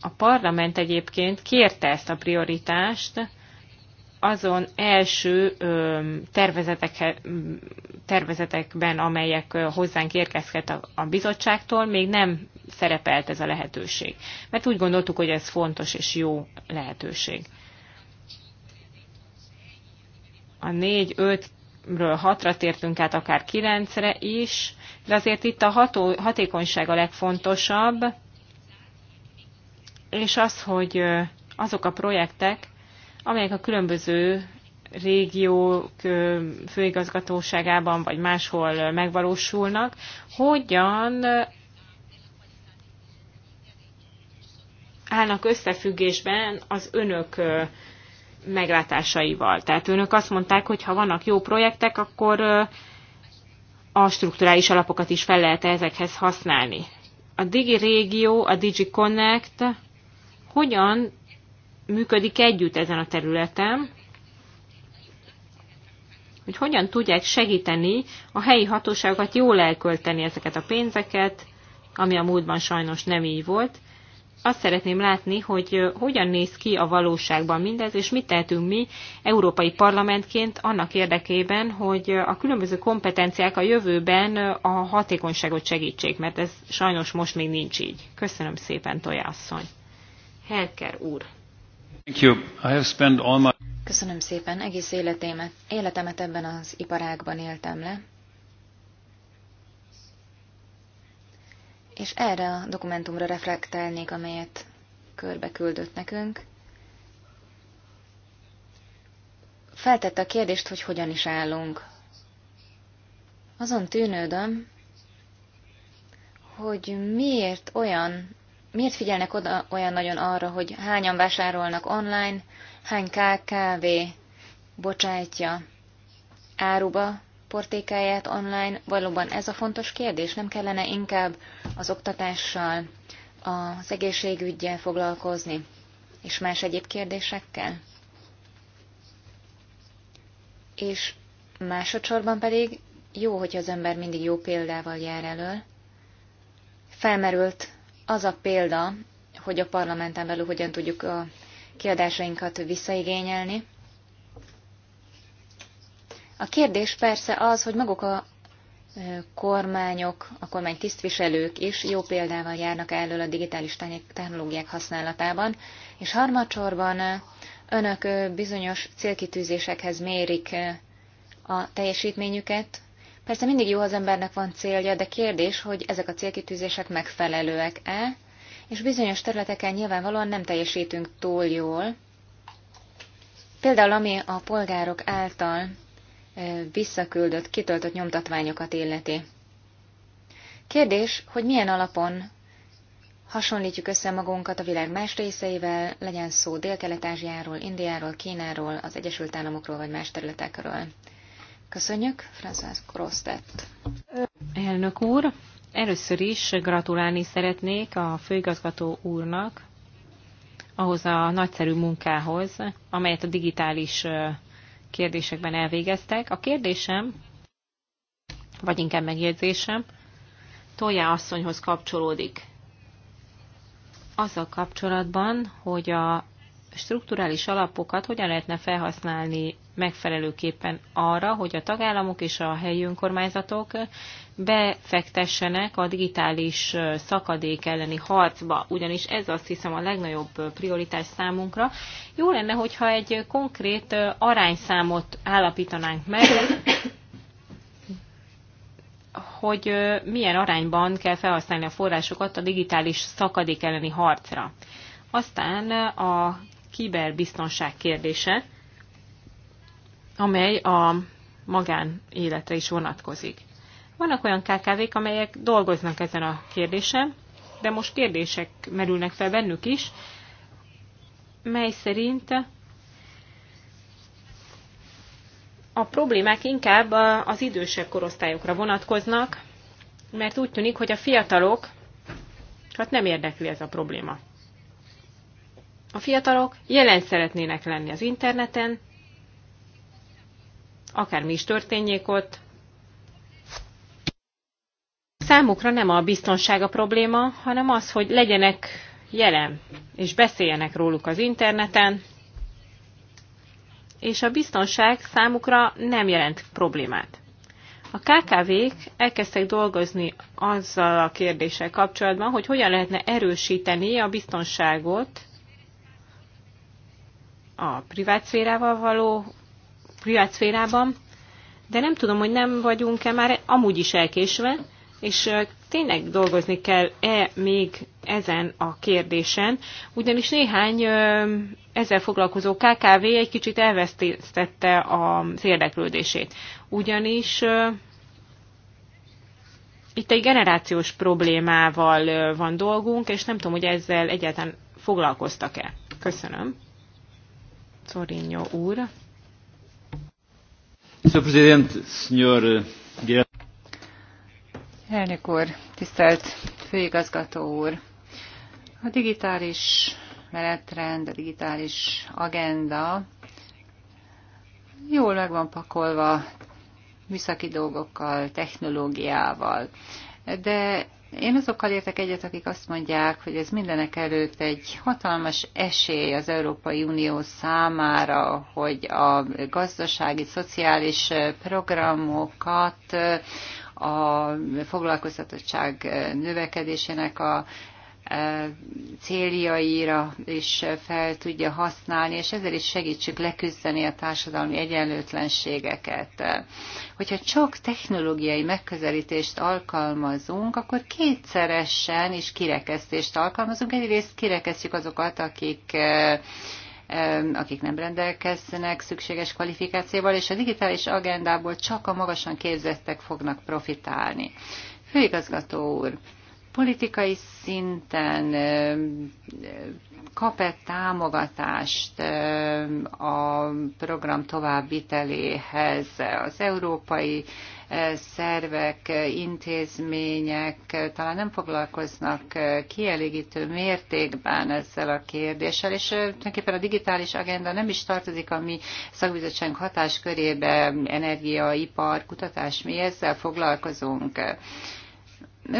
A parlament egyébként kérte ezt a prioritást, azon első tervezetek, tervezetekben, amelyek hozzánk érkezhet a, a bizottságtól, még nem szerepelt ez a lehetőség. Mert úgy gondoltuk, hogy ez fontos és jó lehetőség. A 4-5-ről 6-ra tértünk át, akár 9-re is, de azért itt a ható, hatékonyság a legfontosabb, és az, hogy azok a projektek, amelyek a különböző régiók főigazgatóságában vagy máshol megvalósulnak, hogyan állnak összefüggésben az önök meglátásaival. Tehát önök azt mondták, hogy ha vannak jó projektek, akkor a strukturális alapokat is fel lehet -e ezekhez használni. A Digi Régió, a Digi Connect hogyan működik együtt ezen a területen, hogy hogyan tudják segíteni a helyi hatóságokat jól elkölteni ezeket a pénzeket, ami a múltban sajnos nem így volt. Azt szeretném látni, hogy hogyan néz ki a valóságban mindez, és mit tehetünk mi európai parlamentként annak érdekében, hogy a különböző kompetenciák a jövőben a hatékonyságot segítsék, mert ez sajnos most még nincs így. Köszönöm szépen, Tojászony. Helker úr. Köszönöm szépen, egész életémet, életemet ebben az iparágban éltem le. És erre a dokumentumra reflektálnék, amelyet körbe küldött nekünk. Feltette a kérdést, hogy hogyan is állunk. Azon tűnődöm, hogy miért olyan miért figyelnek oda olyan nagyon arra, hogy hányan vásárolnak online, hány KKV bocsájtja áruba portékáját online? Valóban ez a fontos kérdés? Nem kellene inkább az oktatással, az egészségügyjel foglalkozni, és más egyéb kérdésekkel? És másodszorban pedig jó, hogy az ember mindig jó példával jár elől. Felmerült az a példa, hogy a parlamenten belül hogyan tudjuk a kiadásainkat visszaigényelni. A kérdés persze az, hogy maguk a kormányok, a kormány tisztviselők is jó példával járnak elől a digitális technológiák használatában, és harmadsorban önök bizonyos célkitűzésekhez mérik a teljesítményüket, Persze mindig jó, az embernek van célja, de kérdés, hogy ezek a célkitűzések megfelelőek-e, és bizonyos területeken nyilvánvalóan nem teljesítünk túl jól. Például ami a polgárok által visszaküldött, kitöltött nyomtatványokat illeti. Kérdés, hogy milyen alapon hasonlítjuk össze magunkat a világ más részeivel, legyen szó Dél-Kelet-Ázsiáról, Indiáról, Kínáról, az Egyesült Államokról vagy más területekről. Köszönjük, François Grosztett. Elnök úr, először is gratulálni szeretnék a főigazgató úrnak ahhoz a nagyszerű munkához, amelyet a digitális kérdésekben elvégeztek. A kérdésem, vagy inkább megjegyzésem, Tolja asszonyhoz kapcsolódik. Azzal kapcsolatban, hogy a strukturális alapokat hogyan lehetne felhasználni megfelelőképpen arra, hogy a tagállamok és a helyi önkormányzatok befektessenek a digitális szakadék elleni harcba, ugyanis ez azt hiszem a legnagyobb prioritás számunkra. Jó lenne, hogyha egy konkrét arányszámot állapítanánk meg, hogy milyen arányban kell felhasználni a forrásokat a digitális szakadék elleni harcra. Aztán a kiberbiztonság kérdése, amely a magánéletre is vonatkozik. Vannak olyan KKV-k, amelyek dolgoznak ezen a kérdésen, de most kérdések merülnek fel bennük is, mely szerint a problémák inkább az idősebb korosztályokra vonatkoznak, mert úgy tűnik, hogy a fiatalok, hát nem érdekli ez a probléma. A fiatalok jelen szeretnének lenni az interneten, akármi is történjék ott. Számukra nem a biztonság a probléma, hanem az, hogy legyenek jelen, és beszéljenek róluk az interneten, és a biztonság számukra nem jelent problémát. A KKV-k elkezdtek dolgozni azzal a kérdéssel kapcsolatban, hogy hogyan lehetne erősíteni a biztonságot a privátszférával való, privátszférában, de nem tudom, hogy nem vagyunk-e már amúgy is elkésve, és tényleg dolgozni kell-e még ezen a kérdésen, ugyanis néhány ezzel foglalkozó KKV egy kicsit elvesztette az érdeklődését. Ugyanis itt egy generációs problémával van dolgunk, és nem tudom, hogy ezzel egyáltalán foglalkoztak-e. Köszönöm. Zorinho úr. Sr. Sr. Elnök úr, tisztelt főigazgató úr! A digitális menetrend, a digitális agenda jól meg van pakolva műszaki dolgokkal, technológiával, de én azokkal értek egyet, akik azt mondják, hogy ez mindenek előtt egy hatalmas esély az Európai Unió számára, hogy a gazdasági, szociális programokat a foglalkoztatottság növekedésének a céljaira is fel tudja használni, és ezzel is segítsük leküzdeni a társadalmi egyenlőtlenségeket. Hogyha csak technológiai megközelítést alkalmazunk, akkor kétszeresen is kirekesztést alkalmazunk. Egyrészt kirekesztjük azokat, akik akik nem rendelkeznek szükséges kvalifikációval, és a digitális agendából csak a magasan képzettek fognak profitálni. Főigazgató úr, politikai szinten kap-e támogatást a program továbbviteléhez az európai szervek, intézmények talán nem foglalkoznak kielégítő mértékben ezzel a kérdéssel, és tulajdonképpen a digitális agenda nem is tartozik a mi szakbizottság hatáskörébe, energia, ipar, kutatás, mi ezzel foglalkozunk.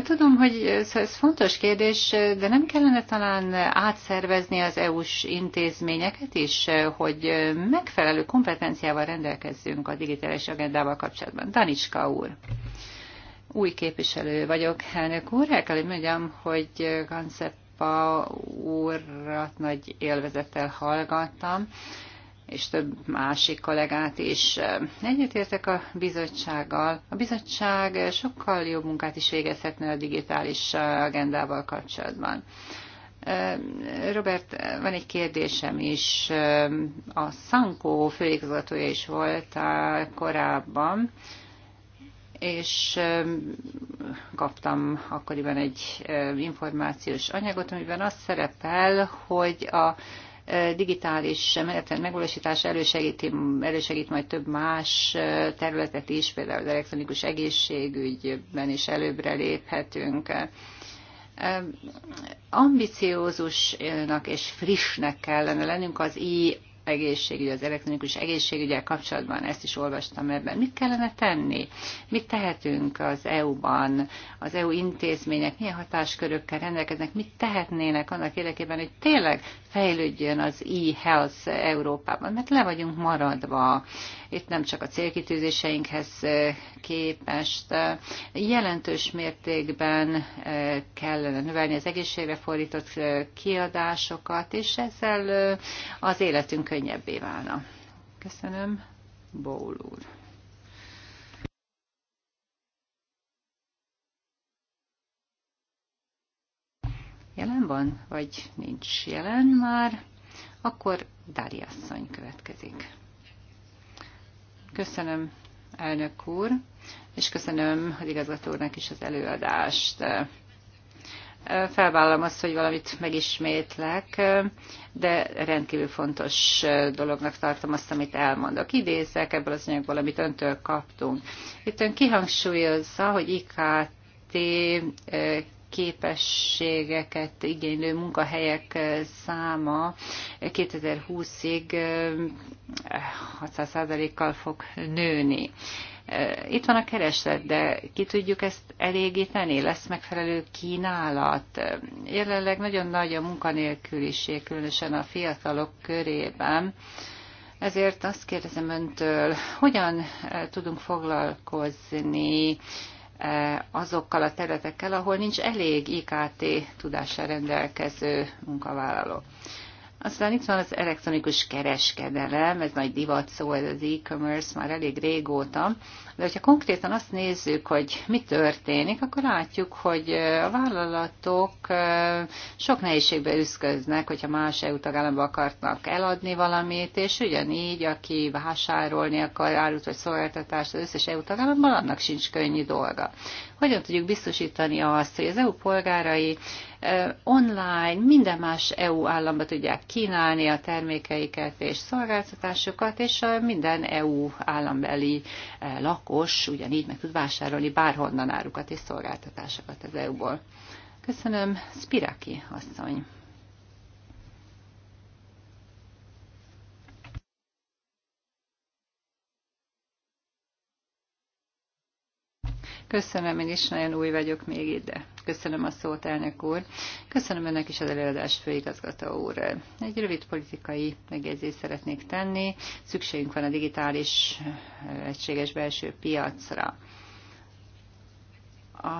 Tudom, hogy ez fontos kérdés, de nem kellene talán átszervezni az EU-s intézményeket is, hogy megfelelő kompetenciával rendelkezzünk a digitális agendával kapcsolatban. Daniska úr új képviselő vagyok, elnök úr. El kell, hogy mondjam, hogy Gansepa úrat nagy élvezettel hallgattam és több másik kollégát is. Egyetértek a bizottsággal. A bizottság sokkal jobb munkát is végezhetne a digitális agendával kapcsolatban. Robert, van egy kérdésem is. A Szankó főigazgatója is volt korábban, és kaptam akkoriban egy információs anyagot, amiben az szerepel, hogy a digitális menetrend megvalósítása elősegíti, elősegít majd több más területet is, például az elektronikus egészségügyben is előbbre léphetünk ambiciózusnak és frissnek kellene lennünk az i egészségügy, az elektronikus egészségügyel kapcsolatban, ezt is olvastam ebben. Mit kellene tenni? Mit tehetünk az EU-ban? Az EU intézmények milyen hatáskörökkel rendelkeznek? Mit tehetnének annak érdekében, hogy tényleg fejlődjön az e-health Európában, mert le vagyunk maradva. Itt nem csak a célkitűzéseinkhez képest. Jelentős mértékben kellene növelni az egészségre fordított kiadásokat, és ezzel az életünk könnyebbé válna. Köszönöm, Bowl úr. jelen van, vagy nincs jelen már, akkor Dári asszony következik. Köszönöm, elnök úr, és köszönöm az igazgatónak is az előadást felvállalom azt, hogy valamit megismétlek, de rendkívül fontos dolognak tartom azt, amit elmondok. Idézek ebből az anyagból, amit öntől kaptunk. Itt ön kihangsúlyozza, hogy IKT képességeket igénylő munkahelyek száma 2020-ig 600%-kal eh, fog nőni. Eh, itt van a kereslet, de ki tudjuk ezt elégíteni? Lesz megfelelő kínálat? Jelenleg nagyon nagy a munkanélküliség, különösen a fiatalok körében. Ezért azt kérdezem öntől, hogyan eh, tudunk foglalkozni E, azokkal a területekkel, ahol nincs elég IKT tudással rendelkező munkavállaló. Aztán itt van az elektronikus kereskedelem, ez nagy divat szó, ez az e-commerce már elég régóta. De hogyha konkrétan azt nézzük, hogy mi történik, akkor látjuk, hogy a vállalatok sok nehézségbe üszköznek, hogyha más EU tagállamba akarnak eladni valamit, és ugyanígy, aki vásárolni akar árut vagy szolgáltatást az összes EU tagállamban, annak sincs könnyű dolga. Hogyan tudjuk biztosítani azt, hogy az EU polgárai online minden más EU államba tudják kínálni a termékeiket és szolgáltatásokat, és minden EU állambeli lakó lakos ugyanígy meg tud vásárolni bárhonnan árukat és szolgáltatásokat az EU-ból. Köszönöm, Spiraki asszony. Köszönöm, én is nagyon új vagyok még ide. Köszönöm a szót, elnök úr. Köszönöm önnek is az előadást, főigazgató úr. Egy rövid politikai megjegyzést szeretnék tenni. Szükségünk van a digitális eh, egységes belső piacra. A,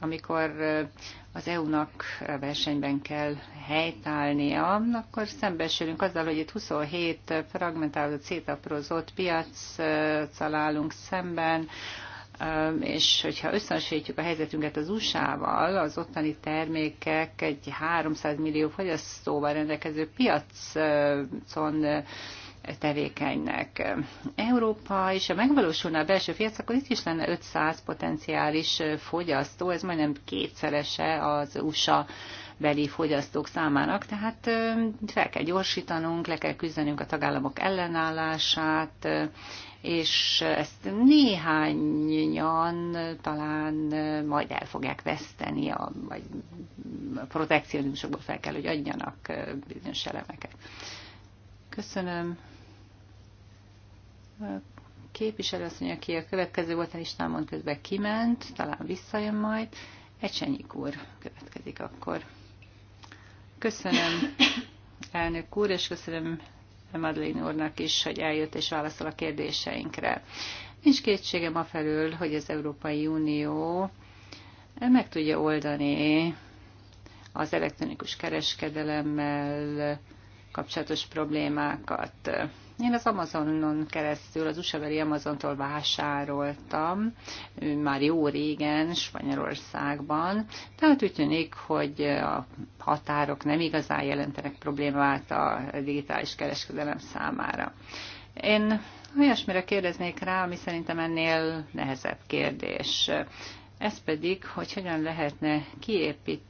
amikor eh, az EU-nak versenyben kell helytállnia, akkor szembesülünk azzal, hogy itt 27 fragmentálódott, szétaprózott piac állunk szemben, és hogyha összehasonlítjuk a helyzetünket az USA-val, az ottani termékek egy 300 millió fogyasztóval rendelkező piacon tevékenynek. Európa, és ha megvalósulna a belső piac, akkor itt is lenne 500 potenciális fogyasztó, ez majdnem kétszerese az USA beli fogyasztók számának, tehát fel kell gyorsítanunk, le kell küzdenünk a tagállamok ellenállását, és ezt néhányan talán majd el fogják veszteni, a, vagy a protekcionizmusokból fel kell, hogy adjanak bizonyos elemeket. Köszönöm. mondja, aki a következő volt a listámon, közben kiment, talán visszajön majd. Ecsenyik úr következik akkor. Köszönöm, elnök úr, és köszönöm Madeline úrnak is, hogy eljött és válaszol a kérdéseinkre. Nincs kétségem felől, hogy az Európai Unió meg tudja oldani az elektronikus kereskedelemmel kapcsolatos problémákat. Én az Amazonon keresztül, az usa Amazontól vásároltam, már jó régen Spanyolországban, tehát úgy tűnik, hogy a határok nem igazán jelentenek problémát a digitális kereskedelem számára. Én olyasmire kérdeznék rá, ami szerintem ennél nehezebb kérdés. Ez pedig, hogy hogyan lehetne kiépíteni,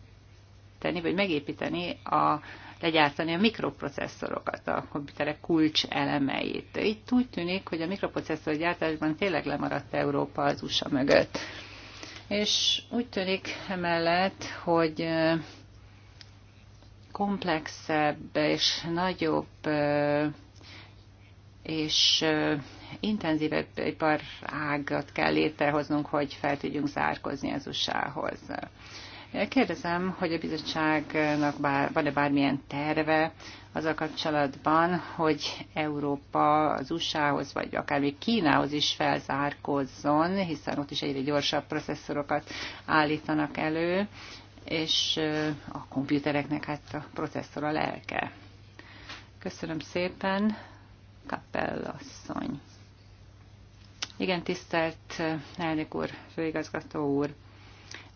vagy megépíteni a legyártani a mikroprocesszorokat, a komputerek kulcs elemeit. Itt úgy tűnik, hogy a mikroprocesszor gyártásban tényleg lemaradt Európa az USA mögött. És úgy tűnik emellett, hogy komplexebb és nagyobb és intenzívebb iparágat kell létrehoznunk, hogy fel tudjunk zárkozni az USA-hoz. Kérdezem, hogy a bizottságnak bár, van-e bármilyen terve azzal kapcsolatban, hogy Európa az USA-hoz, vagy akár még Kínához is felzárkozzon, hiszen ott is egyre gyorsabb processzorokat állítanak elő, és a komputereknek hát a processzor a lelke. Köszönöm szépen, Kapellasszony. Igen, tisztelt elnök úr, főigazgató úr!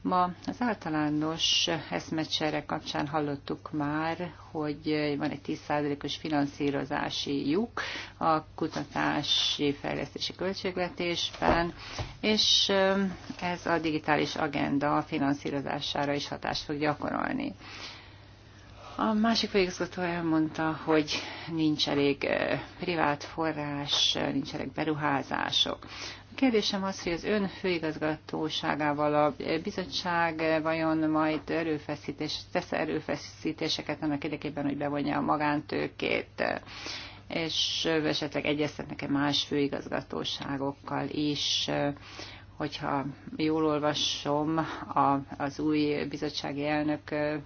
Ma az általános eszmecsere kapcsán hallottuk már, hogy van egy 10%-os finanszírozási lyuk a kutatási fejlesztési költségvetésben, és ez a digitális agenda finanszírozására is hatást fog gyakorolni. A másik főigazgató elmondta, hogy nincs elég privát forrás, nincs elég beruházások. A kérdésem az, hogy az ön főigazgatóságával a bizottság vajon majd erőfeszítés, tesz -e erőfeszítéseket annak érdekében, hogy bevonja a magántőkét, és esetleg egyeztetnek-e más főigazgatóságokkal is hogyha jól olvasom a, az új bizottsági elnök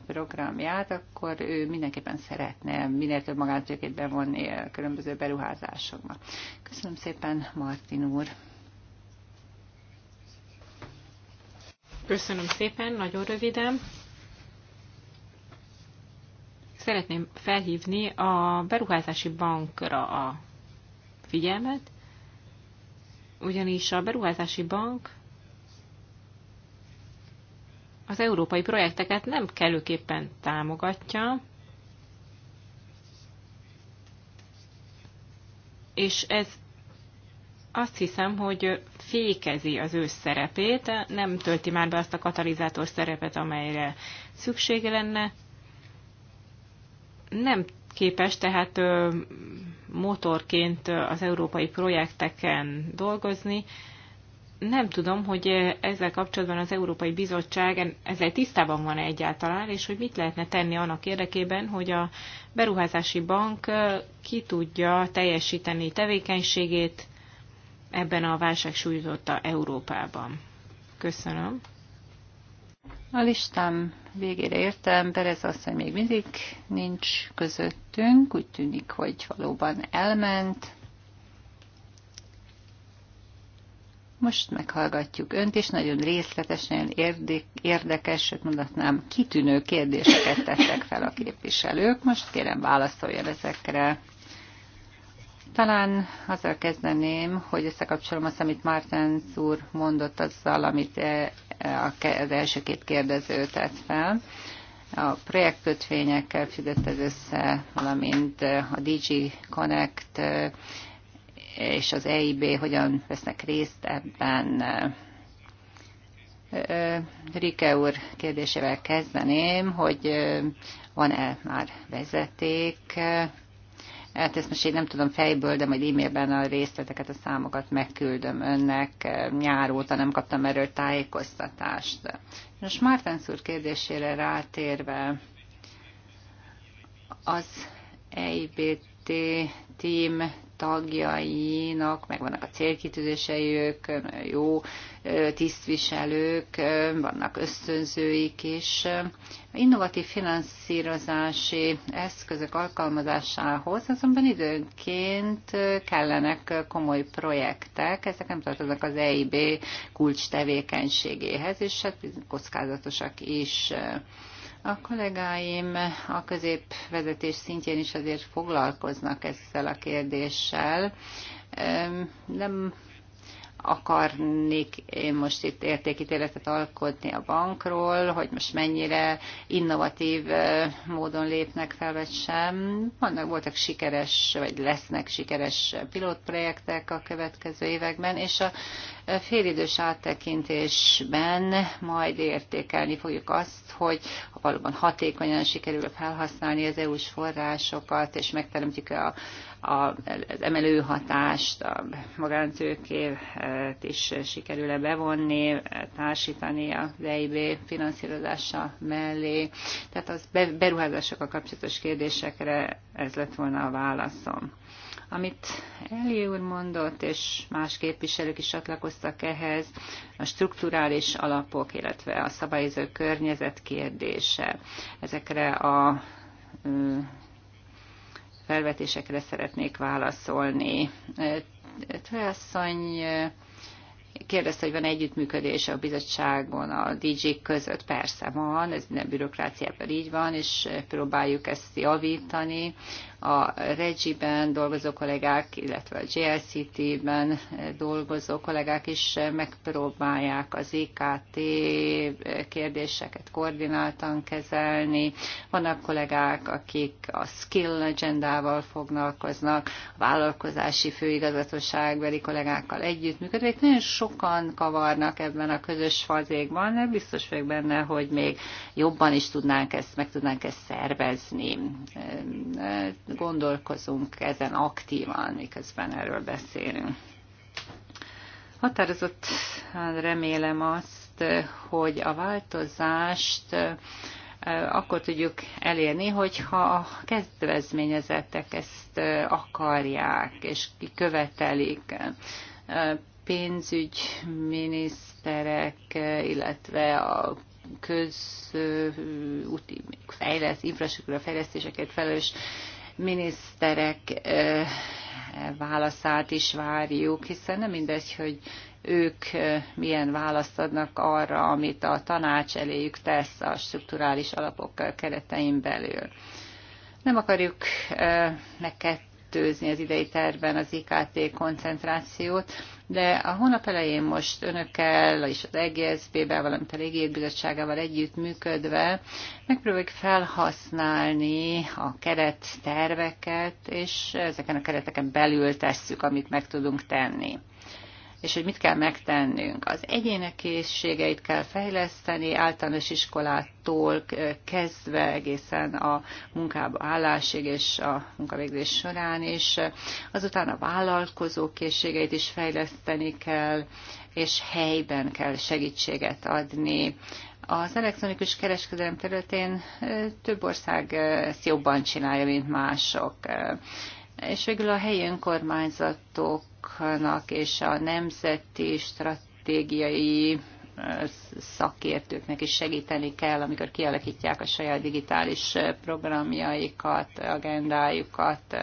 programját, akkor ő mindenképpen szeretne minél több magántőkét bevonni a különböző beruházásokba. Köszönöm szépen, Martin úr! Köszönöm szépen, nagyon röviden. Szeretném felhívni a beruházási bankra a figyelmet, ugyanis a beruházási bank az európai projekteket nem kellőképpen támogatja, és ez azt hiszem, hogy fékezi az ő szerepét, nem tölti már be azt a katalizátor szerepet, amelyre szüksége lenne. Nem képes tehát motorként az európai projekteken dolgozni. Nem tudom, hogy ezzel kapcsolatban az Európai Bizottság ezzel tisztában van-e egyáltalán, és hogy mit lehetne tenni annak érdekében, hogy a beruházási bank ki tudja teljesíteni tevékenységét ebben a válság súlyozotta Európában. Köszönöm. A listám végére értem, Perez asszony még mindig nincs közöttünk, úgy tűnik, hogy valóban elment. Most meghallgatjuk önt, és nagyon részletesen érdekes, sőt mondhatnám, kitűnő kérdéseket tettek fel a képviselők. Most kérem válaszoljon ezekre. Talán azzal kezdeném, hogy összekapcsolom azt, amit Martens úr mondott azzal, amit e, e, az első két kérdező tett fel. A projektkötvényekkel függött ez össze, valamint a DG Connect e, és az EIB hogyan vesznek részt ebben. Rike úr kérdésével kezdeném, hogy van-e már vezeték Hát ezt most én nem tudom fejből, de majd e-mailben a részleteket, a számokat megküldöm önnek. Nyár óta nem kaptam erről tájékoztatást. Most Mártensz úr kérdésére rátérve, az EIBT team tagjainak, meg vannak a célkitűzései, ők jó tisztviselők, vannak ösztönzőik is. Innovatív finanszírozási eszközök alkalmazásához azonban időnként kellenek komoly projektek, ezek nem tartoznak az EIB kulcs tevékenységéhez, és hát kockázatosak is. A kollégáim a középvezetés szintjén is azért foglalkoznak ezzel a kérdéssel. Nem akarnék én most itt értékítéletet alkotni a bankról, hogy most mennyire innovatív módon lépnek fel, vagy sem. Vannak, voltak sikeres, vagy lesznek sikeres pilotprojektek a következő években, és a félidős áttekintésben majd értékelni fogjuk azt, hogy ha valóban hatékonyan sikerül felhasználni az EU-s forrásokat, és megteremtjük a az emelő hatást, a magántőkét is sikerül-e bevonni, társítani a EIB finanszírozása mellé. Tehát az beruházások a kapcsolatos kérdésekre ez lett volna a válaszom. Amit Eli úr mondott, és más képviselők is csatlakoztak ehhez, a strukturális alapok, illetve a szabályozó környezet kérdése. Ezekre a felvetésekre szeretnék válaszolni. Tőasszony kérdezte, hogy van -e együttműködés a bizottságon, a dj között. Persze van, ez minden bürokráciában így van, és próbáljuk ezt javítani a Regiben dolgozó kollégák, illetve a JLCT-ben dolgozó kollégák is megpróbálják az IKT kérdéseket koordináltan kezelni. Vannak kollégák, akik a skill agendával foglalkoznak, a vállalkozási főigazgatóságbeli kollégákkal együttműködve. Itt nagyon sokan kavarnak ebben a közös fazékban, de biztos vagyok benne, hogy még jobban is tudnánk ezt, meg tudnánk ezt szervezni gondolkozunk ezen aktívan, miközben erről beszélünk. Határozott hát remélem azt, hogy a változást eh, akkor tudjuk elérni, hogyha a kedvezményezettek ezt eh, akarják és követelik. Eh, pénzügyminiszterek, illetve a közúti fejlesz, infrastruktúra fejlesztéseket felelős miniszterek válaszát is várjuk, hiszen nem mindegy, hogy ők milyen választ adnak arra, amit a tanács eléjük tesz a strukturális alapok keretein belül. Nem akarjuk neked kettőzni az idei tervben az IKT koncentrációt, de a hónap elején most önökkel és az EGSZB-vel, valamint a együtt működve megpróbáljuk felhasználni a keret terveket, és ezeken a kereteken belül tesszük, amit meg tudunk tenni és hogy mit kell megtennünk. Az egyének készségeit kell fejleszteni, általános iskolától kezdve egészen a munkába állásig és a munkavégzés során is. Azután a vállalkozó készségeit is fejleszteni kell, és helyben kell segítséget adni. Az elektronikus kereskedelem területén több ország ezt jobban csinálja, mint mások és végül a helyi önkormányzatoknak és a nemzeti stratégiai szakértőknek is segíteni kell, amikor kialakítják a saját digitális programjaikat, agendájukat.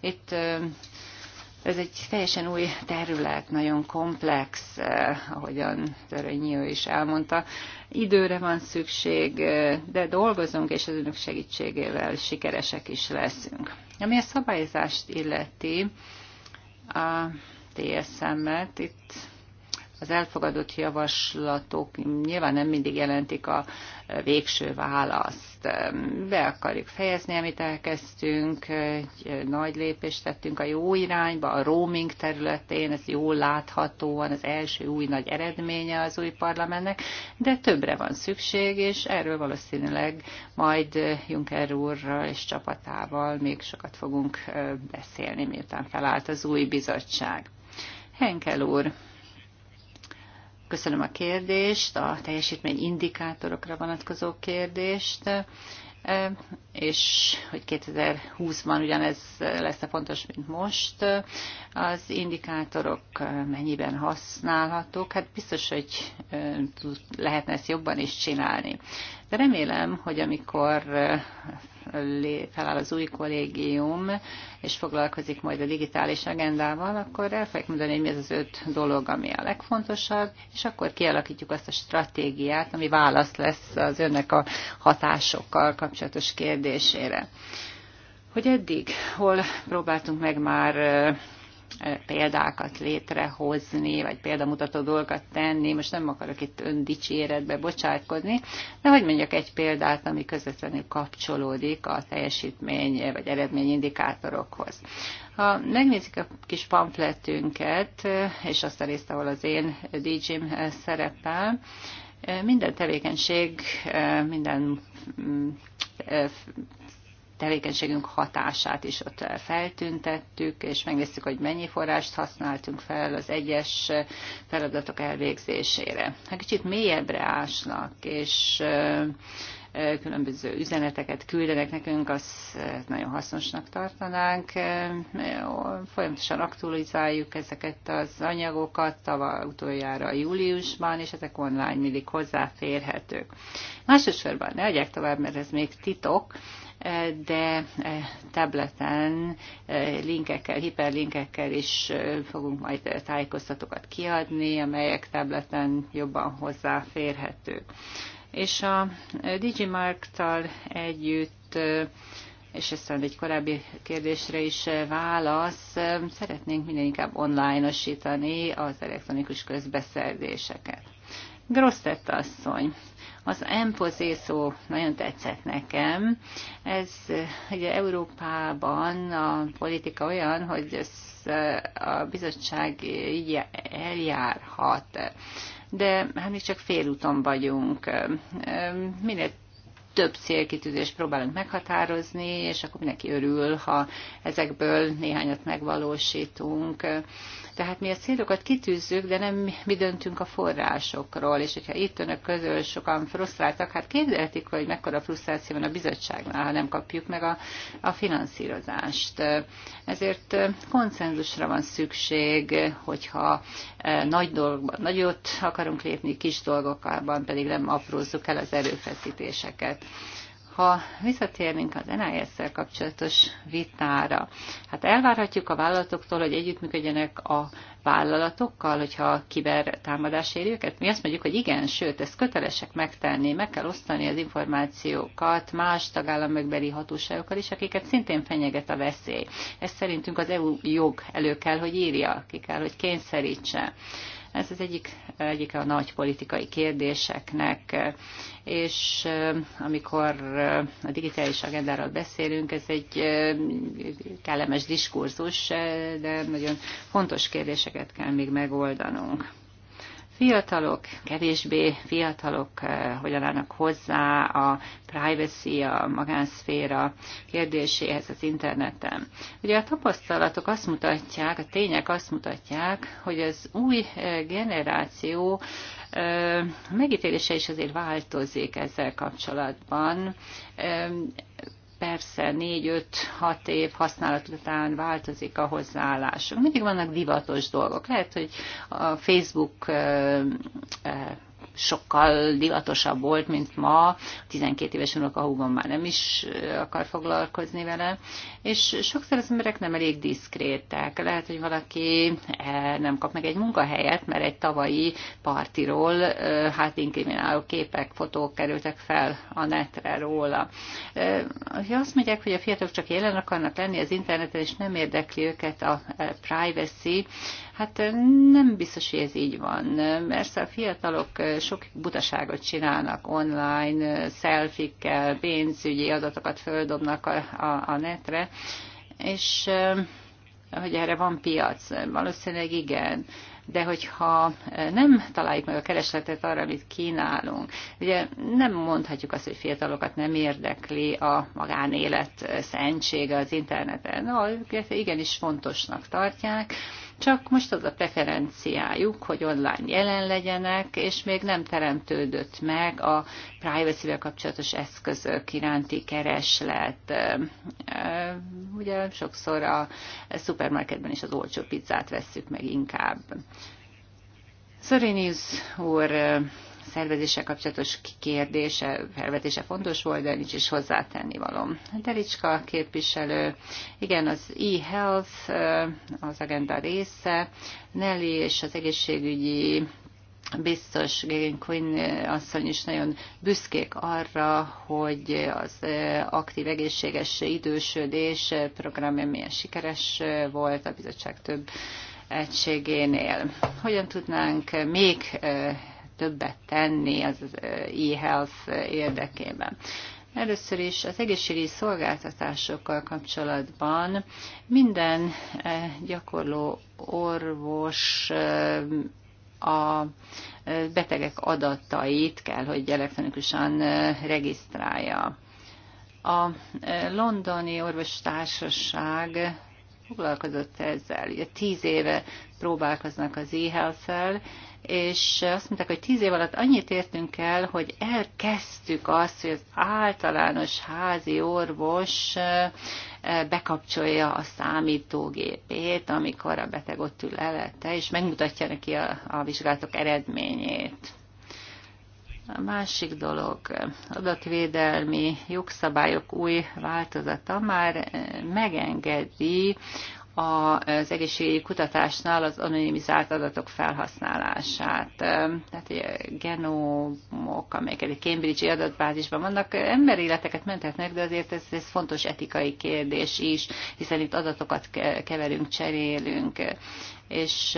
Itt ez egy teljesen új terület, nagyon komplex, eh, ahogyan ő is elmondta. Időre van szükség, eh, de dolgozunk, és az önök segítségével sikeresek is leszünk. Ami a szabályozást illeti, a TSM-et itt az elfogadott javaslatok nyilván nem mindig jelentik a végső választ. Be akarjuk fejezni, amit elkezdtünk, egy nagy lépést tettünk a jó irányba, a roaming területén, ez jól láthatóan az első új nagy eredménye az új parlamentnek, de többre van szükség, és erről valószínűleg majd Juncker úrral és csapatával még sokat fogunk beszélni, miután felállt az új bizottság. Henkel úr, Köszönöm a kérdést, a teljesítmény indikátorokra vonatkozó kérdést, e, és hogy 2020-ban ugyanez lesz a fontos, mint most. Az indikátorok mennyiben használhatók? Hát biztos, hogy e, lehetne ezt jobban is csinálni. De remélem, hogy amikor feláll az új kollégium, és foglalkozik majd a digitális agendával, akkor el fogjuk mondani, hogy mi az az öt dolog, ami a legfontosabb, és akkor kialakítjuk azt a stratégiát, ami válasz lesz az önnek a hatásokkal kapcsolatos kérdésére. Hogy eddig hol próbáltunk meg már példákat létrehozni, vagy példamutató dolgokat tenni. Most nem akarok itt öndicséretbe bocsátkozni, de hogy mondjak egy példát, ami közvetlenül kapcsolódik a teljesítmény vagy eredményindikátorokhoz. Ha megnézik a kis pamfletünket, és azt a részt, ahol az én DJ-m szerepel, minden tevékenység, minden mm, tevékenységünk hatását is ott feltüntettük, és megnéztük, hogy mennyi forrást használtunk fel az egyes feladatok elvégzésére. Ha kicsit mélyebbre ásnak, és különböző üzeneteket küldenek nekünk, azt nagyon hasznosnak tartanánk. Folyamatosan aktualizáljuk ezeket az anyagokat, tavaly utoljára júliusban, és ezek online mindig hozzáférhetők. Másodszorban ne adják tovább, mert ez még titok, de e, tableten e, linkekkel, hiperlinkekkel is e, fogunk majd tájékoztatókat kiadni, amelyek tableten jobban hozzáférhető. És a Digimark-tal együtt és ezt egy korábbi kérdésre is válasz, szeretnénk minél inkább online-osítani az elektronikus közbeszerzéseket. Grosztett asszony, az empozé szó nagyon tetszett nekem. Ez ugye Európában a politika olyan, hogy ez a bizottság így eljárhat de hát mi csak félúton vagyunk. Minél több célkitűzést próbálunk meghatározni, és akkor mindenki örül, ha ezekből néhányat megvalósítunk. Tehát mi a célokat kitűzzük, de nem mi döntünk a forrásokról, és hogyha itt önök közül sokan frusztráltak, hát képzelhetik, hogy mekkora frusztráció van a bizottságnál, ha nem kapjuk meg a, a finanszírozást. Ezért konszenzusra van szükség, hogyha e, nagy dolgokban nagyot akarunk lépni, kis dolgokban pedig nem aprózzuk el az erőfeszítéseket. Ha visszatérnénk az NIS-szel kapcsolatos vitára, hát elvárhatjuk a vállalatoktól, hogy együttműködjenek a vállalatokkal, hogyha kiber támadás éri őket? Mi azt mondjuk, hogy igen, sőt, ezt kötelesek megtenni, meg kell osztani az információkat más tagállamokbeli hatóságokkal is, akiket szintén fenyeget a veszély. Ezt szerintünk az EU jog elő kell, hogy írja, ki kell, hogy kényszerítse. Ez az egyik, egyik a nagy politikai kérdéseknek, és eh, amikor eh, a digitális agendáról beszélünk, ez egy eh, kellemes diskurzus, de nagyon fontos kérdéseket kell még megoldanunk fiatalok, kevésbé fiatalok eh, hogyan állnak hozzá a privacy, a magánszféra kérdéséhez az interneten. Ugye a tapasztalatok azt mutatják, a tények azt mutatják, hogy az új eh, generáció eh, megítélése is azért változik ezzel kapcsolatban persze 4-5-6 év használat után változik a hozzáállásunk. Mindig vannak divatos dolgok. Lehet, hogy a Facebook sokkal divatosabb volt, mint ma. 12 éves unokahúgom már nem is akar foglalkozni vele, és sokszor az emberek nem elég diszkrétek. Lehet, hogy valaki e, nem kap meg egy munkahelyet, mert egy tavalyi partiról hát inkrimináló képek, fotók kerültek fel a netre róla. Ha azt mondják, hogy a fiatalok csak jelen akarnak lenni az interneten, és nem érdekli őket a e, privacy, Hát nem biztos, hogy ez így van. Persze a fiatalok sok butaságot csinálnak online, szelfikkel, pénzügyi adatokat földobnak a, a, a netre, és hogy erre van piac. Valószínűleg igen de hogyha nem találjuk meg a keresletet arra, amit kínálunk, ugye nem mondhatjuk azt, hogy fiatalokat nem érdekli a magánélet szentsége az interneten. No, igenis fontosnak tartják, csak most az a preferenciájuk, hogy online jelen legyenek, és még nem teremtődött meg a privacy-vel kapcsolatos eszközök iránti kereslet. Ugye sokszor a szupermarketben is az olcsó pizzát vesszük meg inkább. Szorinius úr szervezése kapcsolatos kérdése, felvetése fontos volt, de nincs is hozzátenni valom. Delicska képviselő, igen, az e-health eh, az agenda része, Nelly és az egészségügyi biztos Gegen Quinn asszony is nagyon büszkék arra, hogy az eh, aktív egészséges idősödés programja milyen sikeres eh, volt a bizottság több egységénél. Hogyan tudnánk még többet tenni az e-health érdekében. Először is az egészségügyi szolgáltatásokkal kapcsolatban minden gyakorló orvos a betegek adatait kell, hogy elektronikusan regisztrálja. A londoni orvostársaság foglalkozott ezzel. Ugye tíz éve próbálkoznak az e és azt mondták, hogy tíz év alatt annyit értünk el, hogy elkezdtük azt, hogy az általános házi orvos eh, bekapcsolja a számítógépét, amikor a beteg ott ül elette, és megmutatja neki a, a vizsgálatok eredményét. A másik dolog, adatvédelmi jogszabályok új változata már eh, megengedi az egészségügyi kutatásnál az anonimizált adatok felhasználását. Tehát ugye, genomok, amelyek egy Cambridge-i adatbázisban vannak, emberi életeket menthetnek, de azért ez, ez fontos etikai kérdés is, hiszen itt adatokat keverünk, cserélünk és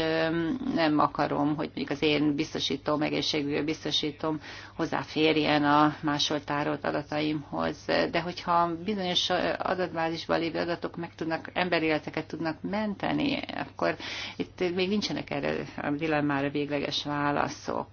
nem akarom, hogy mondjuk az én biztosítom, egészségügyi biztosítom hozzáférjen a másoltárolt adataimhoz. De hogyha bizonyos adatbázisban lévő adatok meg tudnak, emberéleteket tudnak menteni, akkor itt még nincsenek erre a dilemmára végleges válaszok.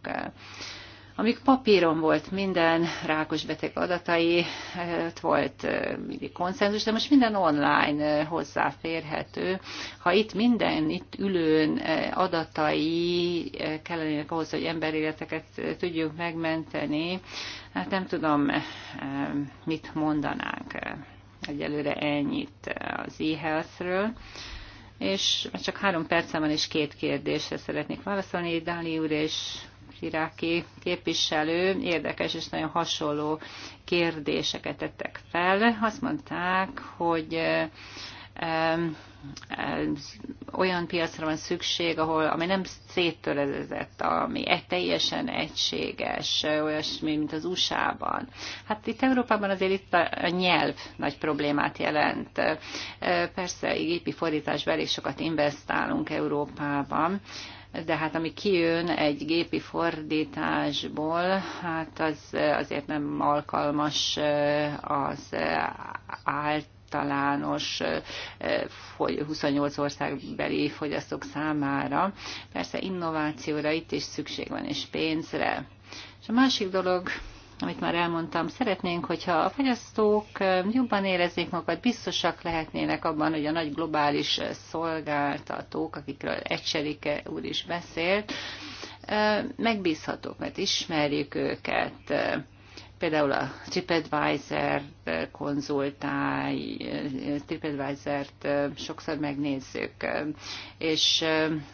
Amíg papíron volt minden rákos beteg adatai, ott hát volt mindig konszenzus, de most minden online hozzáférhető. Ha itt minden itt ülőn adatai kellene ahhoz, hogy emberéleteket tudjunk megmenteni, hát nem tudom, mit mondanánk. Egyelőre ennyit az e-health-ről és csak három percem van, és két kérdésre szeretnék válaszolni. Dáli úr és iráki képviselő érdekes és nagyon hasonló kérdéseket tettek fel. Azt mondták, hogy eh, eh, olyan piacra van szükség, ahol, ami nem széttörezett, ami teljesen egységes, olyasmi, mint az USA-ban. Hát itt Európában azért itt a nyelv nagy problémát jelent. Eh, persze gépi fordításban elég sokat investálunk Európában, de hát ami kijön egy gépi fordításból, hát az azért nem alkalmas eh, az állt eh, általános 28 eh, országbeli fogyasztók számára. Persze innovációra itt is szükség van, és pénzre. És a másik dolog, amit már elmondtam, szeretnénk, hogyha a fogyasztók jobban éreznék magukat, biztosak lehetnének abban, hogy a nagy globális szolgáltatók, akikről Ecserike úr is beszélt, megbízhatók, mert ismerjük őket, például a TripAdvisor konzultálj, TripAdvisor-t sokszor megnézzük, és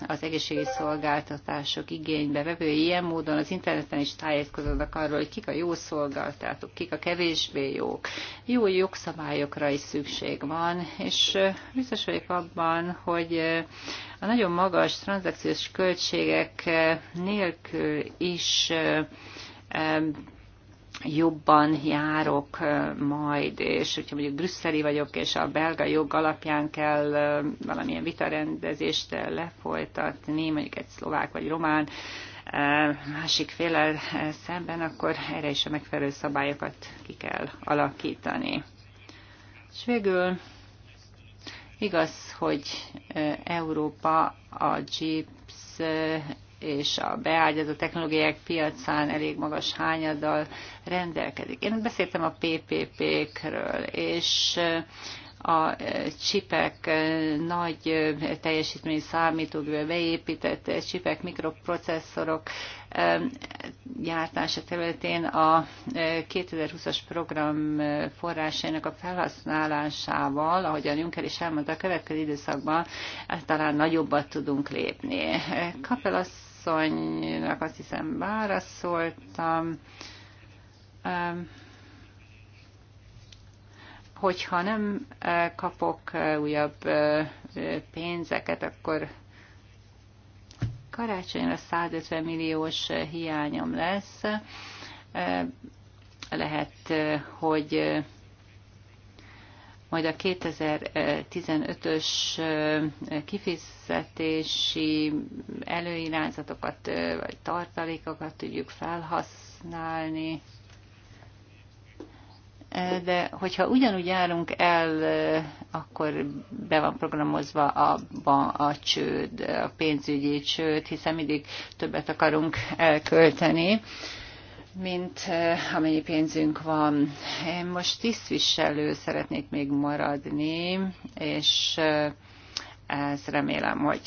az egészségi szolgáltatások igénybe vevői ilyen módon az interneten is tájékozódnak arról, hogy kik a jó szolgáltatók, kik a kevésbé jók. Jó jogszabályokra is szükség van, és biztos vagyok abban, hogy a nagyon magas tranzakciós költségek nélkül is jobban járok majd, és hogyha mondjuk brüsszeli vagyok, és a belga jog alapján kell valamilyen vitarendezést lefolytatni, mondjuk egy szlovák vagy román másik félel szemben, akkor erre is a megfelelő szabályokat ki kell alakítani. És végül igaz, hogy Európa a GIPS és a beágyazott technológiák piacán elég magas hányaddal rendelkezik. Én beszéltem a PPP-kről, és a csipek nagy teljesítmény számítógépbe beépített csipek, mikroprocesszorok gyártása területén a 2020-as program forrásainak a felhasználásával, ahogyan Juncker is elmondta, a következő időszakban talán nagyobbat tudunk lépni. Kapel azt asszonynak azt hiszem válaszoltam. Um, hogyha nem uh, kapok uh, újabb uh, pénzeket, akkor karácsonyra 150 milliós hiányom lesz. Lehet, hogy majd a 2015-ös kifizetési előirányzatokat vagy tartalékokat tudjuk felhasználni. De hogyha ugyanúgy járunk el, akkor be van programozva a, a csőd, a pénzügyi csőd, hiszen mindig többet akarunk elkölteni mint amennyi pénzünk van. Én most tisztviselő szeretnék még maradni, és ezt remélem, hogy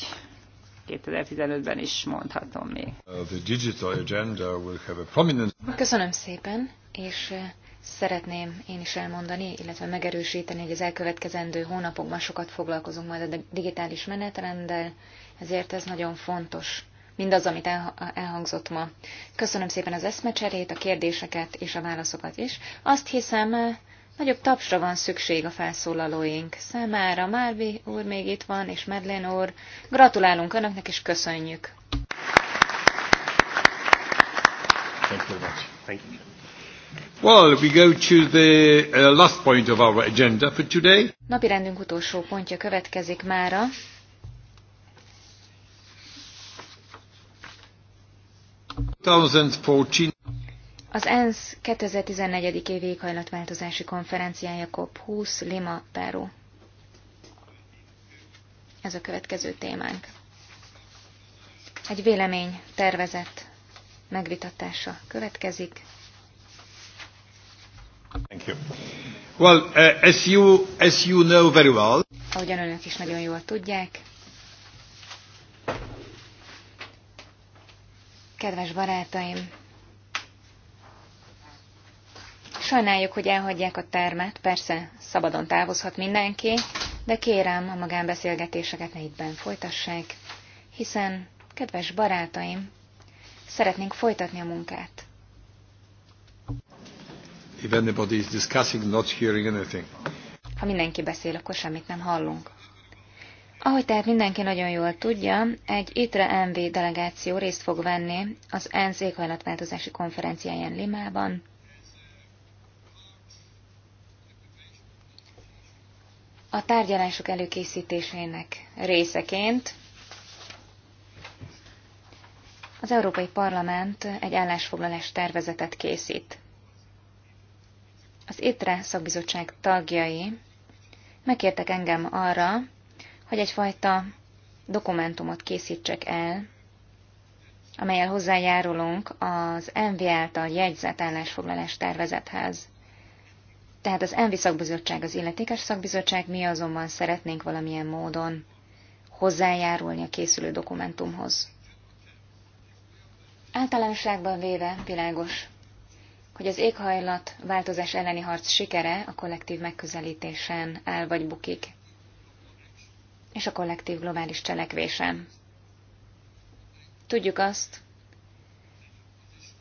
2015-ben is mondhatom még. Uh, Köszönöm szépen, és szeretném én is elmondani, illetve megerősíteni, hogy az elkövetkezendő hónapokban sokat foglalkozunk majd a digitális menetrenddel, ezért ez nagyon fontos mindaz, amit elhangzott ma. Köszönöm szépen az eszmecserét, a kérdéseket és a válaszokat is. Azt hiszem, eh, nagyobb tapsra van szükség a felszólalóink számára. Márvi úr még itt van, és Medlen úr. Gratulálunk Önöknek, és köszönjük. Thank you much. Thank you. Well, we go to the uh, last point of our agenda for today. Napirendünk utolsó pontja következik mára, Az ENSZ 2014. év éghajlatváltozási konferenciája COP20 Lima, Peru. Ez a következő témánk. Egy vélemény tervezett megvitatása következik. Thank you. Well, uh, as you, as you know very well. Ahogyan önök is nagyon jól tudják, Kedves barátaim! Sajnáljuk, hogy elhagyják a termet, persze szabadon távozhat mindenki, de kérem, a magánbeszélgetéseket ne ittben folytassák, hiszen, kedves barátaim, szeretnénk folytatni a munkát. If anybody is discussing, not hearing anything. Ha mindenki beszél, akkor semmit nem hallunk. Ahogy tehát mindenki nagyon jól tudja, egy ITRE MV delegáció részt fog venni az ENSZ éghajlatváltozási konferenciáján Limában. A tárgyalások előkészítésének részeként az Európai Parlament egy állásfoglalás tervezetet készít. Az ITRE szakbizottság tagjai megkértek engem arra, hogy egyfajta dokumentumot készítsek el, amelyel hozzájárulunk az ENVI által jegyzett állásfoglalás tervezethez. Tehát az ENVI szakbizottság az illetékes szakbizottság, mi azonban szeretnénk valamilyen módon hozzájárulni a készülő dokumentumhoz. Általánosságban véve világos, hogy az éghajlat változás elleni harc sikere a kollektív megközelítésen áll vagy bukik és a kollektív globális cselekvésen. Tudjuk azt,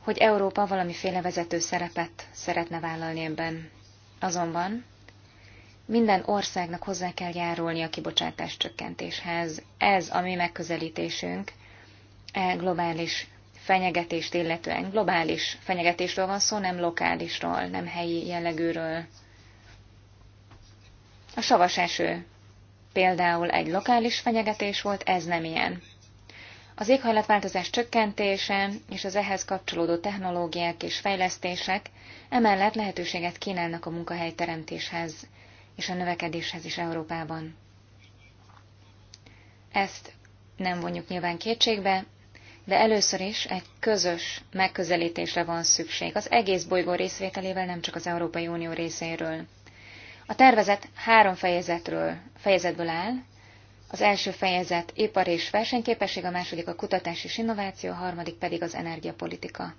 hogy Európa valamiféle vezető szerepet szeretne vállalni ebben. Azonban minden országnak hozzá kell járulni a kibocsátás csökkentéshez. Ez a mi megközelítésünk e globális fenyegetést illetően. Globális fenyegetésről van szó, nem lokálisról, nem helyi jellegűről. A savas eső például egy lokális fenyegetés volt, ez nem ilyen. Az éghajlatváltozás csökkentése és az ehhez kapcsolódó technológiák és fejlesztések emellett lehetőséget kínálnak a munkahelyteremtéshez és a növekedéshez is Európában. Ezt nem vonjuk nyilván kétségbe, de először is egy közös megközelítésre van szükség, az egész bolygó részvételével, nem csak az Európai Unió részéről. A tervezet három fejezetről, fejezetből áll. Az első fejezet ipar és versenyképesség, a második a kutatás és innováció, a harmadik pedig az energiapolitika.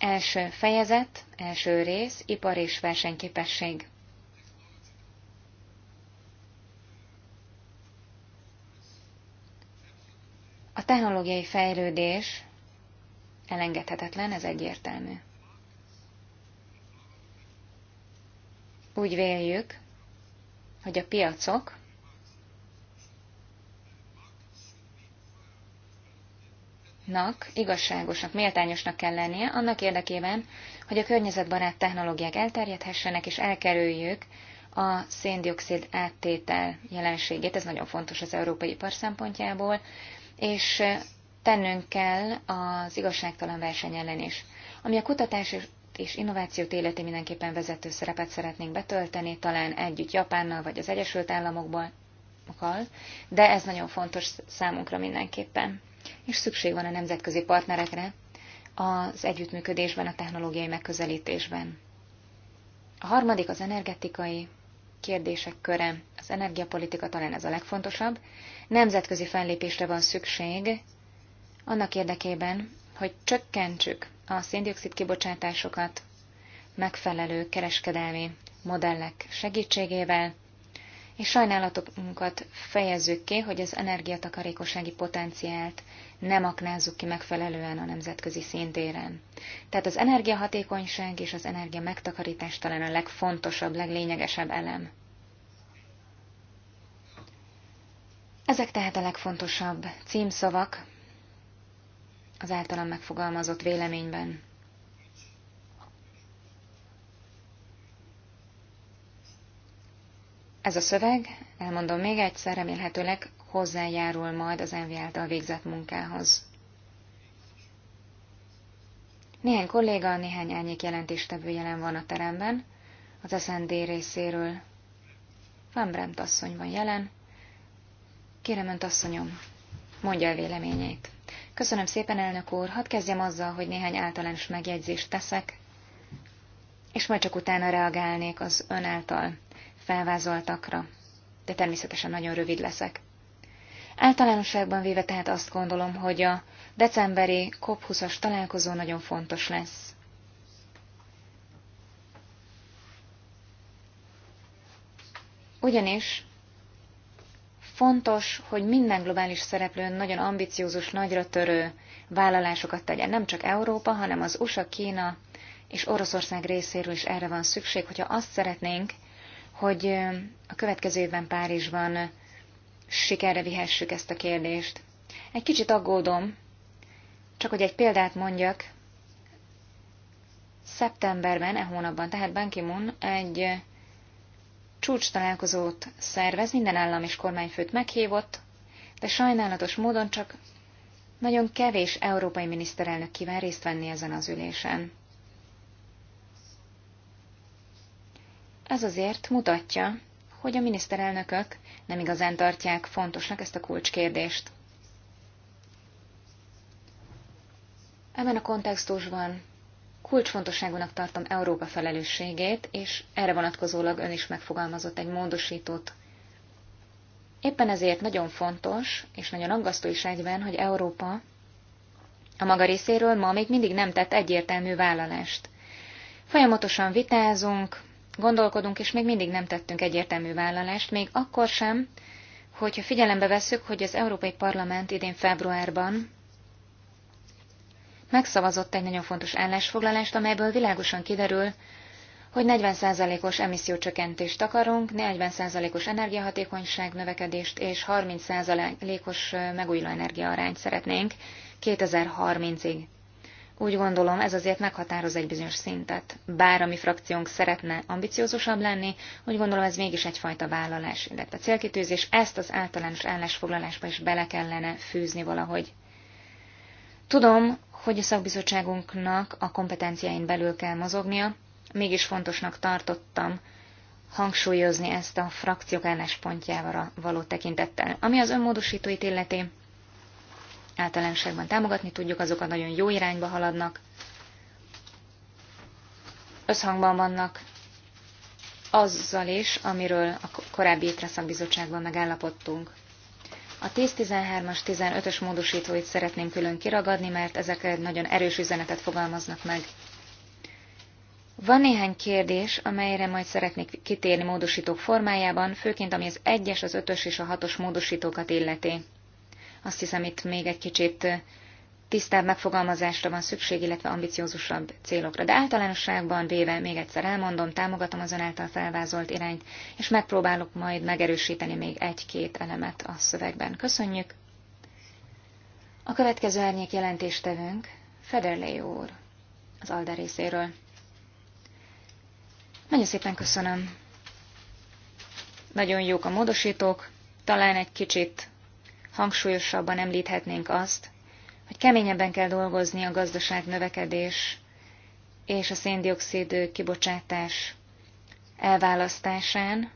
Első fejezet, első rész, ipar és versenyképesség. A technológiai fejlődés elengedhetetlen, ez egyértelmű. Úgy véljük, hogy a piacok nak igazságosnak, méltányosnak kell lennie annak érdekében, hogy a környezetbarát technológiák elterjedhessenek, és elkerüljük a széndiokszid áttétel jelenségét, ez nagyon fontos az európai ipar szempontjából, és tennünk kell az igazságtalan verseny ellen is. Ami a kutatás és innovációt életi mindenképpen vezető szerepet szeretnénk betölteni, talán együtt Japánnal vagy az Egyesült Államokban, de ez nagyon fontos számunkra mindenképpen. És szükség van a nemzetközi partnerekre az együttműködésben, a technológiai megközelítésben. A harmadik az energetikai kérdések köre. Az energiapolitika talán ez a legfontosabb. Nemzetközi fellépésre van szükség annak érdekében, hogy csökkentsük a széndiokszid kibocsátásokat megfelelő kereskedelmi modellek segítségével, és sajnálatunkat fejezzük ki, hogy az energiatakarékossági potenciált nem aknázzuk ki megfelelően a nemzetközi szintéren. Tehát az energiahatékonyság és az energia megtakarítás talán a legfontosabb, leglényegesebb elem. Ezek tehát a legfontosabb címszavak, az általam megfogalmazott véleményben. Ez a szöveg, elmondom még egyszer, remélhetőleg hozzájárul majd az NV által végzett munkához. Néhány kolléga, néhány elnyék jelentéstevő jelen van a teremben, az SND részéről. Van Bremt asszony van jelen. Kérem önt asszonyom, mondja a véleményét. Köszönöm szépen, elnök úr. Hadd kezdjem azzal, hogy néhány általános megjegyzést teszek, és majd csak utána reagálnék az ön által felvázoltakra, de természetesen nagyon rövid leszek. Általánosságban véve tehát azt gondolom, hogy a decemberi COP20-as találkozó nagyon fontos lesz. Ugyanis Fontos, hogy minden globális szereplő nagyon ambiciózus, nagyra törő vállalásokat tegyen. Nem csak Európa, hanem az USA, Kína és Oroszország részéről is erre van szükség, hogyha azt szeretnénk, hogy a következő évben Párizsban sikerre vihessük ezt a kérdést. Egy kicsit aggódom, csak hogy egy példát mondjak. Szeptemberben, e hónapban, tehát Ban Ki-moon egy csúcs találkozót szervez, minden állam és kormányfőt meghívott, de sajnálatos módon csak nagyon kevés európai miniszterelnök kíván részt venni ezen az ülésen. Ez azért mutatja, hogy a miniszterelnökök nem igazán tartják fontosnak ezt a kulcskérdést. Ebben a kontextusban kulcsfontosságúnak tartom Európa felelősségét, és erre vonatkozólag ön is megfogalmazott egy módosítót. Éppen ezért nagyon fontos, és nagyon aggasztó is egyben, hogy Európa a maga részéről ma még mindig nem tett egyértelmű vállalást. Folyamatosan vitázunk, gondolkodunk, és még mindig nem tettünk egyértelmű vállalást, még akkor sem, hogyha figyelembe veszük, hogy az Európai Parlament idén februárban megszavazott egy nagyon fontos állásfoglalást, amelyből világosan kiderül, hogy 40%-os emissziócsökkentést akarunk, 40%-os energiahatékonyság növekedést és 30%-os megújuló energiaarányt szeretnénk 2030-ig. Úgy gondolom, ez azért meghatároz egy bizonyos szintet. Bár a mi frakciónk szeretne ambiciózusabb lenni, úgy gondolom ez mégis egyfajta vállalás, illetve célkitűzés, ezt az általános állásfoglalásba is bele kellene fűzni valahogy. Tudom, hogy a szakbizottságunknak a kompetenciáin belül kell mozognia, mégis fontosnak tartottam hangsúlyozni ezt a frakciók álláspontjára való tekintettel. Ami az önmódosítóit illeti, általánosságban támogatni tudjuk, azok a nagyon jó irányba haladnak, összhangban vannak azzal is, amiről a korábbi étre szakbizottságban megállapodtunk. A 10-13-as, 15-ös módosítóit szeretném külön kiragadni, mert ezek egy nagyon erős üzenetet fogalmaznak meg. Van néhány kérdés, amelyre majd szeretnék kitérni módosítók formájában, főként ami az 1-es, az 5-ös és a 6-os módosítókat illeti. Azt hiszem, itt még egy kicsit tisztább megfogalmazásra van szükség, illetve ambiciózusabb célokra. De általánosságban véve, még egyszer elmondom, támogatom az ön által felvázolt irányt, és megpróbálok majd megerősíteni még egy-két elemet a szövegben. Köszönjük! A következő árnyék jelentéstevőnk Federley úr az Alda részéről. Nagyon szépen köszönöm. Nagyon jók a módosítók, talán egy kicsit hangsúlyosabban említhetnénk azt, hogy keményebben kell dolgozni a gazdaság növekedés és a széndiokszid kibocsátás elválasztásán.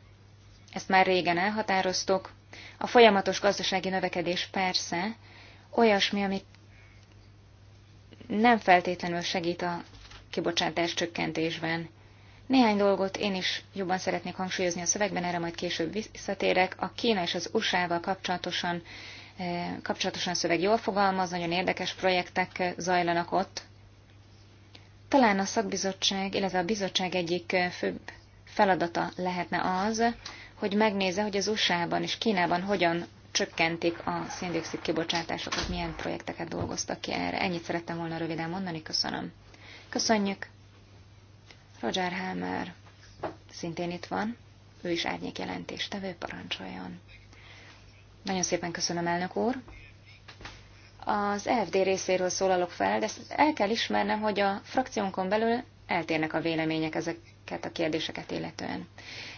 Ezt már régen elhatároztuk. A folyamatos gazdasági növekedés persze olyasmi, amit nem feltétlenül segít a kibocsátás csökkentésben. Néhány dolgot én is jobban szeretnék hangsúlyozni a szövegben, erre majd később visszatérek. A Kína és az USA-val kapcsolatosan E, kapcsolatosan a szöveg jól fogalmaz, nagyon érdekes projektek e, zajlanak ott. Talán a szakbizottság, illetve a bizottság egyik e, főbb feladata lehetne az, hogy megnézze, hogy az USA-ban és Kínában hogyan csökkentik a széndiokszid kibocsátásokat, milyen projekteket dolgoztak ki erre. Ennyit szerettem volna röviden mondani, köszönöm. Köszönjük. Roger Helmer szintén itt van, ő is árnyék jelentéstevő parancsoljon. Nagyon szépen köszönöm, elnök úr. Az EFD részéről szólalok fel, de el kell ismernem, hogy a frakciónkon belül eltérnek a vélemények ezeket a kérdéseket illetően.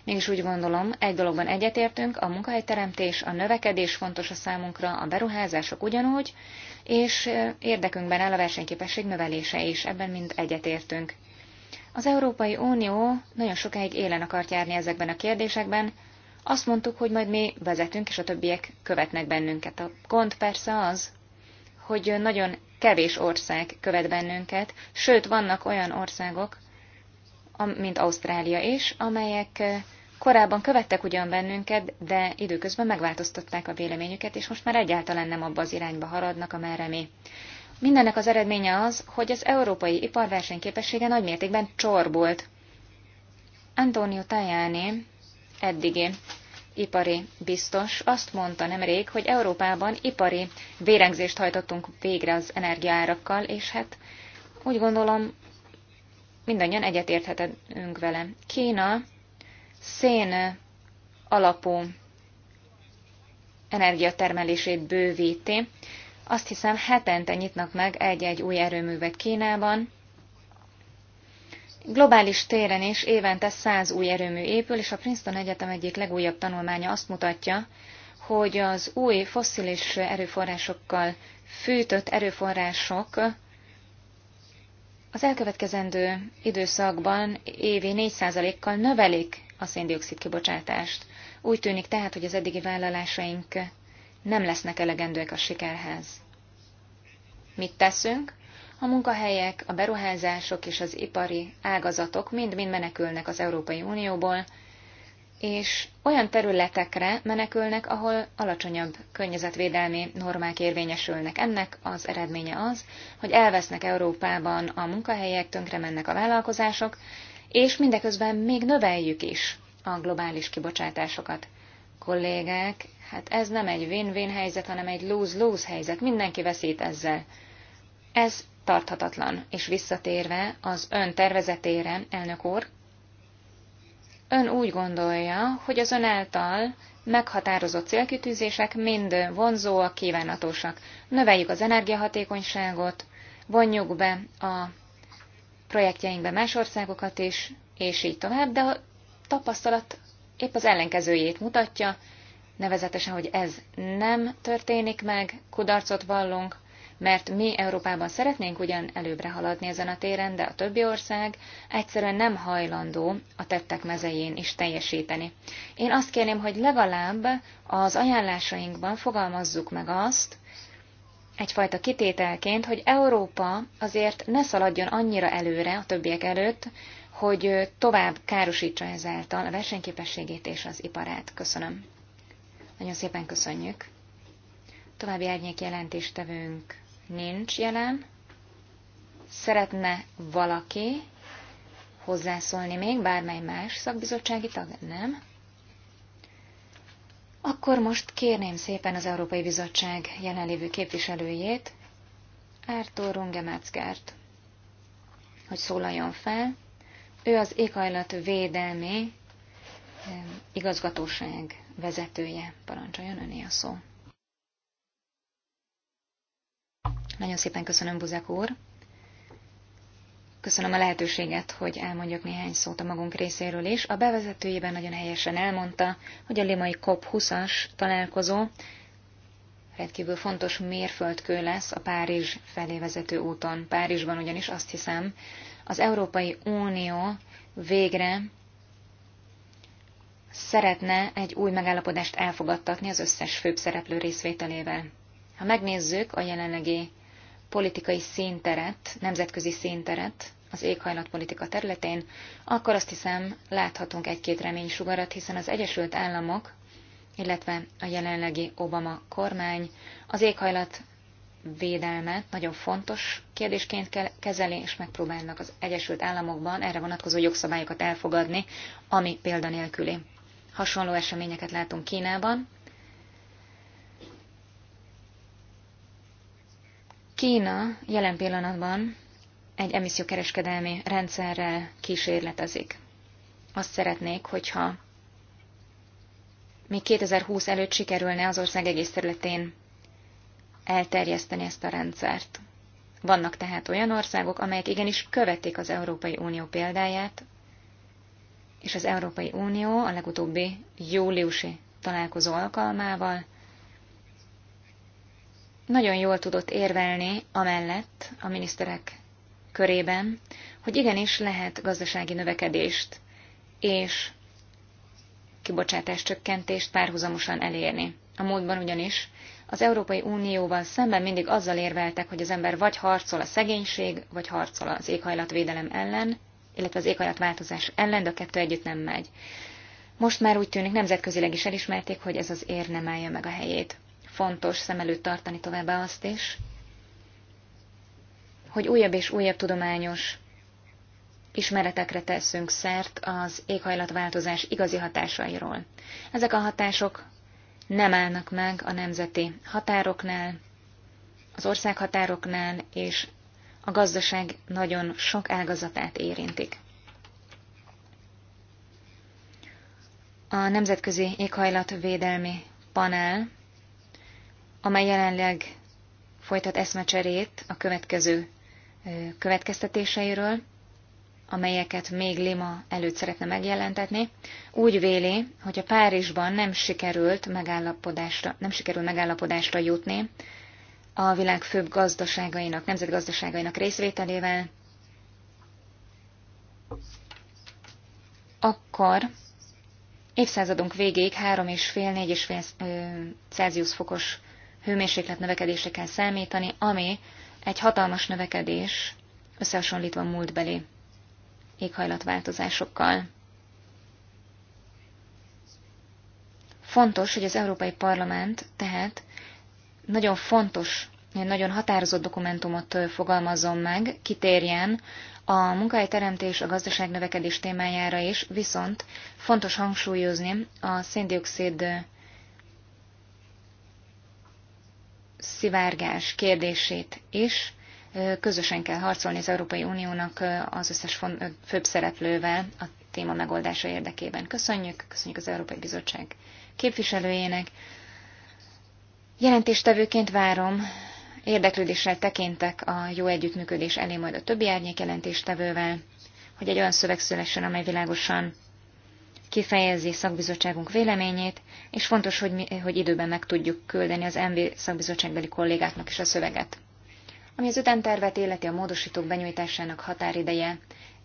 Mégis úgy gondolom, egy dologban egyetértünk, a munkahelyteremtés, a növekedés fontos a számunkra, a beruházások ugyanúgy, és érdekünkben áll a versenyképesség növelése is, ebben mind egyetértünk. Az Európai Unió nagyon sokáig élen akart járni ezekben a kérdésekben, azt mondtuk, hogy majd mi vezetünk, és a többiek követnek bennünket. A gond persze az, hogy nagyon kevés ország követ bennünket, sőt, vannak olyan országok, mint Ausztrália is, amelyek eh, korábban követtek ugyan bennünket, de időközben megváltoztatták a véleményüket, és most már egyáltalán nem abba az irányba haradnak, amerre mi. Mindennek az eredménye az, hogy az európai ipar versenyképessége nagymértékben csorbolt. Antonio Tajani, eddigi ipari biztos azt mondta nemrég, hogy Európában ipari vérengzést hajtottunk végre az energiaárakkal, és hát úgy gondolom, mindannyian egyetérthetünk vele. Kína szén alapú energiatermelését bővíti. Azt hiszem, hetente nyitnak meg egy-egy új erőművet Kínában, Globális téren is évente 100 új erőmű épül, és a Princeton Egyetem egyik legújabb tanulmánya azt mutatja, hogy az új fosszilis erőforrásokkal fűtött erőforrások az elkövetkezendő időszakban évi 4%-kal növelik a széndiokszid kibocsátást. Úgy tűnik tehát, hogy az eddigi vállalásaink nem lesznek elegendőek a sikerhez. Mit teszünk? A munkahelyek, a beruházások és az ipari ágazatok mind-mind menekülnek az Európai Unióból, és olyan területekre menekülnek, ahol alacsonyabb környezetvédelmi normák érvényesülnek. Ennek az eredménye az, hogy elvesznek Európában a munkahelyek, tönkre mennek a vállalkozások, és mindeközben még növeljük is a globális kibocsátásokat. Kollégák, hát ez nem egy win-win helyzet, hanem egy lose-lose helyzet, mindenki veszít ezzel. Ez tarthatatlan. És visszatérve az ön tervezetére, elnök úr, ön úgy gondolja, hogy az ön által meghatározott célkitűzések mind vonzóak, kívánatosak. Növeljük az energiahatékonyságot, vonjuk be a projektjeinkbe más országokat is, és így tovább, de a tapasztalat épp az ellenkezőjét mutatja, nevezetesen, hogy ez nem történik meg, kudarcot vallunk, mert mi Európában szeretnénk ugyan előbbre haladni ezen a téren, de a többi ország egyszerűen nem hajlandó a tettek mezején is teljesíteni. Én azt kérném, hogy legalább az ajánlásainkban fogalmazzuk meg azt, egyfajta kitételként, hogy Európa azért ne szaladjon annyira előre a többiek előtt, hogy tovább károsítsa ezáltal a versenyképességét és az iparát. Köszönöm. Nagyon szépen köszönjük. További árnyék jelentéstevőnk nincs jelen. Szeretne valaki hozzászólni még, bármely más szakbizottsági tag? Nem. Akkor most kérném szépen az Európai Bizottság jelenlévő képviselőjét, Ártó Rungemáckárt, hogy szólaljon fel. Ő az éghajlat védelmi eh, igazgatóság vezetője. Parancsoljon öné a szó. Nagyon szépen köszönöm, Buzek úr. Köszönöm a lehetőséget, hogy elmondjak néhány szót a magunk részéről is. A bevezetőjében nagyon helyesen elmondta, hogy a limai COP20-as találkozó rendkívül fontos mérföldkő lesz a Párizs felé vezető úton. Párizsban ugyanis azt hiszem, az Európai Unió végre szeretne egy új megállapodást elfogadtatni az összes főbb szereplő részvételével. Ha megnézzük a jelenlegi politikai színteret, nemzetközi színteret az éghajlatpolitika területén, akkor azt hiszem láthatunk egy-két reménysugarat, hiszen az Egyesült Államok, illetve a jelenlegi Obama kormány az éghajlat védelmet nagyon fontos kérdésként kell kezelni, és megpróbálnak az Egyesült Államokban erre vonatkozó jogszabályokat elfogadni, ami példanélküli. Hasonló eseményeket látunk Kínában, Kína jelen pillanatban egy emissziókereskedelmi rendszerrel kísérletezik. Azt szeretnék, hogyha még 2020 előtt sikerülne az ország egész területén elterjeszteni ezt a rendszert. Vannak tehát olyan országok, amelyek igenis követik az Európai Unió példáját, és az Európai Unió a legutóbbi júliusi találkozó alkalmával nagyon jól tudott érvelni amellett a miniszterek körében, hogy igenis lehet gazdasági növekedést és kibocsátás csökkentést párhuzamosan elérni. A múltban ugyanis az Európai Unióval szemben mindig azzal érveltek, hogy az ember vagy harcol a szegénység, vagy harcol az éghajlatvédelem ellen, illetve az éghajlatváltozás ellen, de a kettő együtt nem megy. Most már úgy tűnik nemzetközileg is elismerték, hogy ez az ér nem állja meg a helyét fontos szem előtt tartani továbbá azt is, hogy újabb és újabb tudományos ismeretekre teszünk szert az éghajlatváltozás igazi hatásairól. Ezek a hatások nem állnak meg a nemzeti határoknál, az országhatároknál, és a gazdaság nagyon sok ágazatát érintik. A Nemzetközi Éghajlatvédelmi Panel amely jelenleg folytat eszmecserét a következő következtetéseiről, amelyeket még Lima előtt szeretne megjelentetni, úgy véli, hogy a Párizsban nem sikerült megállapodásra, nem sikerül megállapodásra jutni a világ főbb gazdaságainak, nemzetgazdaságainak részvételével, akkor évszázadunk végéig 3,5-4,5 Celsius fokos hőmérséklet növekedésre kell számítani, ami egy hatalmas növekedés összehasonlítva múltbeli éghajlatváltozásokkal. Fontos, hogy az Európai Parlament tehát nagyon fontos, nagyon határozott dokumentumot fogalmazzon meg, kitérjen a munkahelyteremtés, a gazdaságnövekedés témájára is, viszont fontos hangsúlyozni a széndiokszid szivárgás kérdését is közösen kell harcolni az Európai Uniónak az összes főbb szereplővel a téma megoldása érdekében. Köszönjük, köszönjük az Európai Bizottság képviselőjének. Jelentéstevőként várom, érdeklődéssel tekintek a jó együttműködés elé majd a többi árnyék jelentéstevővel, hogy egy olyan szöveg szülessen, amely világosan kifejezi szakbizottságunk véleményét, és fontos, hogy, mi, hogy időben meg tudjuk küldeni az MV szakbizottságbeli kollégáknak is a szöveget. Ami az ütemtervet életi a módosítók benyújtásának határideje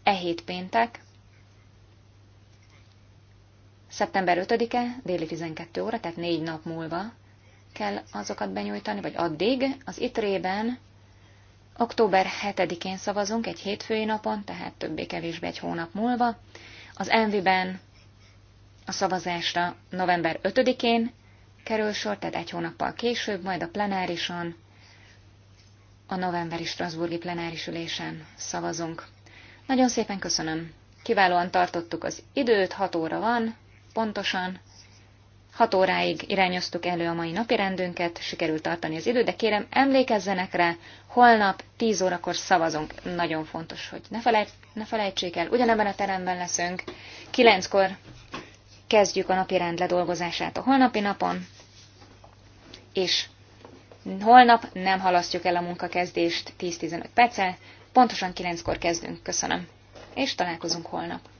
e hét péntek, szeptember 5-e, déli 12 óra, tehát négy nap múlva kell azokat benyújtani, vagy addig, az ITRE-ben október 7-én szavazunk, egy hétfői napon, tehát többé-kevésbé egy hónap múlva, az Envi-ben a szavazásra november 5-én kerül sor, tehát egy hónappal később, majd a plenárison, a novemberi Strasburgi plenáris ülésen szavazunk. Nagyon szépen köszönöm. Kiválóan tartottuk az időt, 6 óra van, pontosan. 6 óráig irányoztuk elő a mai napi rendünket, sikerült tartani az időt, de kérem emlékezzenek rá, holnap 10 órakor szavazunk. Nagyon fontos, hogy ne, felejt, ne felejtsék el, ugyanebben a teremben leszünk. 9-kor kezdjük a napi rend ledolgozását a holnapi napon, és holnap nem halasztjuk el a munkakezdést 10-15 perccel, pontosan 9-kor kezdünk. Köszönöm, és találkozunk holnap.